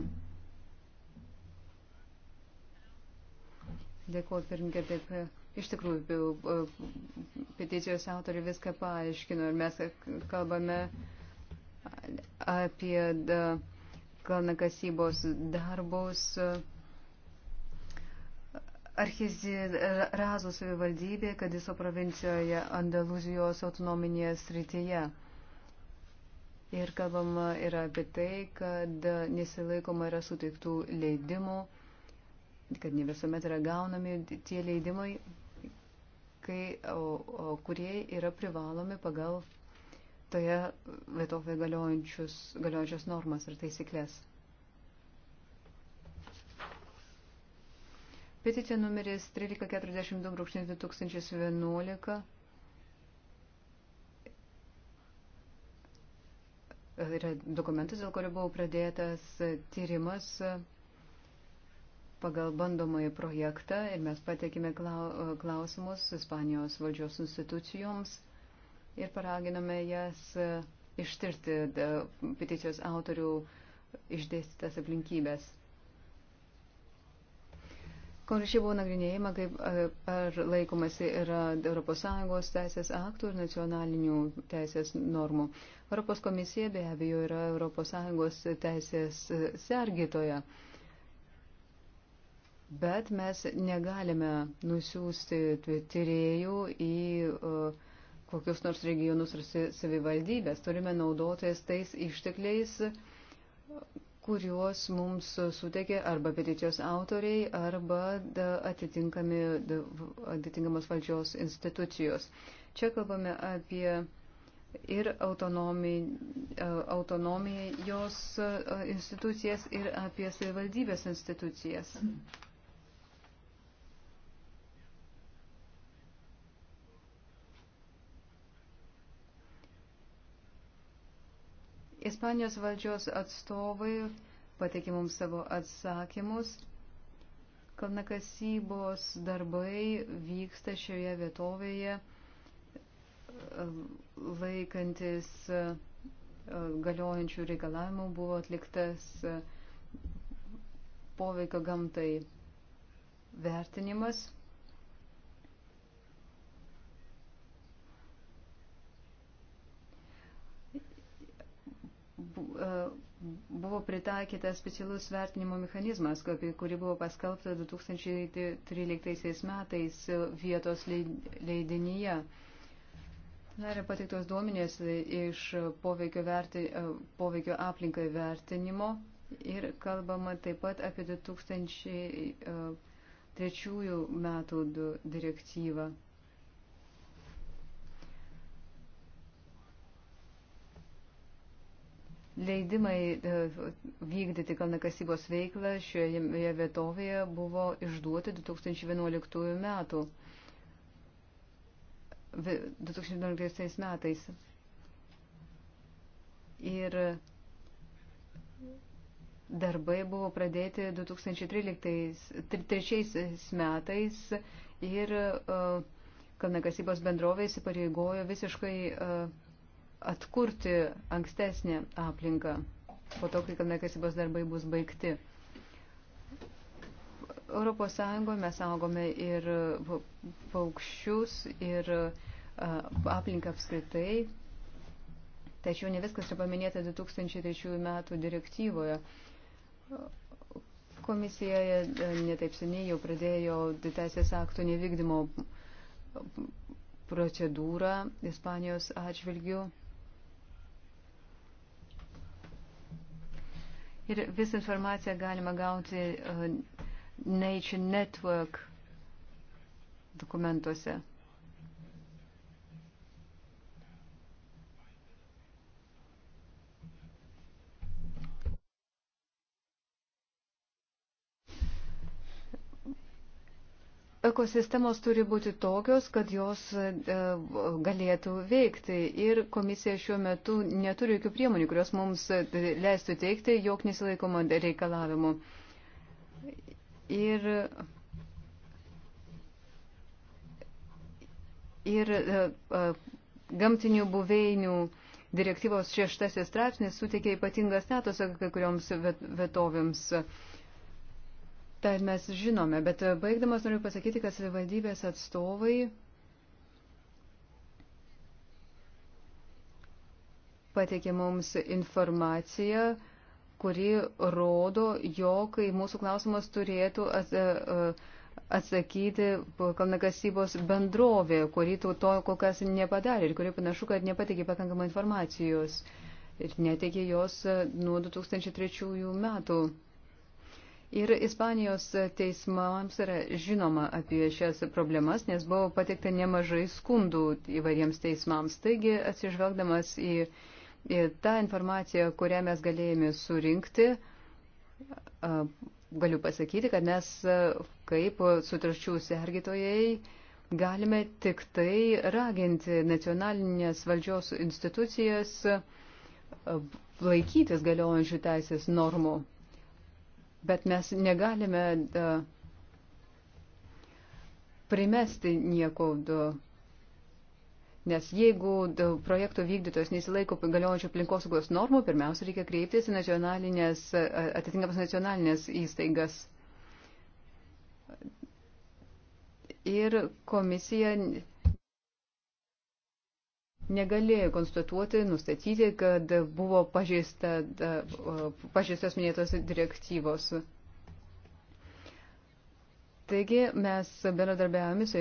Speaker 4: Dėkuoju, pirmininkė, taip. Iš tikrųjų, peticijos autori viską paaiškino ir mes kalbame apie kalnakasybos darbus. Archizi Razų savivaldybė Kadiso provincijoje Andaluzijos autonominėje srityje. Ir kalbama yra apie tai, kad nesilaikoma yra suteiktų leidimų, kad ne visuomet yra gaunami tie leidimai, dalykai, kurie yra privalomi pagal toje vietovėje galiojančias normas ir taisyklės. Peticija numeris 1342-2011 yra dokumentas, dėl kurio buvo pradėtas tyrimas pagal bandomąjį projektą ir mes patekime klausimus Ispanijos valdžios institucijoms ir paraginome jas e, ištirti peticijos autorių išdėstytas aplinkybės. Konkrečiai buvo nagrinėjama, kaip ar laikomasi yra ES teisės aktų ir nacionalinių teisės normų. Europos komisija be abejo yra ES teisės e, sergytoja bet mes negalime nusiųsti tyriejų į e, kokius nors regionus ar savivaldybės. Turime naudotis tais ištekliais, kuriuos mums suteikė arba peticijos autoriai, arba atitinkamos valdžios institucijos. Čia kalbame apie ir e, autonomijos e, institucijas, ir apie savivaldybės institucijas. Mhm. Ispanijos valdžios atstovai pateikė mums savo atsakymus. Kalnakasybos darbai vyksta šioje vietovėje laikantis e, galiojančių reikalavimų buvo atliktas e, poveikio gamtai vertinimas. E, buvo pritaikytas specialus vertinimo mechanizmas, kuri buvo paskelbta 2013 metais vietos leidinyje. Na ir patiktos duomenės iš poveikio, verti, e, poveikio aplinkai vertinimo ir kalbama taip pat apie 2003 e, metų direktyvą. Leidimai e, vykdyti kalnakasybos veiklą šioje vietovėje buvo išduoti 2011 metų. 2011 metais. Ir darbai buvo pradėti 2013 metais ir e, kalnakasybos bendrovė įsipareigojo visiškai uh, atkurti ankstesnį aplinką po to, kai kalnakasybos darbai bus baigti. Europos Sąjungoje mes saugome ir paukščius, ir aplinką apskritai. Tačiau ne viskas yra paminėta 2003 metų direktyvoje. Komisija e, netaip seniai jau pradėjo teisės aktų nevykdymo procedūrą Ispanijos atžvilgių. Ir visą informaciją galima gauti uh, Nature Network dokumentuose. ekosistemos turi būti tokios, kad jos e, galėtų veikti. Ir komisija šiuo metu neturi jokių priemonių, kurios mums e, leistų teikti, jog nesilaikoma reikalavimu. Ir, ir e, gamtinių buveinių direktyvos šeštasis straipsnis suteikia ypatingą statusą kai kurioms vietovėms. Vet, Tai mes žinome, bet baigdamas noriu pasakyti, kad savivaldybės atstovai pateikė mums informaciją, kuri rodo, jog į mūsų klausimas turėtų e, e, atsakyti kalnakasybos bendrovė, kuri to kol kas nepadarė ir kuri panašu, kad nepateikė pakankamai informacijos ir neteikė jos e, nuo 2003 metų. Ir Ispanijos teismams yra žinoma apie šias problemas, nes buvo pateikta nemažai skundų įvairiems teismams. Taigi, atsižvelgdamas į, į tą informaciją, kurią mes galėjome surinkti, galiu pasakyti, kad mes kaip sutarčių sergitojai galime tik tai raginti nacionalinės valdžios institucijas laikytis galiojančių teisės normų. Bet mes negalime da, primesti nieko, da, nes jeigu da, projekto vykdytojas nesilaiko galiojančių aplinkosaugos normų, pirmiausia, reikia kreiptis į nacionalinės, atitinkamas nacionalinės įstaigas. Ir komisija negalėjo konstatuoti, nustatyti, kad buvo pažeista, pažeistas minėtos direktyvos. Taigi mes bendradarbiavame su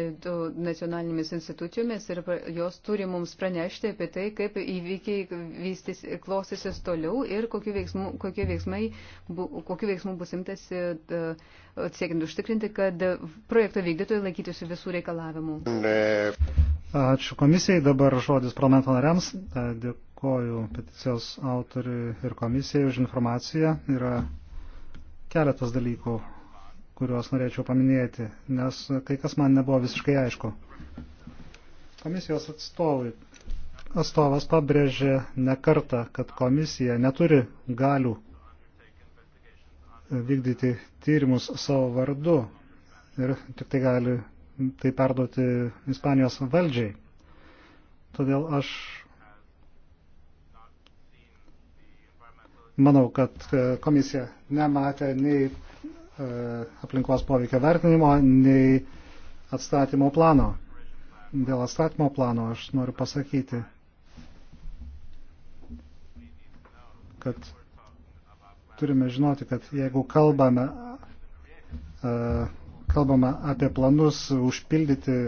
Speaker 4: nacionalinėmis institucijomis ir jos turi mums pranešti apie tai, kaip įvykiai vystys, klostysis toliau ir kokiu veiksmu, kokie veiksmai, bu, kokiu veiksmu bus imtasi siekiant užtikrinti, kad projekto vykdytojai laikytųsi visų reikalavimų.
Speaker 2: Ačiū komisijai, dabar žodis parlamento nariams. Dėkoju peticijos autoriui ir komisijai už informaciją. Yra keletas dalykų kuriuos norėčiau paminėti, nes kai kas man nebuvo visiškai aišku. Komisijos atstovai, atstovas pabrėžė nekartą, kad komisija neturi galių vykdyti tyrimus savo vardu ir tik tai gali tai perduoti Ispanijos valdžiai. Todėl aš manau, kad e, komisija nematė nei E, aplinkos poveikio vertinimo, nei atstatymo plano. Dėl atstatymo plano aš noriu pasakyti, kad turime žinoti, kad jeigu kalbame, e, kalbame apie planus užpildyti,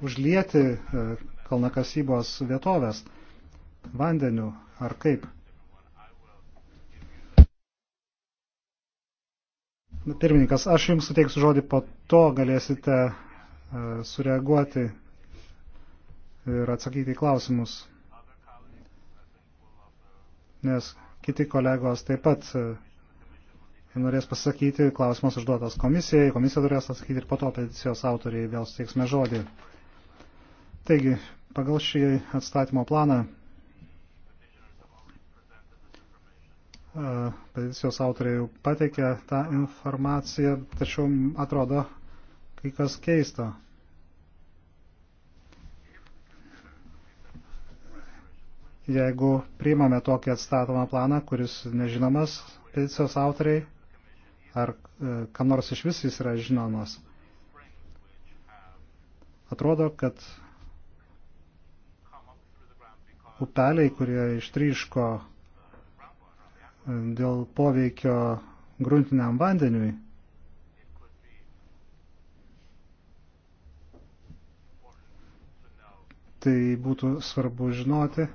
Speaker 2: užlieti e, kalnakasybos vietovės vandeniu ar kaip, Pirmininkas, aš jums suteiksiu žodį, po to galėsite e, sureaguoti ir atsakyti į klausimus. Nes kiti kolegos taip pat e, norės pasakyti, klausimas užduotas komisijai, komisija turės atsakyti ir po to peticijos autoriai vėl suteiksime žodį. Taigi, pagal šį atstatymo planą peticijos autoriai jau pateikė tą informaciją, tačiau atrodo kai kas keista. Jeigu priimame tokį atstatomą planą, kuris nežinomas peticijos autoriai, ar e, kam nors iš vis jis yra žinomas, atrodo, kad upeliai, kurie ištryško dėl poveikio gruntiniam vandeniui. Tai būtų svarbu žinoti,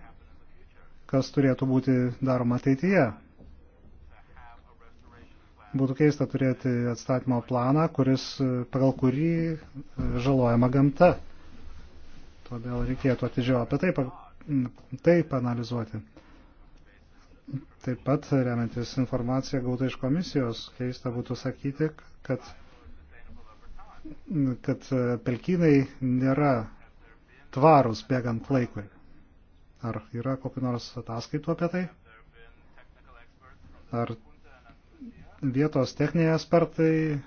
Speaker 2: kas turėtų būti daroma ateityje. Būtų keista turėti atstatymo planą, kuris, pagal kurį e, žalojama gamta. Todėl reikėtų atidžiau apie tai, tai panalizuoti. Taip pat, remiantis informaciją gautą iš komisijos, keista būtų sakyti, kad, kad pelkinai nėra tvarūs bėgant laikui. Ar yra kokiu nors ataskaitų apie tai? Ar vietos techniniai ekspertai e,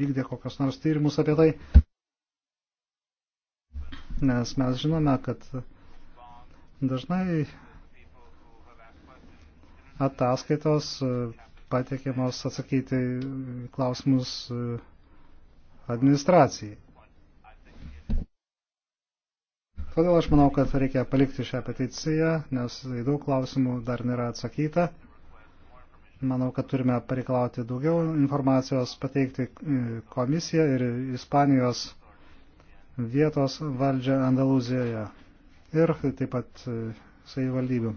Speaker 2: vykdė kokios nors tyrimus apie tai? Nes mes žinome, kad dažnai ataskaitos e, pateikiamos atsakyti klausimus e, administracijai. Todėl aš manau, kad reikia palikti šią peticiją, nes į daug klausimų dar nėra atsakyta. Manau, kad turime pareikalauti daugiau informacijos, pateikti e, komisiją ir Ispanijos vietos valdžią Andaluzijoje ir taip pat savivaldybių.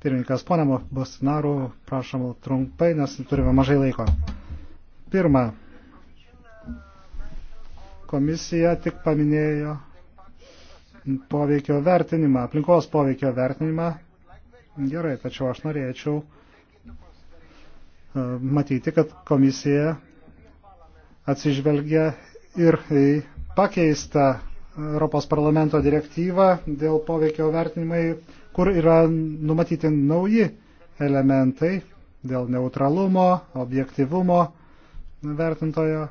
Speaker 2: Pirmininkas, ponė Bostinaru, prašom trumpai, nes turime mažai laiko. Pirma, komisija tik paminėjo poveikio vertinimą, aplinkos poveikio vertinimą. Gerai, tačiau aš norėčiau e, matyti, kad komisija atsižvelgia ir į pakeistą Europos parlamento direktyvą dėl poveikio vertinimai kur yra numatyti nauji elementai dėl neutralumo, objektivumo vertintojo.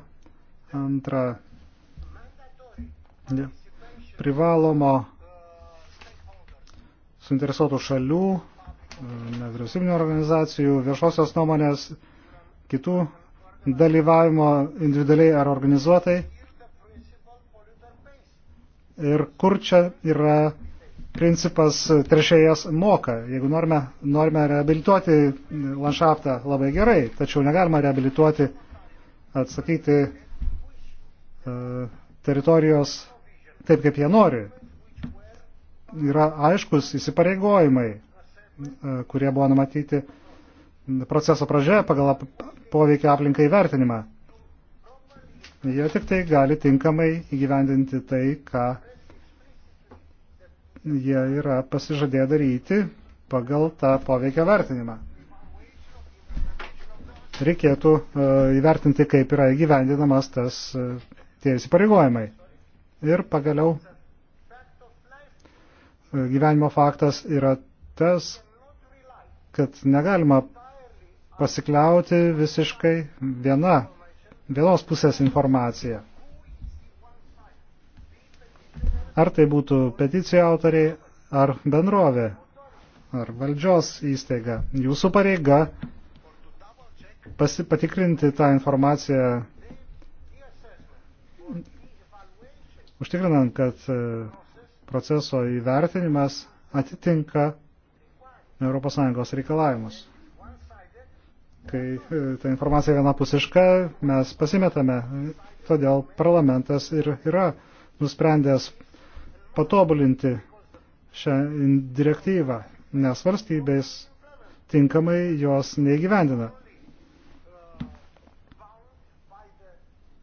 Speaker 2: Antra, privalomo suinteresuotų šalių, nevyriausybinio organizacijų, viešosios nuomonės, kitų dalyvavimo individualiai ar organizuotai. Ir kur čia yra principas trešėjas moka. Jeigu norime, norime reabilituoti landšaftą labai gerai, tačiau negalima reabilituoti, atsakyti e, teritorijos taip, kaip jie nori. Yra aiškus įsipareigojimai, e, kurie buvo numatyti proceso pradžioje pagal poveikio aplinkai vertinimą. Jie tik tai gali tinkamai įgyvendinti tai, ką jie yra pasižadėję daryti pagal tą poveikio vertinimą. Reikėtų e, įvertinti, kaip yra įgyvendinamas tas e, tie įsipareigojimai. Ir pagaliau e, gyvenimo faktas yra tas, kad negalima pasikliauti visiškai viena, vienos pusės informacija. Ar tai būtų peticijų autoriai, ar bendrovė, ar valdžios įstaiga. Jūsų pareiga pasipatikrinti tą informaciją, užtikrinant, kad e, proceso įvertinimas atitinka ES reikalavimus. Kai e, ta informacija vienapusiška, mes pasimetame, todėl parlamentas ir yra nusprendęs patobulinti šią direktyvą, nes varstybės tinkamai jos neįgyvendina.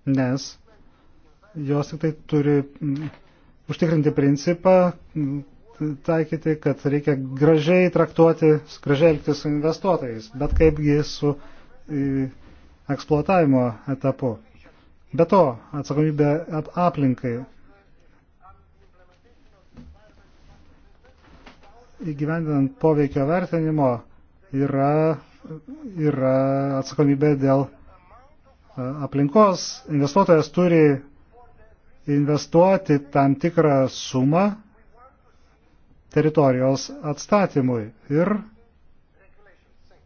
Speaker 2: Nes jos tik tai turi mm, užtikrinti principą, mm, taikyti, kad reikia gražiai traktuoti, gražiai elgtis su investuotojais, bet kaipgi su eksploatavimo etapu. Be to, atsakomybė aplinkai įgyvendinant poveikio vertinimo yra, yra atsakomybė dėl e, aplinkos. Investuotojas turi investuoti tam tikrą sumą teritorijos atstatymui. Ir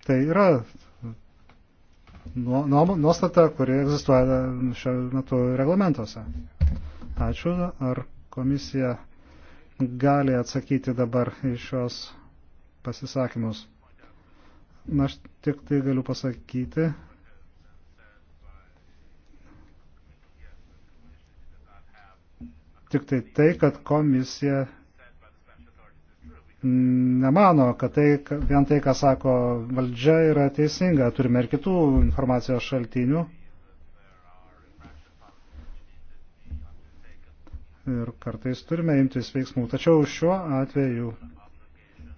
Speaker 2: tai yra nuostata, kuri egzistuoja šiuo metu reglamentuose. Ačiū. Ar komisija gali atsakyti dabar į šios pasisakymus. Na, aš tik tai galiu pasakyti, tik tai tai, kad komisija nemano, kad tai, vien tai, ką sako valdžia, yra teisinga. Turime ir kitų informacijos šaltinių. ir kartais turime imtis veiksmų. Tačiau šiuo atveju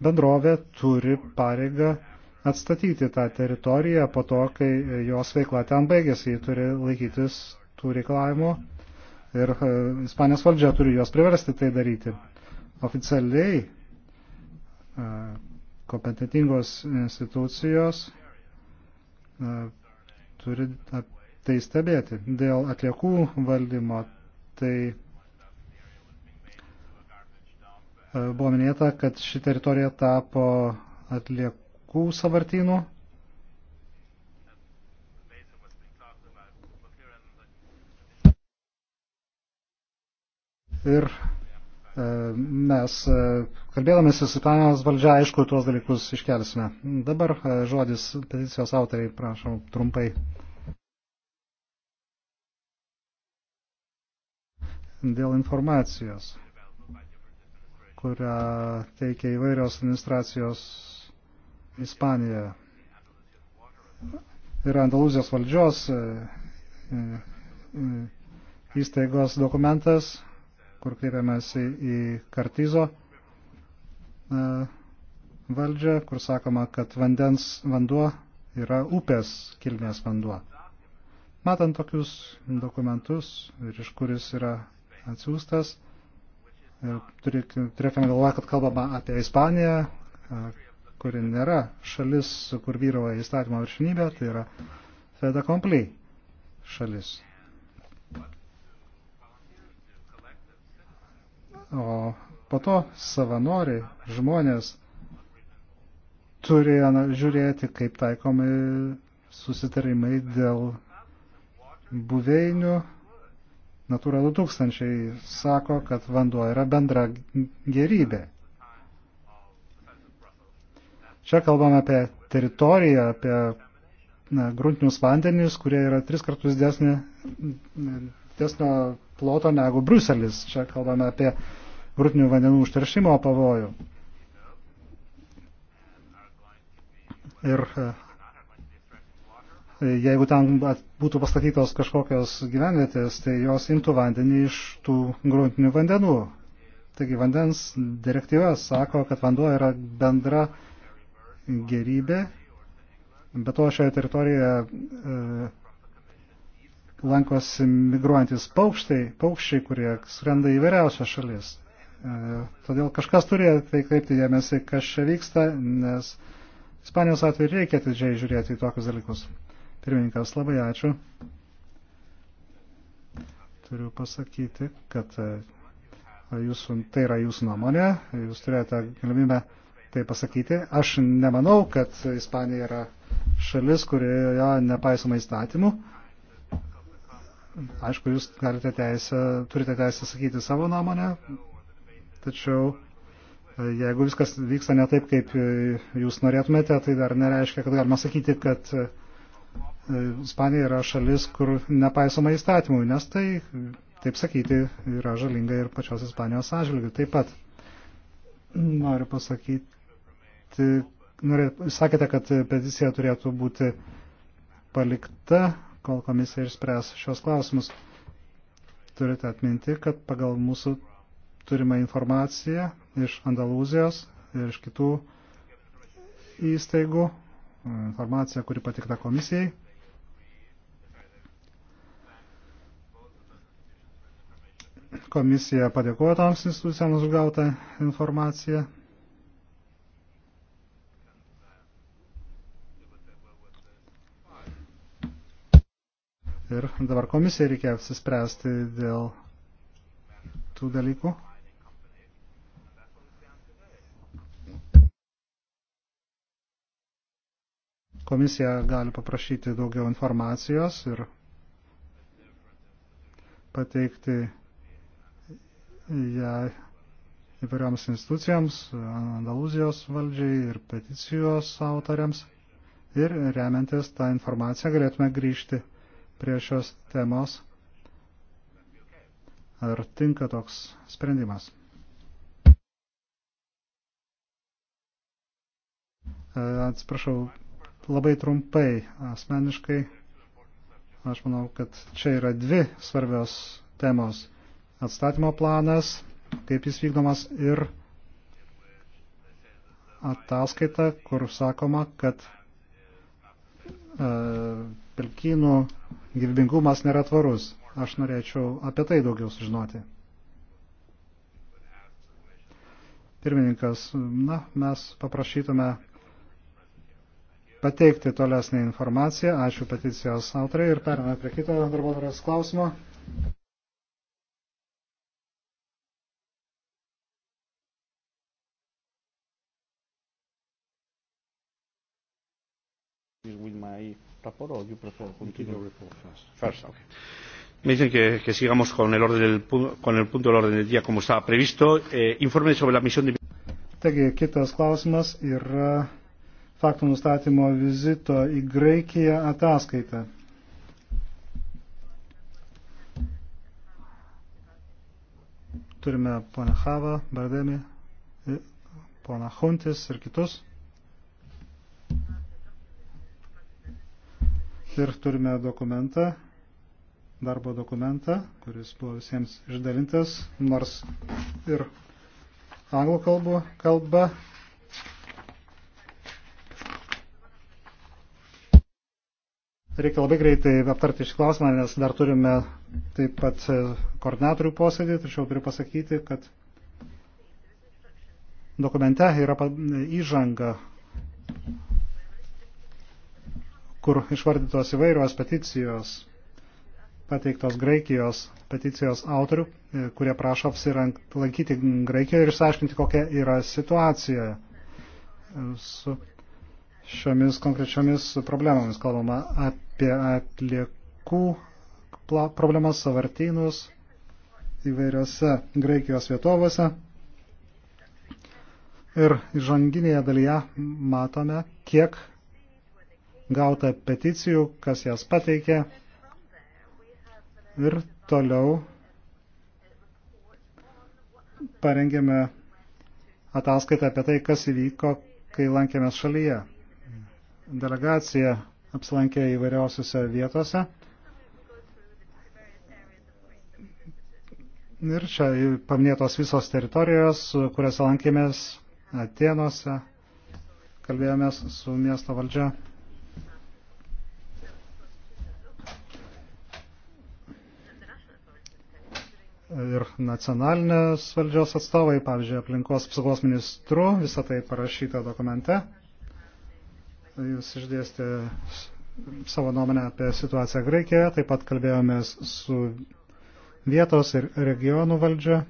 Speaker 2: bendrovė turi pareigą atstatyti tą teritoriją po to, kai jos veikla ten baigėsi. Ji turi laikytis tų reikalavimų ir e, Ispanijos valdžia turi juos priversti tai daryti. Oficialiai e, kompetentingos institucijos e, turi tai stebėti. Dėl atliekų valdymo tai E, buvo minėta, kad ši teritorija tapo atliekų savartynų. Ir e, mes, e, kalbėdamės su Italijos valdžia, aišku, tuos dalykus iškelsime. Dabar žodis peticijos autoriai, prašau, trumpai. Dėl informacijos kurią teikia įvairios administracijos Ispanijoje. Ir Andalūzijos valdžios e, e, e, įstaigos dokumentas, kur kreipiamės į Kartizo valdžią, kur sakoma, kad vandens vanduo yra upės kilmės vanduo. Matant tokius dokumentus ir iš kuris yra atsiūstas, Ir turėkime galvoje, kad kalbama apie Ispaniją, kuri nėra šalis, kur vyroja įstatymo viršinybė, tai yra fait accompli šalis. O po to savanoriai, žmonės turi žiūrėti, kaip taikomi susitarimai dėl buveinių Natura 2000 sako, kad vanduo yra bendra gerybė. Čia kalbame apie teritoriją, apie na, gruntinius vandenys, kurie yra tris kartus desnė, desnio ploto negu Bruselis. Čia kalbame apie gruntinių vandenų užteršimo pavojų. Ir jeigu ten būtų pastatytos kažkokios gyvenvietės, tai jos imtų vandenį iš tų gruntinių vandenų. Taigi vandens direktyva sako, kad vanduo yra bendra gerybė, bet to šioje teritorijoje e, lankosi migruojantis paukštai, paukščiai, kurie skrenda į vairiausias šalis. E, todėl kažkas turi tai kreipti dėmesį, kas čia vyksta, nes Ispanijos atveju reikia atidžiai žiūrėti į tokius dalykus. Pirmininkas, labai ačiū. Turiu pasakyti, kad e, jūsų, tai yra jūsų nuomonė, jūs turėjote galimybę tai pasakyti. Aš nemanau, kad Ispanija yra šalis, kurioje nepaisoma įstatymų. Aišku, jūs galite teisę, turite teisę sakyti savo nuomonę, tačiau e, jeigu viskas vyksta ne taip, kaip jūs norėtumėte, tai dar nereiškia, kad galima sakyti, kad e, E, Ispanija yra šalis, kur nepaisoma įstatymų, nes tai, taip sakyti, yra žalinga ir pačios Ispanijos atžvilgių. Taip pat noriu pasakyti, norė, sakėte, kad peticija turėtų būti palikta, kol komisija išspręs šios klausimus. Turite atminti, kad pagal mūsų turimą informaciją iš Andalūzijos ir iš kitų įstaigų, informacija, kuri patikta komisijai, Komisija padėkoja toms institucijoms už gautą informaciją. Ir dabar komisijai reikia apsispręsti dėl tų dalykų. Komisija gali paprašyti daugiau informacijos ir pateikti ją įvairioms institucijoms, Andalūzijos valdžiai ir peticijos autoriams. Ir remiantis tą informaciją galėtume grįžti prie šios temos. Ar tinka toks sprendimas? Atsiprašau, labai trumpai asmeniškai. Aš manau, kad čia yra dvi svarbios temos atstatymo planas, kaip jis vykdomas ir ataskaita, kur sakoma, kad e, pelkynų gyvybingumas nėra tvarus. Aš norėčiau apie tai daugiau sužinoti. Pirmininkas, na, mes paprašytume pateikti tolesnį informaciją. Ačiū peticijos autorai ir perėmė prie kito darbo klausimo. my report or you prefer continue? continue report first. First, okay. Me dicen que, que sigamos con el, orden del, con el punto del orden del día como estaba previsto. Eh, informe sobre la misión de. Taigi, kitas klausimas yra faktų nustatymo vizito į Graikiją ataskaita. Turime poną Havą, Bardemį, poną Huntis ir kitus. Ir turime dokumentą, darbo dokumentą, kuris buvo visiems išdalintas, nors ir anglų kalbų kalba. Reikia labai greitai aptarti šį klausimą, nes dar turime taip pat e, koordinatorių posėdį, tačiau turiu pasakyti, kad dokumente yra įžanga kur išvardytos įvairios peticijos, pateiktos Graikijos peticijos autorių, e, kurie prašo apsilankyti Graikijoje ir išsiaiškinti, kokia yra situacija e, su šiomis konkrečiomis problemomis. Kalbama apie atliekų problemas, savartynus įvairiose Graikijos vietovose. Ir žanginėje dalyje matome, kiek gauta peticijų, kas jas pateikė. Ir toliau parengėme ataskaitą apie tai, kas įvyko, kai lankėmės šalyje. Delegacija apsilankė įvairiausiose vietose. Ir čia paminėtos visos teritorijos, kuriuose lankėmės Atenuose, kalbėjomės su miesto valdžia. ir nacionalinės valdžios atstovai, pavyzdžiui, aplinkos apsaugos ministru, visą tai parašyta dokumente. Jūs išdėstė savo nuomonę apie situaciją Graikijoje, taip pat kalbėjomės su vietos ir regionų valdžia.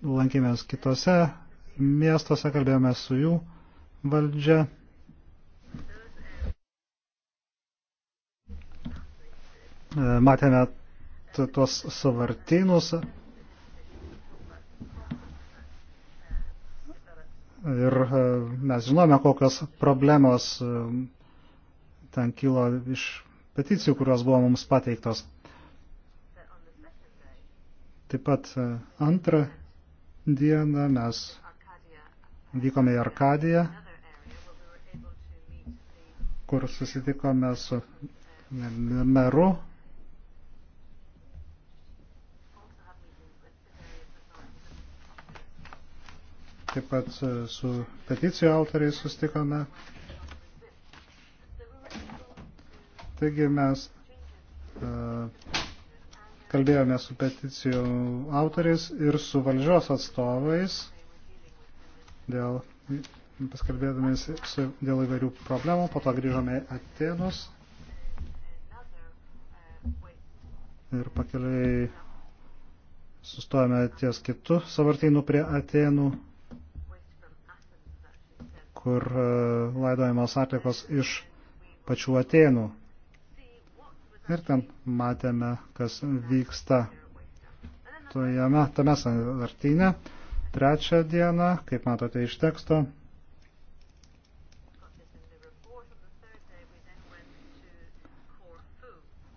Speaker 2: Lankėmės kitose miestuose, kalbėjome su jų valdžia. E, matėme tuos savartynus ir e, mes žinome, kokios problemos e, ten kilo iš peticijų, kurios buvo mums pateiktos. Taip pat antrą dieną mes vykome į Arkadiją, kur susitikome su meru Taip pat e, su peticijų autoriais sustikome. Taigi mes e, kalbėjome su peticijų autoriais ir su valdžios atstovais dėl, paskalbėdami su, dėl įvairių problemų, po to grįžome į Atenus ir pakeliai sustojame ties kitų savartynų prie Atenų kur e, laidojamos atlikos iš pačių Atenų. Ir ten matėme, kas vyksta tojame, tame sanartinė. Trečią dieną, kaip matote iš teksto,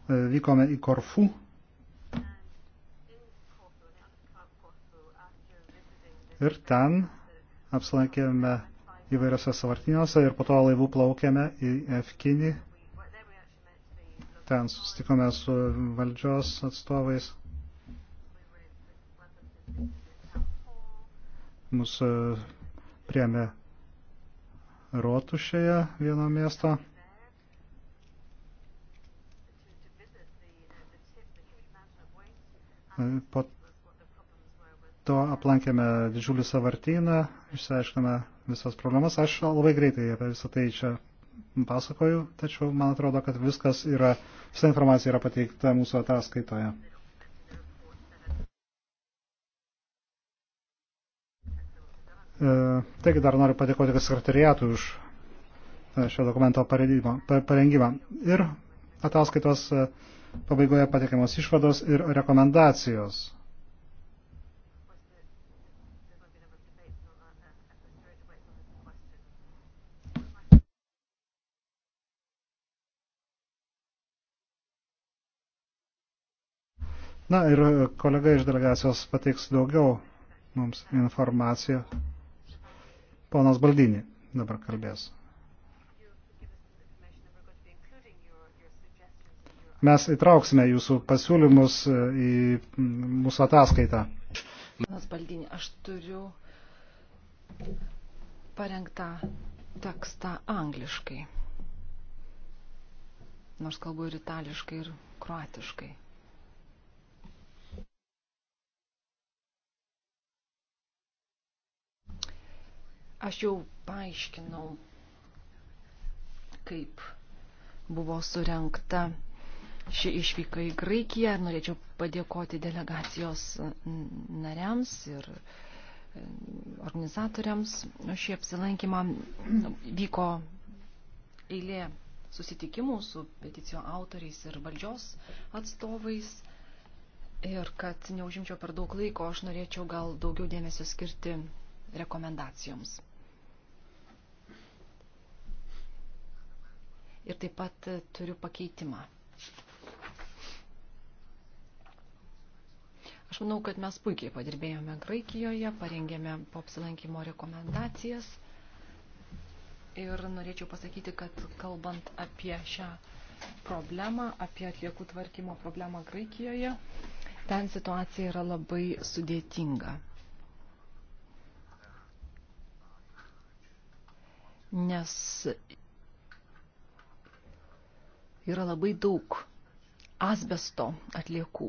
Speaker 2: e, vykome į Korfų. Ir ten apsilankėme įvairiose savartiniuose ir po to laivų plaukėme į Efkinį. Ten sustikome su valdžios atstovais. Mūsų e, priemė rotušėje vieno miesto. E, po to aplankėme didžiulį savartyną, išsiaiškame visas problemas. Aš labai greitai apie visą tai čia pasakoju, tačiau man atrodo, kad viskas yra, visa informacija yra pateikta mūsų ataskaitoje. E, taigi dar noriu padėkoti sekretariatui už e, šio dokumento parengimą. Ir ataskaitos e, pabaigoje pateikiamos išvados ir rekomendacijos. Na ir kolega iš delegacijos pateiks daugiau mums informaciją. Ponas Baldinį dabar kalbės. Mes įtrauksime jūsų pasiūlymus į mūsų ataskaitą.
Speaker 3: Ponas Baldinį, aš turiu parengtą tekstą angliškai. Nors kalbu ir itališkai, ir kroatiškai. Aš jau paaiškinau, kaip buvo surenkta ši išvyka į Graikiją. Norėčiau padėkoti delegacijos nariams ir e, organizatoriams. Šį apsilankymą vyko eilė susitikimų su peticijo autoriais ir valdžios atstovais. Ir kad neužimčiau per daug laiko, aš norėčiau gal daugiau dėmesio skirti rekomendacijoms. ir taip pat turiu pakeitimą. Aš manau, kad mes puikiai padirbėjome Graikijoje, parengėme po apsilankimo rekomendacijas ir norėčiau pasakyti, kad kalbant apie šią problemą, apie atliekų tvarkymo problemą Graikijoje, ten situacija yra labai sudėtinga. Nes yra labai daug asbesto atliekų.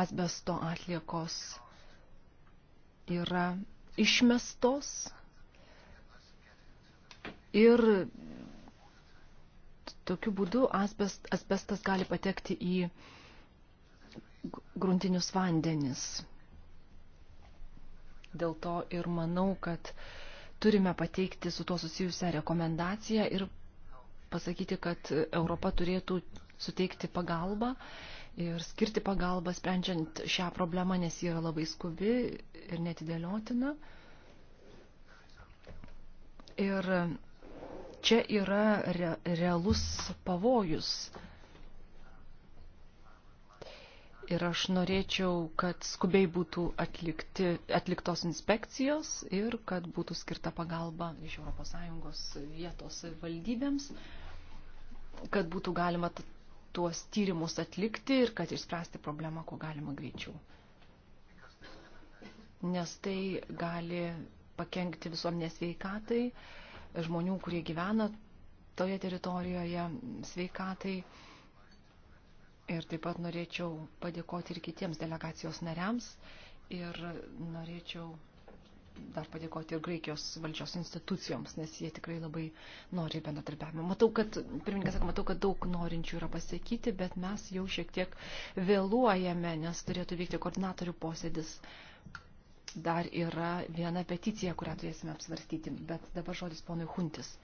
Speaker 3: Asbesto atliekos yra išmestos ir tokiu būdu asbest, asbestas gali patekti į gruntinius vandenis. Dėl to ir manau, kad turime pateikti su tuo susijusią rekomendaciją ir pasakyti, kad Europa turėtų suteikti pagalbą ir skirti pagalbą sprendžiant šią problemą, nes ji yra labai skubi ir netidėliotina. Ir čia yra re, realus pavojus Ir aš norėčiau, kad skubiai būtų atlikti, atliktos inspekcijos ir kad būtų skirta pagalba iš ES vietos valdybėms, kad būtų galima tuos tyrimus atlikti ir kad išspręsti problemą, kuo galima greičiau. Nes tai gali pakengti visuomenės veikatai, žmonių, kurie gyvena toje teritorijoje, sveikatai. Ir taip pat norėčiau padėkoti ir kitiems delegacijos nariams ir norėčiau dar padėkoti ir Graikijos valdžios institucijoms, nes jie tikrai labai nori bendradarbiavimo. Matau, kad, pirmininkas sako, matau, kad daug norinčių yra pasakyti, bet mes jau šiek tiek vėluojame, nes turėtų vykti koordinatorių posėdis. Dar yra viena peticija, kurią turėsime apsvarstyti, bet dabar žodis ponui Huntis.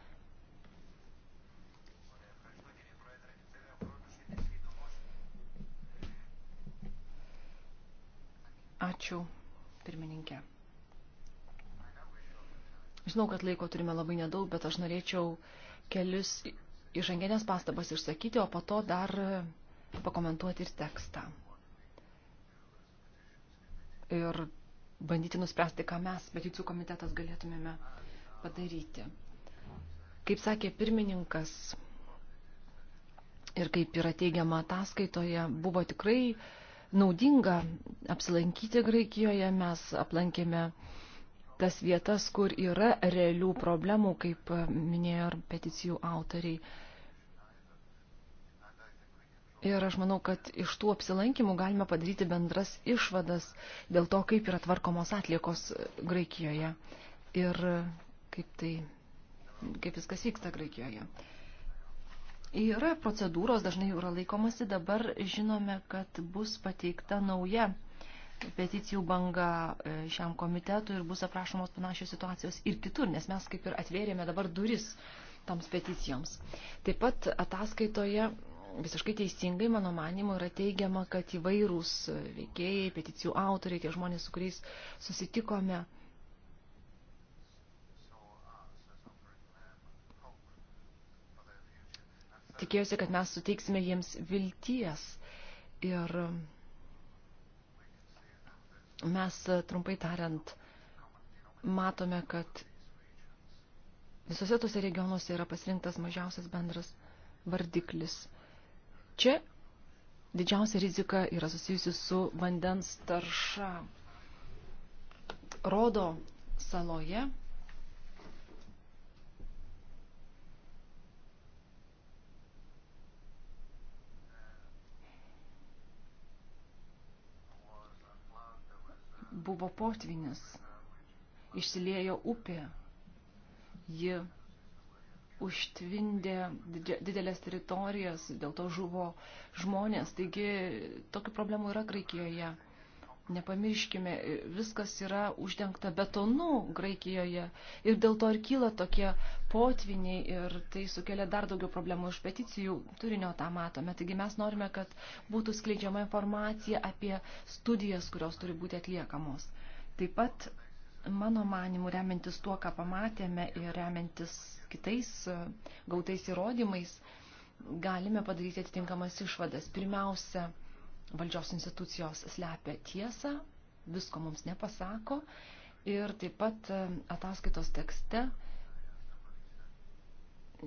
Speaker 3: Ačiū, pirmininkė. Žinau, kad laiko turime labai nedaug, bet aš norėčiau kelius įžanginės pastabas išsakyti, o po to dar pakomentuoti ir tekstą. Ir bandyti nuspręsti, ką mes, peticijų komitetas, galėtumėme padaryti. Kaip sakė pirmininkas ir kaip yra teigiama ataskaitoje, buvo tikrai uh, naudinga apsilankyti Graikijoje. Mes aplankėme tas vietas, kur yra realių problemų, kaip minėjo ir peticijų autoriai. Ir aš manau, kad iš tų apsilankimų galime padaryti bendras išvadas dėl to, kaip yra tvarkomos atliekos Graikijoje ir kaip, tai, kaip viskas vyksta Graikijoje. Yra procedūros, dažnai jų yra laikomasi, dabar žinome, kad bus pateikta nauja peticijų banga e, šiam komitetui ir bus aprašomos panašios situacijos ir kitur, nes mes kaip ir atvėrėme dabar duris toms peticijoms. Taip pat ataskaitoje visiškai teisingai, mano manimo, yra teigiama, kad įvairūs veikėjai, peticijų autoriai, tie žmonės, su kuriais susitikome, uh, tikėjosi, kad mes suteiksime jiems vilties. Ir mes, e, trumpai tariant, matome, kad visose tose regionuose yra pasirinktas mažiausias bendras vardiklis. Čia didžiausia rizika yra susijusi su vandens tarša. Rodo saloje buvo potvinis, išsiliejo upė, ji užtvindė didelės teritorijas, dėl to žuvo žmonės. Taigi tokių problemų yra Graikijoje. Nepamirškime, viskas yra uždengta betonu Graikijoje ir dėl to ir kyla tokie potviniai ir tai sukelia dar daugiau problemų iš peticijų turinio tą matome. Taigi mes norime, kad būtų skleidžiama informacija apie studijas, kurios turi būti atliekamos. Taip pat, mano manimu, remiantis tuo, ką pamatėme ir remiantis kitais e, gautais įrodymais, galime padaryti atitinkamas išvadas. Pirmiausia, valdžios institucijos slepia tiesą, visko mums nepasako. Ir taip pat e, ataskaitos tekste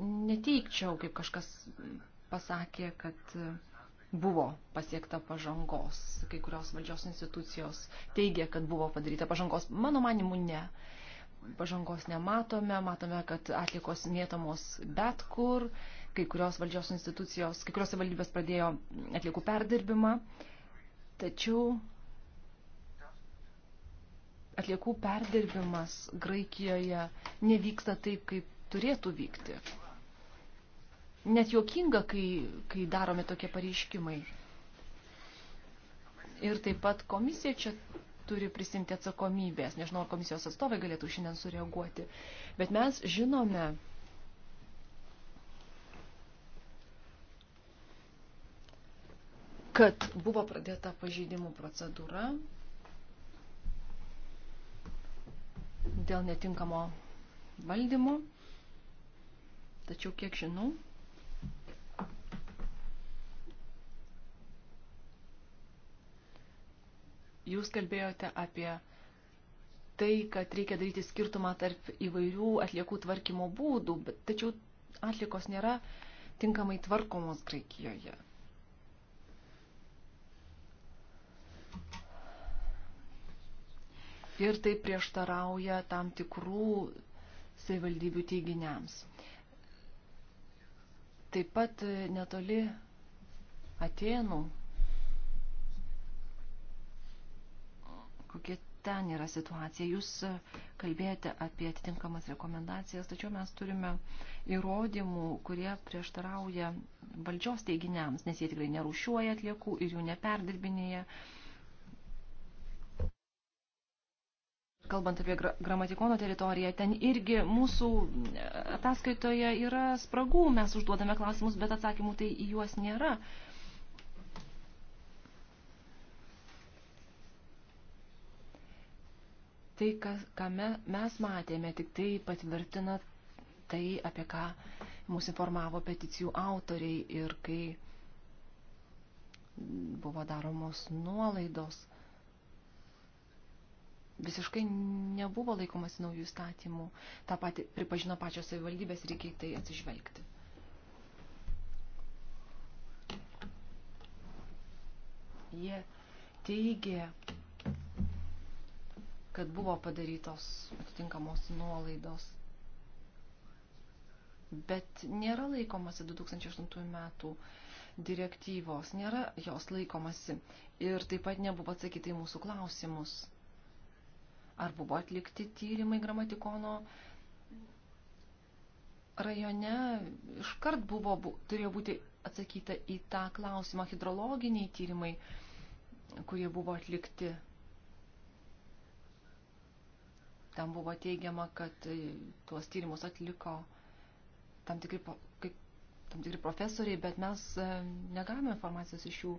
Speaker 3: neteikčiau, kaip kažkas pasakė, kad e, buvo pasiekta pažangos. Kai kurios valdžios institucijos teigia, kad buvo padaryta pažangos. Mano manimu, ne. Pažangos nematome, matome, kad atlikos mėtomos bet kur, kai kurios valdžios institucijos, kai kurios valdybės pradėjo atliekų perdirbimą, tačiau atliekų perdirbimas Graikijoje nevyksta taip, kaip turėtų vykti. Net juokinga, kai, kai daromi tokie pareiškimai. Ir taip pat komisija čia turi prisimti atsakomybės. Nežinau, ar komisijos atstovai galėtų šiandien sureaguoti. Bet mes žinome, kad buvo pradėta pažeidimų procedūra dėl netinkamo valdymo. Tačiau kiek žinau, jūs kalbėjote apie tai, kad reikia daryti skirtumą tarp įvairių atliekų tvarkymo būdų, bet tačiau atlikos nėra tinkamai tvarkomos Graikijoje. ir tai prieštarauja tam tikrų savivaldybių teiginiams. Taip pat e, netoli Atenų, kokie ten yra situacija. Jūs e, kalbėjote apie atitinkamas rekomendacijas, tačiau mes turime įrodymų, kurie prieštarauja valdžios teiginiams, nes jie tikrai nerušiuoja atliekų ir jų neperdirbinėja. Uh, Kalbant apie gramatikono teritoriją, ten irgi mūsų e, ataskaitoje yra spragų, mes užduodame klausimus, bet atsakymų tai į juos nėra. Tai, ką mes matėme, tik tai patvirtina tai, apie ką mūsų informavo peticijų autoriai ir kai buvo daromos nuolaidos – visiškai nebuvo laikomasi naujų įstatymų. Ta pati pripažino pačios savivaldybės, reikia į tai, tai atsižvelgti. Jie teigė, kad buvo padarytos atitinkamos nuolaidos, bet nėra laikomasi 2008 metų direktyvos, nėra jos laikomasi ir taip pat nebuvo atsakyta į mūsų klausimus Ar buvo atlikti tyrimai gramatikono rajone? Iškart buvo, turėjo būti atsakyta į tą klausimą hidrologiniai tyrimai, kurie buvo atlikti. Tam buvo teigiama, kad e, tuos tyrimus atliko tam tikri, kaip, tam tikri profesoriai, bet mes e, negavome informacijos iš jų,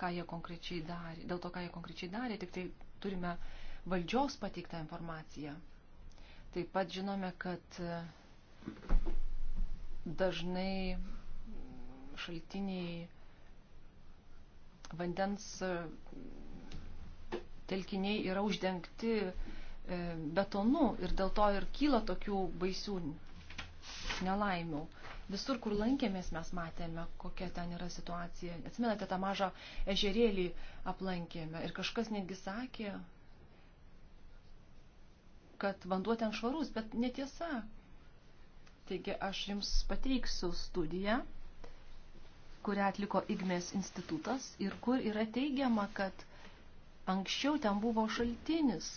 Speaker 3: ką jie konkrečiai darė. Dėl to, ką jie konkrečiai darė, tik tai turime uh, valdžios pateiktą informaciją. Taip pat žinome, kad dažnai šaltiniai vandens e, telkiniai yra uždengti e, betonu ir dėl to ir kyla tokių baisių nelaimių. Visur, kur lankėmės, mes matėme, kokia ten yra situacija. Atsimenate, tą mažą ežerėlį aplankėme ir kažkas netgi sakė, kad vanduo ten švarus, bet netiesa. Taigi aš jums pateiksiu studiją, kurią atliko Igmės institutas ir kur yra teigiama, kad anksčiau ten buvo šaltinis.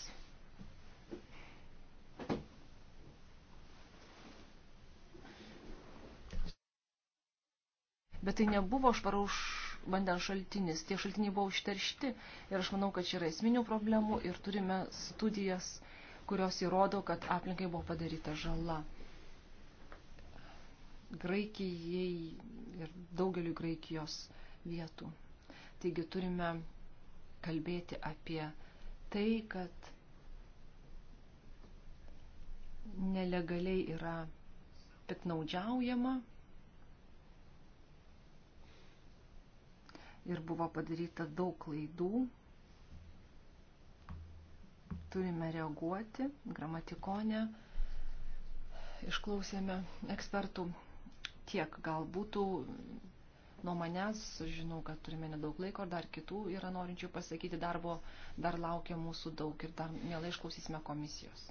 Speaker 3: Bet tai nebuvo švaraus vandens šaltinis, tie šaltiniai buvo užteršti ir aš manau, kad čia yra esminių problemų ir turime studijas, uh, kurios įrodo, kad aplinkai buvo padaryta žala. Graikijai ir daugeliu Graikijos vietų. Taigi turime kalbėti apie tai, kad nelegaliai yra piknaudžiaujama ir buvo padaryta daug klaidų turime reaguoti, gramatikonę išklausėme ekspertų tiek gal būtų nuo manęs, žinau, kad turime nedaug laiko ir dar kitų yra norinčių pasakyti darbo, dar laukia mūsų daug ir dar mielai išklausysime komisijos.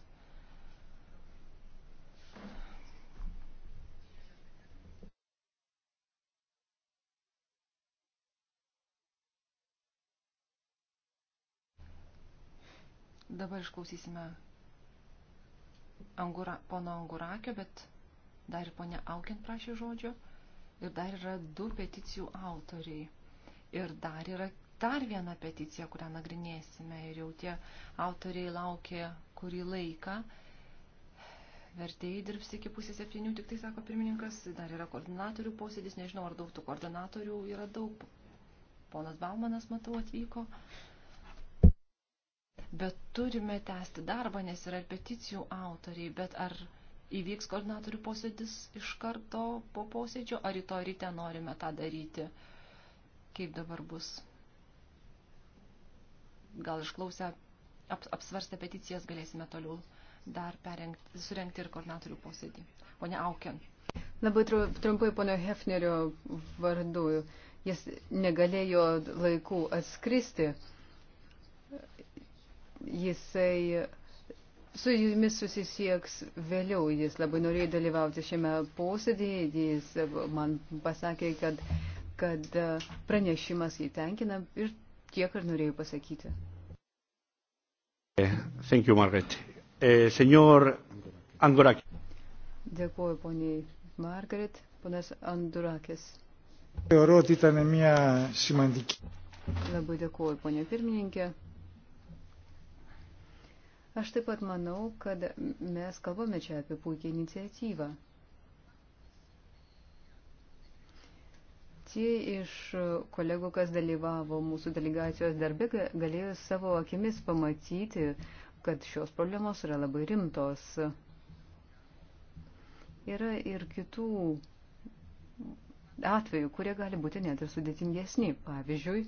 Speaker 4: Dabar išklausysime
Speaker 3: angura, pono Angurakio, bet dar ir ponia Aukent prašė žodžio. Ir dar yra du peticijų autoriai. Ir dar yra dar viena peticija, kurią nagrinėsime. Ir jau tie autoriai laukė kurį laiką. Vertėjai dirbs iki pusės septynių, tik tai sako pirmininkas. Dar yra koordinatorių posėdis, nežinau, ar daug tų koordinatorių yra daug. Ponas Baumanas, matau, atvyko. Uh, bet turime tęsti darbą, nes yra peticijų autoriai, bet ar įvyks koordinatorių posėdis iš karto po posėdžio, ar rytoj ryte norime tą daryti, kaip dabar bus. Gal išklausę, ap, apsvarstę peticijas galėsime toliau dar perengti, surenkti ir koordinatorių posėdį. Pone Auken.
Speaker 4: Labai trumpai pono Hefnerio vardu. Jis negalėjo laikų atskristi jisai su jumis susisieks vėliau. Jis labai norėjo dalyvauti šiame posėdėje. Jis man pasakė, kad, kad e, pranešimas jį tenkina ir tiek ir norėjau pasakyti.
Speaker 2: Eh, thank you, Margaret. Eh, senor Angurakis.
Speaker 4: Dėkuoju, poniai Margaret. Ponas Andurakis.
Speaker 2: Labai
Speaker 4: dėkuoju, ponia pirmininkė. Aš taip pat manau, kad mes kalbame čia apie puikią iniciatyvą. Tie iš kolegų, kas dalyvavo mūsų delegacijos darbe, galėjo savo akimis pamatyti, kad šios problemos yra labai rimtos. Yra ir kitų atvejų, kurie gali būti net ir sudėtingesni. Pavyzdžiui,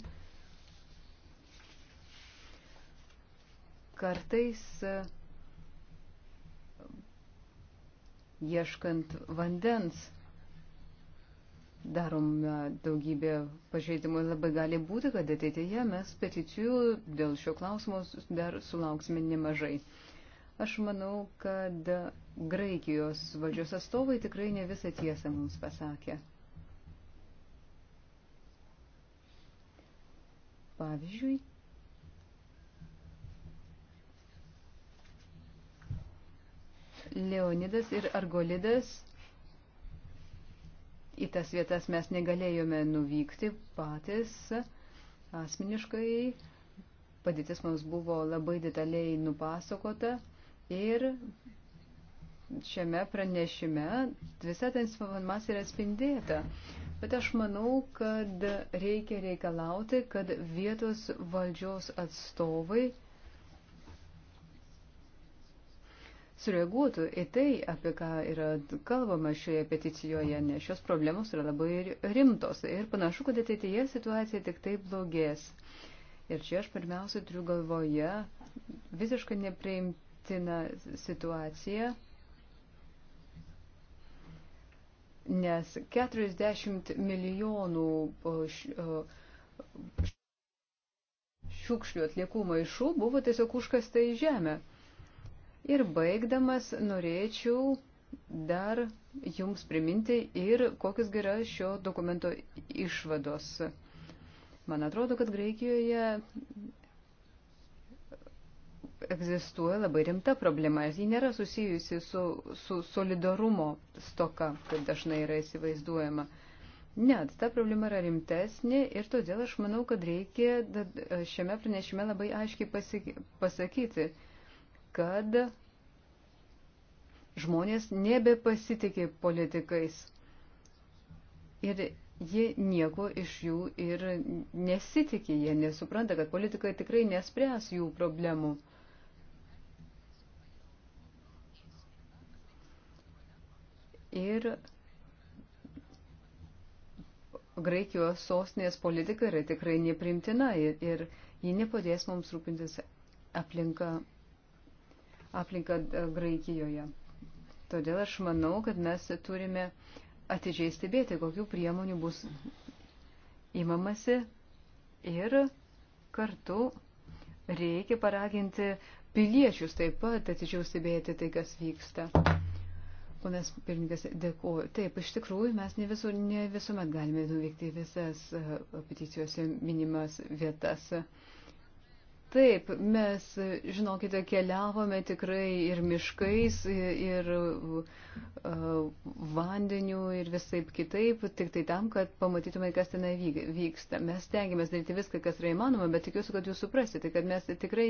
Speaker 4: kartais e, ieškant vandens darome daugybę pažeidimų ir labai gali būti, kad ateityje mes peticijų dėl šio klausimo dar sulauksime nemažai. Aš manau, kad Graikijos valdžios atstovai tikrai ne visą tiesą mums pasakė. Pavyzdžiui, Leonidas ir Argolidas. Į tas vietas mes negalėjome nuvykti patys asmeniškai. Padėtis mums buvo labai detaliai nupasakota ir šiame pranešime visa ta informacija yra atspindėta. Bet aš manau, kad reikia reikalauti, kad vietos valdžios atstovai sureaguotų į tai, apie ką yra kalbama šioje peticijoje, nes šios problemos yra labai rimtos ir panašu, kad ateityje situacija tik taip blogės. Ir čia aš pirmiausia turiu galvoje visiškai nepriimtiną situaciją, nes 40 milijonų šiukšlių atliekų maišų buvo tiesiog užkasta į žemę. Ir baigdamas norėčiau dar jums priminti ir kokius yra šio dokumento išvados. Man atrodo, kad Graikijoje egzistuoja labai rimta problema. Ji nėra susijusi su, su solidarumo stoka, kaip dažnai yra įsivaizduojama. Net ta problema yra rimtesnė ir todėl aš manau, kad reikia šiame pranešime labai aiškiai pasakyti, kad žmonės nebepasitikė politikais ir jie nieko iš jų ir nesitikė, jie nesupranta, kad politikai tikrai nespręs jų problemų. Ir Graikijos sostinės politika yra tikrai neprimtina ir, ir ji nepadės mums rūpintis aplinka aplinką e, Graikijoje. Todėl aš manau, kad mes turime atidžiai stebėti, kokiu priemonių bus imamasi ir kartu reikia paraginti piliečius taip pat atidžiau stebėti tai, kas vyksta. Ponas pirmininkas, dėkuoju. Taip, iš tikrųjų, mes ne, visur, ne visuomet galime nuvykti visas e, peticijose minimas vietas. Uh, Taip, mes, žinokite, keliavome tikrai ir miškais, ir, ir vandeniu, ir visaip kitaip, tik tai tam, kad pamatytume, kas ten vyksta. Mes tengiamės daryti viską, kas yra įmanoma, bet tikiuosi, kad jūs suprasite, kad mes tikrai,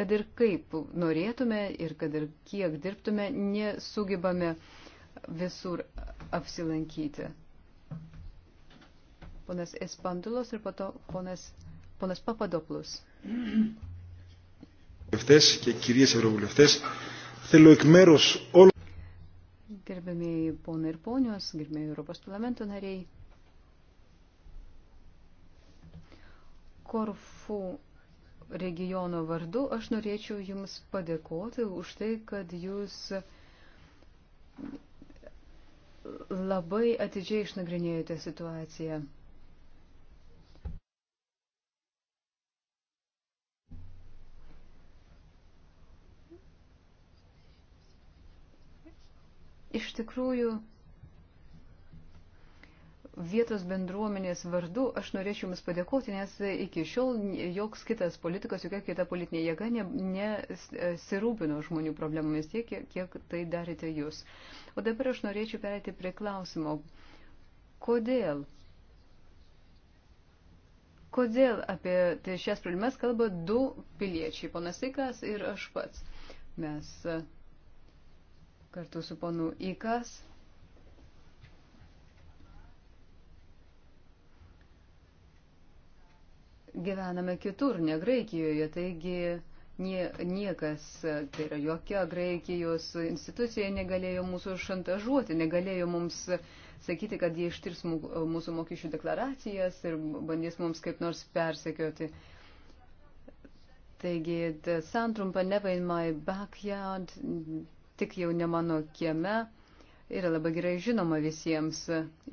Speaker 4: kad ir kaip norėtume ir kad ir kiek dirbtume, nesugebame visur apsilankyti. Ponas Espandulos ir po to ponas, ponas Papadoplus.
Speaker 1: Gerbėmiai
Speaker 4: ponai ir ponios, gerbėmiai Europos parlamento nariai, Korfų regiono vardu aš norėčiau Jums padėkoti už tai, kad Jūs labai atidžiai išnagrinėjote situaciją. iš tikrųjų vietos bendruomenės vardu aš norėčiau Jums padėkoti, nes iki šiol joks kitas politikas, jokia kita politinė jėga nesirūpino ne, žmonių problemomis tiek, kiek, kiek tai darėte Jūs. O dabar aš norėčiau perėti prie klausimo. Kodėl? Kodėl apie tai šias problemas kalba du piliečiai, ponas Ikas ir aš pats? Mes kartu su ponu Ikas. Gyvename kitur, ne Graikijoje, taigi nie, niekas, tai yra jokia Graikijos institucija negalėjo mūsų šantažuoti, negalėjo mums sakyti, kad jie ištirs mūsų mokesčių deklaracijas ir bandys mums kaip nors persekioti. Taigi, the sound from Never in My Backyard tik jau ne mano kieme, yra labai gerai žinoma visiems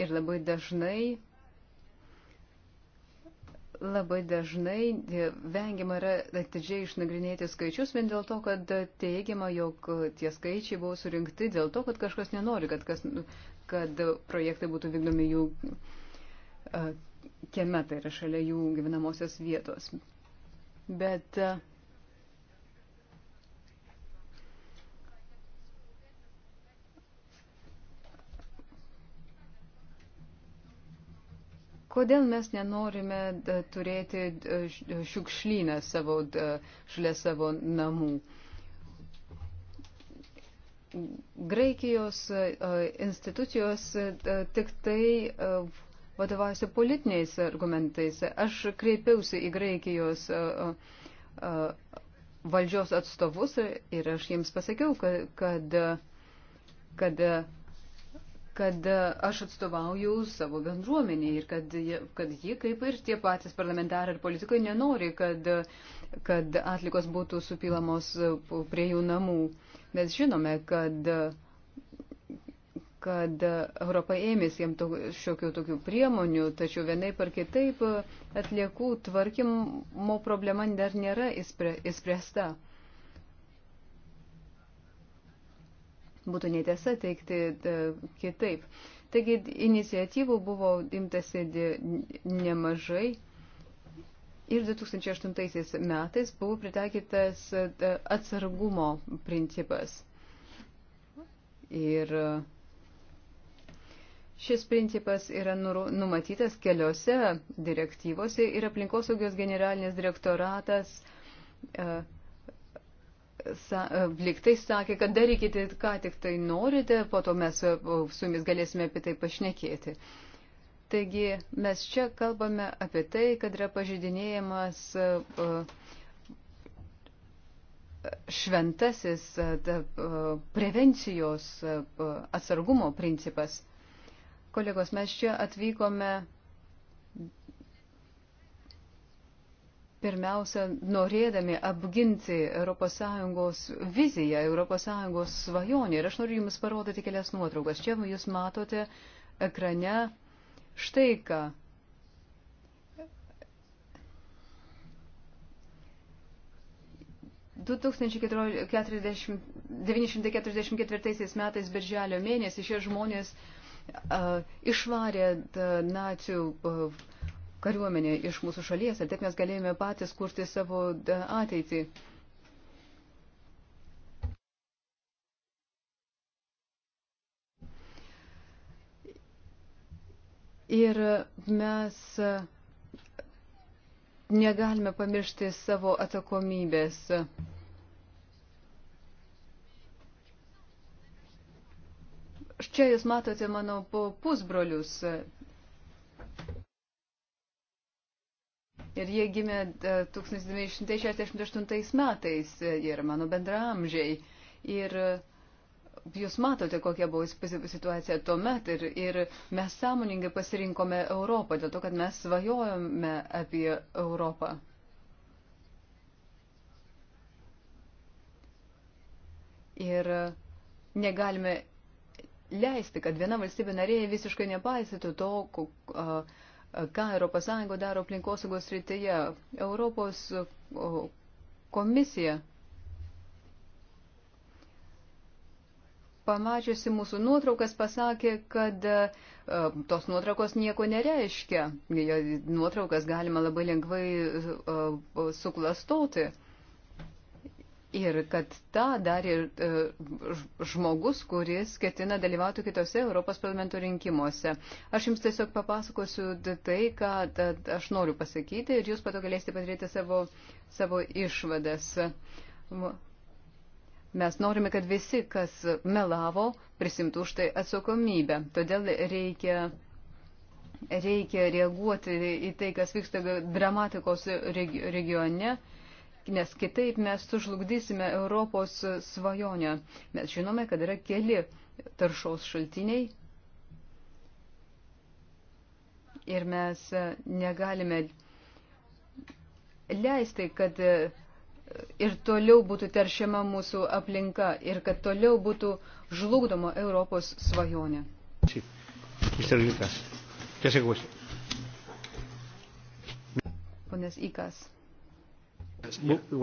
Speaker 4: ir labai dažnai, labai dažnai e, vengiama yra atidžiai išnagrinėti skaičius vien dėl to, kad teigiama, jog tie skaičiai buvo surinkti dėl to, kad kažkas nenori, kad, kas, kad projektai būtų vykdomi jų e, kieme, tai yra šalia jų gyvenamosios vietos. Bet uh, Kodėl mes nenorime e, turėti e, e, šiukšlyną savo, šalia savo namų? Graikijos institucijos tik tai vadovaujasi politiniais argumentais. Aš kreipiausi į Graikijos valdžios atstovus ir aš jiems pasakiau, kad, kad, kad kad e, aš atstovauju savo bendruomenį ir kad, kad ji, kaip ir tie patys parlamentarai ir politikai, nenori, kad, kad atlikos būtų supilamos e, prie jų namų. Mes žinome, kad, kad Europa ėmėsi jam to, šiokių tokių priemonių, tačiau vienaip ar kitaip e, atliekų tvarkymo problema dar nėra įspręsta. Ispre, Būtų netiesa teikti e, kitaip. Taigi iniciatyvų buvo imtasi nemažai. Ir 2008 metais buvo pritaikytas e, atsargumo principas. Ir e, Šis principas yra numatytas keliose direktyvose ir aplinkosaugos generalinis direktoratas sa, liktai sakė, kad darykite, ką tik tai norite, po to mes e, su jumis galėsime apie tai pašnekėti. Taigi mes čia kalbame apie tai, kad yra pažydinėjimas e, e, šventasis prevencijos atsargumo principas. Kolegos, mes čia atvykome pirmiausia, norėdami apginti ES viziją, ES svajonį. Ir aš noriu Jums parodyti kelias nuotraukas. Čia Jūs matote ekrane štai ką. ...1944 metais birželio mėnesį šie žmonės uh, išvarė uh, nacių uh, kariuomenė iš mūsų šalies ir taip mes galėjome patys kurti savo e, ateitį. Ir mes e, negalime pamiršti savo atsakomybės. Čia jūs matote mano pusbrolius, Ir jie gimė 1968 e, metais, e, jie yra mano bendramžiai. Ir e, jūs matote, kokia buvo situacija tuo met ir, ir mes sąmoningai pasirinkome Europą, dėl to, kad mes svajojome apie Europą. Ir negalime leisti, kad viena valstybė narėje visiškai nepaisytų to, uh, ką ES daro aplinkosaugos rytyje. Europos komisija pamačiusi mūsų nuotraukas pasakė, kad e, tos nuotraukos nieko nereiškia. Nuotraukas galima labai lengvai e, e, suklastoti. Ir kad tą darė e, žmogus, kuris ketina dalyvauti kitose Europos parlamento rinkimuose. Aš jums tiesiog papasakosiu tai, ką aš noriu pasakyti ir jūs pato galėsite padaryti savo, savo išvadas. Mes norime, kad visi, kas melavo, prisimtų už tai atsakomybę. Todėl reikia reikia reaguoti į tai, kas vyksta dramatikos regione nes kitaip mes sužlugdysime Europos svajonę. Mes žinome, kad yra keli taršaus šaltiniai ir mes negalime leisti, kad ir toliau būtų teršiama mūsų aplinka ir kad toliau būtų žlugdoma Europos svajonė.
Speaker 2: Sí. Mr. Lucas, ya se
Speaker 4: Ponas Ikas.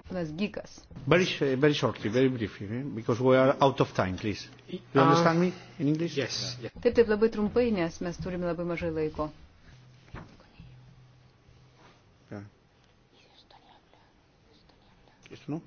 Speaker 4: Ponas Gykas.
Speaker 2: Very, very shortly, very briefly, eh, because we are out of time, please. You understand me in English? Yes.
Speaker 4: Taip, taip, labai trumpai, nes mes turime labai mažai laiko.
Speaker 2: Yeah. ¿Esto no?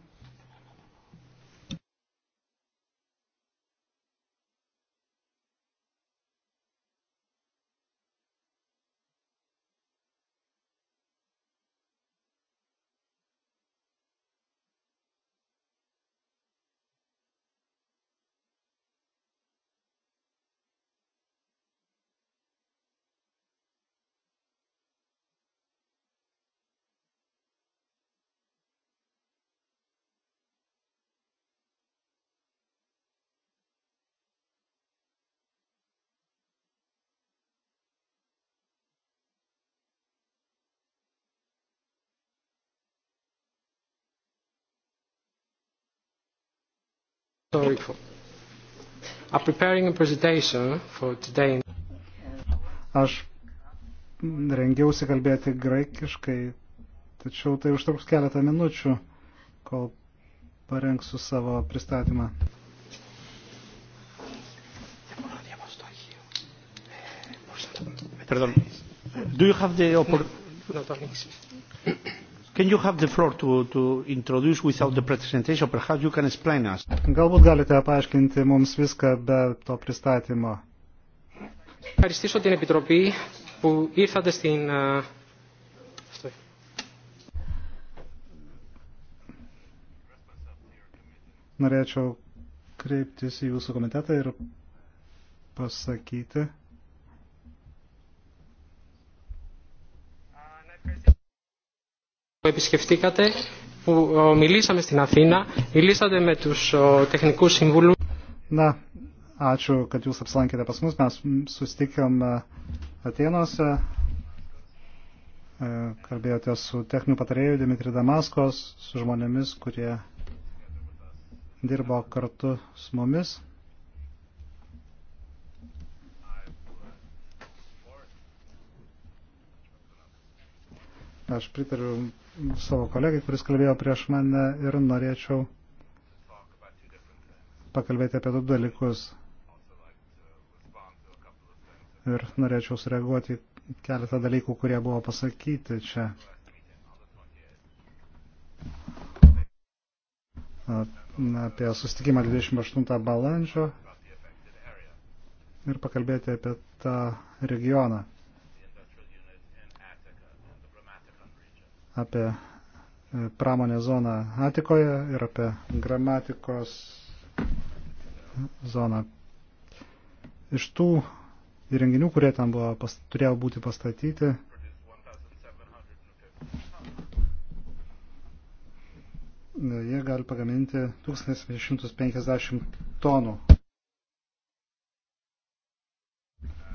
Speaker 2: Sorry for. I'm preparing a presentation for today. Aš rengiausi kalbėti graikiškai, tačiau tai užtruks keletą minučių, kol parengsiu savo pristatymą. Perdón. Do you have the opportunity? No, no, no. Can you have the floor to, to introduce without the presentation? Perhaps you can explain us. Galbūt galite paaiškinti mums viską be to pristatymo. Ευχαριστήσω την Επιτροπή που ήρθατε στην... Norėčiau kreiptis į jūsų komitetą ir pasakyti. Uh, που επισκεφτήκατε, που μιλήσαμε στην Αθήνα, μιλήσατε με τους τεχνικούς συμβούλους. Να, ačiū, kad jūs apsilankėte pas mus, mes susitikėm e, Atenose, e, kalbėjote su techniniu patarėju Dimitri Damaskos, su žmonėmis, kurie dirbo kartu su mumis. Aš pritariu savo kolegai, kuris kalbėjo prieš mane ir norėčiau pakalbėti apie du dalykus. Ir norėčiau sureaguoti keletą dalykų, kurie buvo pasakyti čia. Apie sustikimą 28 balandžio ir pakalbėti apie tą regioną. apie e, pramonę zoną Atikoje ir apie gramatikos zoną. Iš tų įrenginių, kurie ten buvo, pas, turėjo būti pastatyti, jie gali pagaminti 1750 tonų.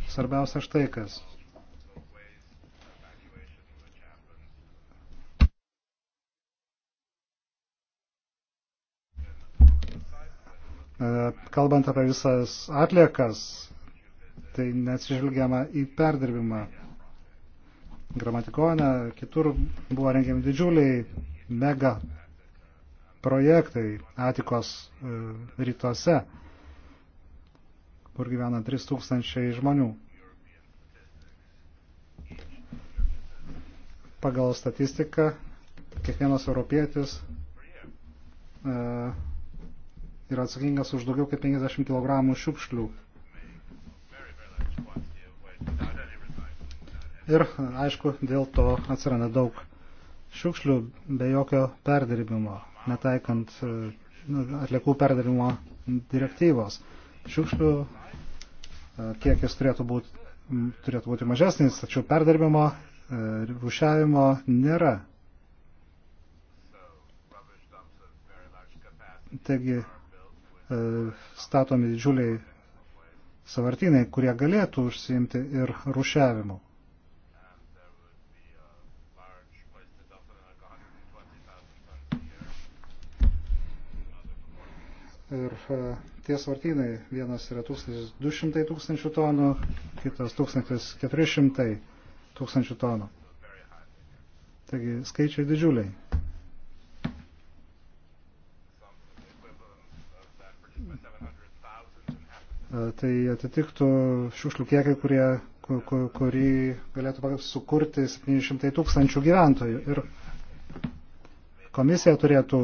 Speaker 2: Svarbiausia štai kas. E, kalbant apie visas atliekas, tai neatsižvelgiama į perdirbimą. Gramatikone, kitur buvo rengiami didžiuliai mega projektai Atikos e, rytuose, kur gyvena 3000 žmonių. Pagal statistiką, kiekvienas europietis uh, yra atsakingas už daugiau kaip 50 kg šiukšlių. Ir aišku, dėl to atsiranda daug šiukšlių be jokio perdirbimo, netaikant e, nu, atliekų perdirbimo direktyvos. Šiukšlių e, kiekis turėtų būti, turėtų būti mažesnis, tačiau perdirbimo, e, rūšiavimo nėra. Taigi E, statomi didžiuliai savartinai, kurie galėtų užsiimti ir rušiavimu. Ir e, tie svartynai, vienas yra 1200 tūkstančių tonų, kitas 1400 tūkstančių tonų. Taigi skaičiai didžiuliai. E, tai atitiktų šiukšlių kiekį, kurie, kur, kur, kurį galėtų sukurti 700 tūkstančių gyventojų. Ir komisija turėtų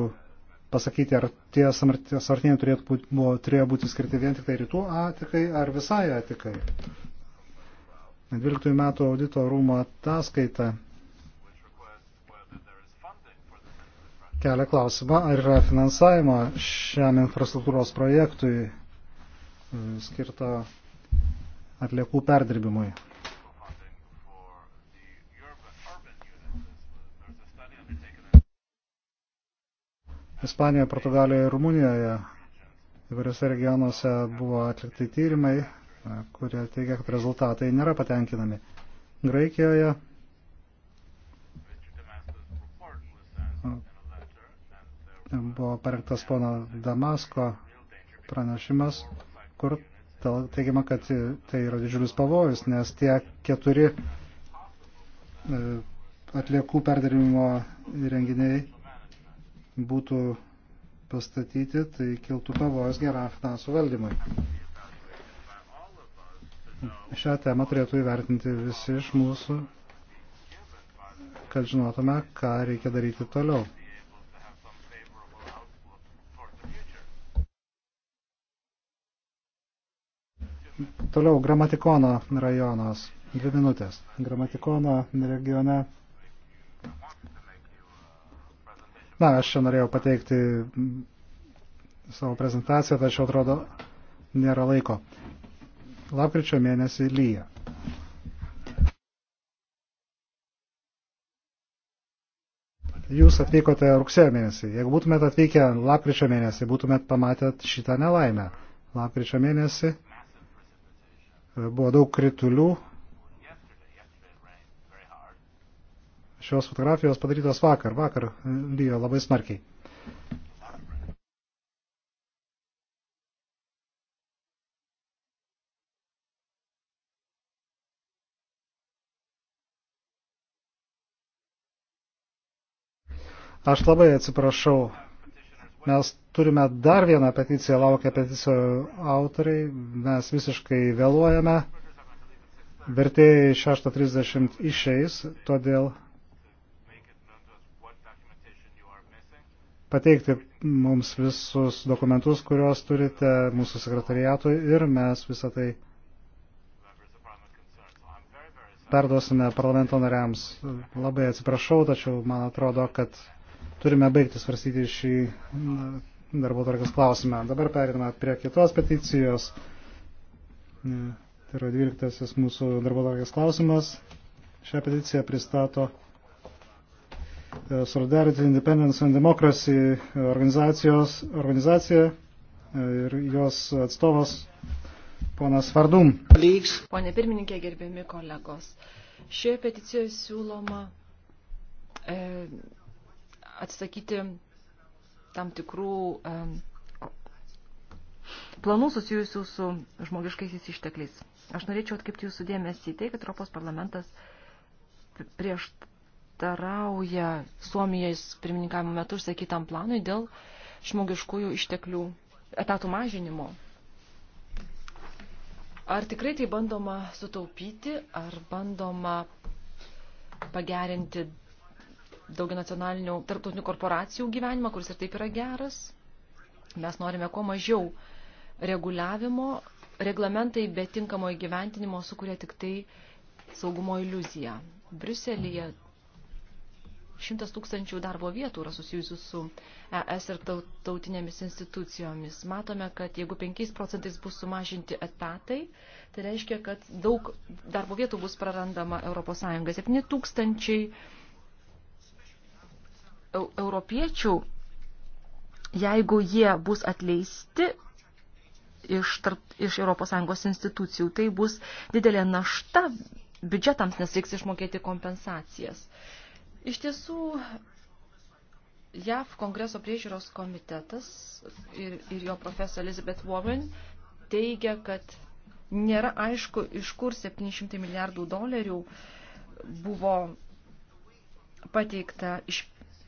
Speaker 2: pasakyti, ar tie sartiniai turėtų būti, buvo, turėjo būti skirti vien tik tai rytų atikai ar visai atikai. 12 metų audito rūmo ataskaita kelia klausimą, ar yra finansavimo šiam infrastruktūros projektui Mm, skirtą atliekų perdirbimui. Ispanijoje, Portugalijoje ir Rumunijoje įvairiose regionuose buvo atlikti tyrimai, e, kurie teigia, kad rezultatai nėra patenkinami. Graikijoje e, buvo parengtas pono Damasko pranešimas kur teigiama, kad tai yra didžiulis pavojus, nes tie keturi e, atliekų perdarimo įrenginiai būtų pastatyti, tai kiltų pavojus geram finansų valdymui. Šią temą turėtų įvertinti visi iš mūsų, kad žinotume, ką reikia daryti toliau. Toliau Gramatikono rajonas. Dvi minutės. Gramatikono regione. Na, aš čia norėjau pateikti savo prezentaciją, tačiau atrodo nėra laiko. Lapkričio mėnesį lyja. Jūs atvykote rugsėjo mėnesį. Jeigu būtumėt atvykę lapkričio mėnesį, būtumėt pamatę šitą nelaimę. Lapkričio mėnesį Buvo daug kritulių. Šios fotografijos padarytos vakar. Vakar lyjo labai smarkiai. Aš labai atsiprašau Mes turime dar vieną peticiją, laukia peticijų autoriai, mes visiškai vėluojame, vertėjai 6.30 išeis, todėl pateikti mums visus dokumentus, kuriuos turite mūsų sekretariatui ir mes visą tai perduosime parlamento nariams. Labai atsiprašau, tačiau man atrodo, kad turime baigti svarstyti šį darbo tvarkos klausimą. Dabar periname prie kitos peticijos. Tai yra 12 mūsų darbo tvarkos klausimas. Šią peticiją pristato e, Solidarity Independence and Democracy organizacijos, organizacija e, ir jos atstovas ponas Vardum.
Speaker 3: Pone pirmininkė, gerbiami kolegos, šioje peticijoje siūloma e, atsisakyti tam tikrų planų susijusių su žmogiškaisiais ištekliais. Aš norėčiau atkreipti jūsų dėmesį į tai, kad Europos parlamentas prieš tarauja Suomijos pirmininkavimo metu užsakytam planui dėl žmogiškųjų išteklių etatų mažinimo. Ar tikrai tai bandoma sutaupyti, ar bandoma pagerinti daugianacionalinių tarptautinių korporacijų gyvenimą, kuris ir taip yra geras. Mes norime kuo mažiau reguliavimo, reglamentai be tinkamo įgyventinimo sukuria tik tai saugumo iliuziją. Briuselėje šimtas tūkstančių darbo vietų yra susijusių su ES ir tautinėmis institucijomis. Matome, kad jeigu 5 procentais bus sumažinti etatai, tai reiškia, kad daug darbo vietų bus prarandama ES. 7 tūkstančiai 000 europiečių, jeigu jie bus atleisti iš, tarp, iš ES institucijų, tai bus didelė našta biudžetams, nes reiks išmokėti kompensacijas. Iš tiesų, JAV kongreso priežiūros komitetas ir, ir jo profesor Elizabeth Warren teigia, kad nėra aišku, iš kur 700 milijardų dolerių buvo pateikta iš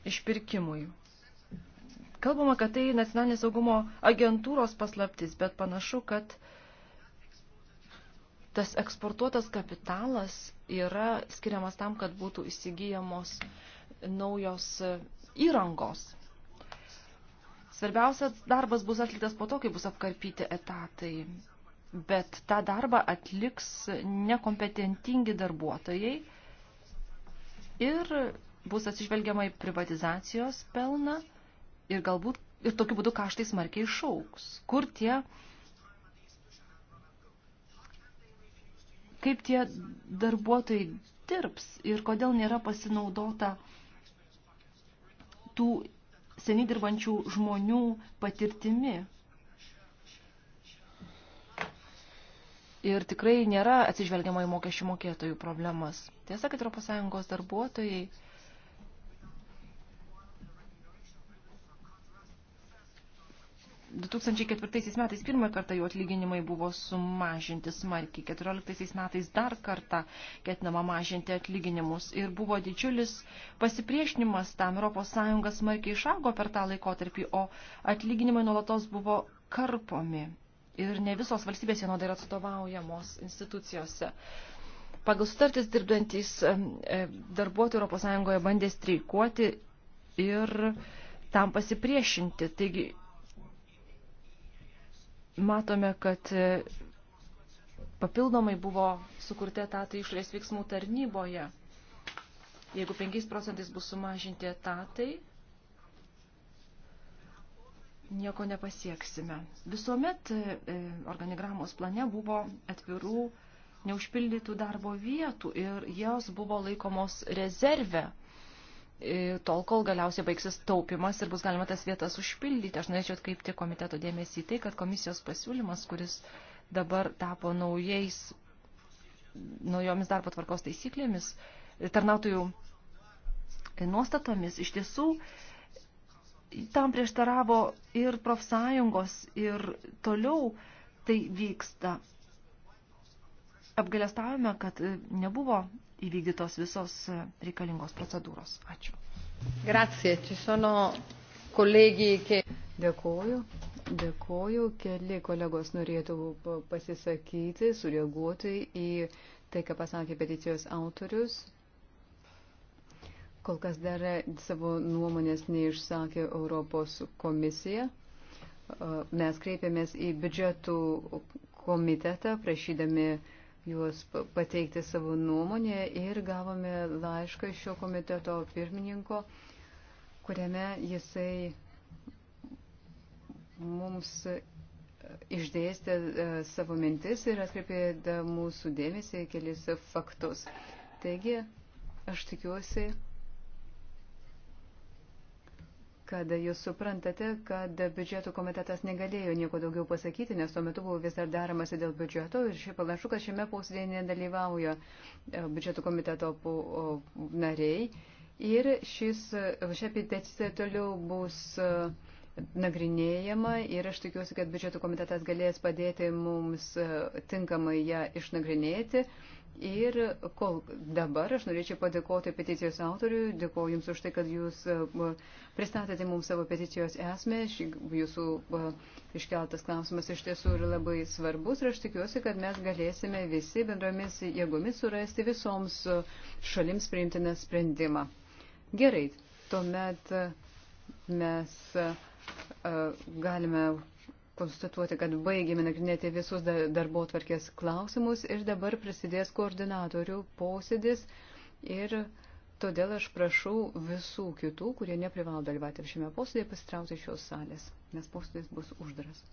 Speaker 3: išpirkimui. Kalbama, kad tai nacionalinės saugumo agentūros paslaptis, bet panašu, kad tas eksportuotas kapitalas yra skiriamas tam, kad būtų įsigijamos naujos įrangos. Svarbiausias darbas bus atliktas po to, kai bus apkarpyti etatai bet tą darbą atliks nekompetentingi darbuotojai ir bus atsižvelgiama į privatizacijos pelną ir galbūt ir tokiu būdu kaštai smarkiai išauks. Kur tie, kaip tie darbuotojai dirbs ir kodėl nėra pasinaudota tų seniai dirbančių žmonių patirtimi. Ir tikrai nėra atsižvelgiama į mokesčių mokėtojų problemas. Tiesa, kad ES darbuotojai 2004 metais pirmą kartą jų atlyginimai buvo sumažinti smarkiai, 2014 metais dar kartą ketinama mažinti atlyginimus ir buvo didžiulis pasipriešinimas tam, ES smarkiai išaugo per tą laikotarpį, o atlyginimai nuolatos buvo karpomi ir ne visos valstybės vienodai yra atstovaujamos institucijose. Pagal sutartis dirbdantys e, darbuotojai ES bandė streikuoti ir tam pasipriešinti. Taigi matome, kad papildomai buvo sukurti etatai išorės veiksmų tarnyboje. Jeigu 5 procentais bus sumažinti etatai, nieko nepasieksime. Visuomet e, organigramos plane buvo atvirų neužpildytų darbo vietų ir jos buvo laikomos rezerve E, tol, kol galiausiai baigsis taupimas ir bus galima tas vietas užpildyti. Aš norėčiau atkreipti komiteto dėmesį į tai, kad komisijos pasiūlymas, kuris dabar tapo naujais, naujomis darbo tvarkos taisyklėmis, e, tarnautojų nuostatomis, iš tiesų tam prieštaravo ir profsąjungos ir toliau tai vyksta. Apgalėstavome, kad e, nebuvo įvykdytos visos e, reikalingos procedūros. Ačiū. Grazie, ci sono kolegi, che...
Speaker 4: Dėkoju, dėkoju. Keli kolegos norėtų pasisakyti, sureaguoti į tai, ką pasakė peticijos autorius. Kol kas dar savo nuomonės neišsakė Europos komisija. E, mes kreipėmės į biudžetų komitetą prašydami uh, juos pateikti savo nuomonę ir gavome laišką iš šio komiteto pirmininko, kuriame jisai mums išdėstė e, savo mintis ir atkreipė mūsų dėmesį kelis faktus. Taigi, aš tikiuosi, kad jūs suprantate, kad biudžeto komitetas negalėjo nieko daugiau pasakyti, nes tuo metu buvo vis dar daromasi dėl biudžeto ir šiaip panašu, kad šiame posėdėje nedalyvauja e, biudžeto komiteto nariai. Ir šis, šią peticiją toliau bus e, nagrinėjama ir aš tikiuosi, kad biudžeto komitetas galės padėti mums e, tinkamai ją išnagrinėti. Ir kol dabar aš norėčiau padėkoti peticijos autoriui, dėkoju Jums už tai, kad Jūs e, pristatėte mums savo peticijos esmę. Jūsų e, iškeltas klausimas iš tiesų yra labai svarbus ir aš tikiuosi, kad mes galėsime visi bendromis jėgomis surasti visoms e, šalims priimtiną sprendimą. Gerai, tuomet mes galime konstatuoti, kad baigėme nagrinėti visus darbo tvarkės klausimus ir dabar prasidės koordinatorių posėdis ir todėl aš prašau visų kitų, kurie neprivalo dalyvauti šiame posėdėje, pasitraukti iš šios salės, nes posėdis bus uždaras.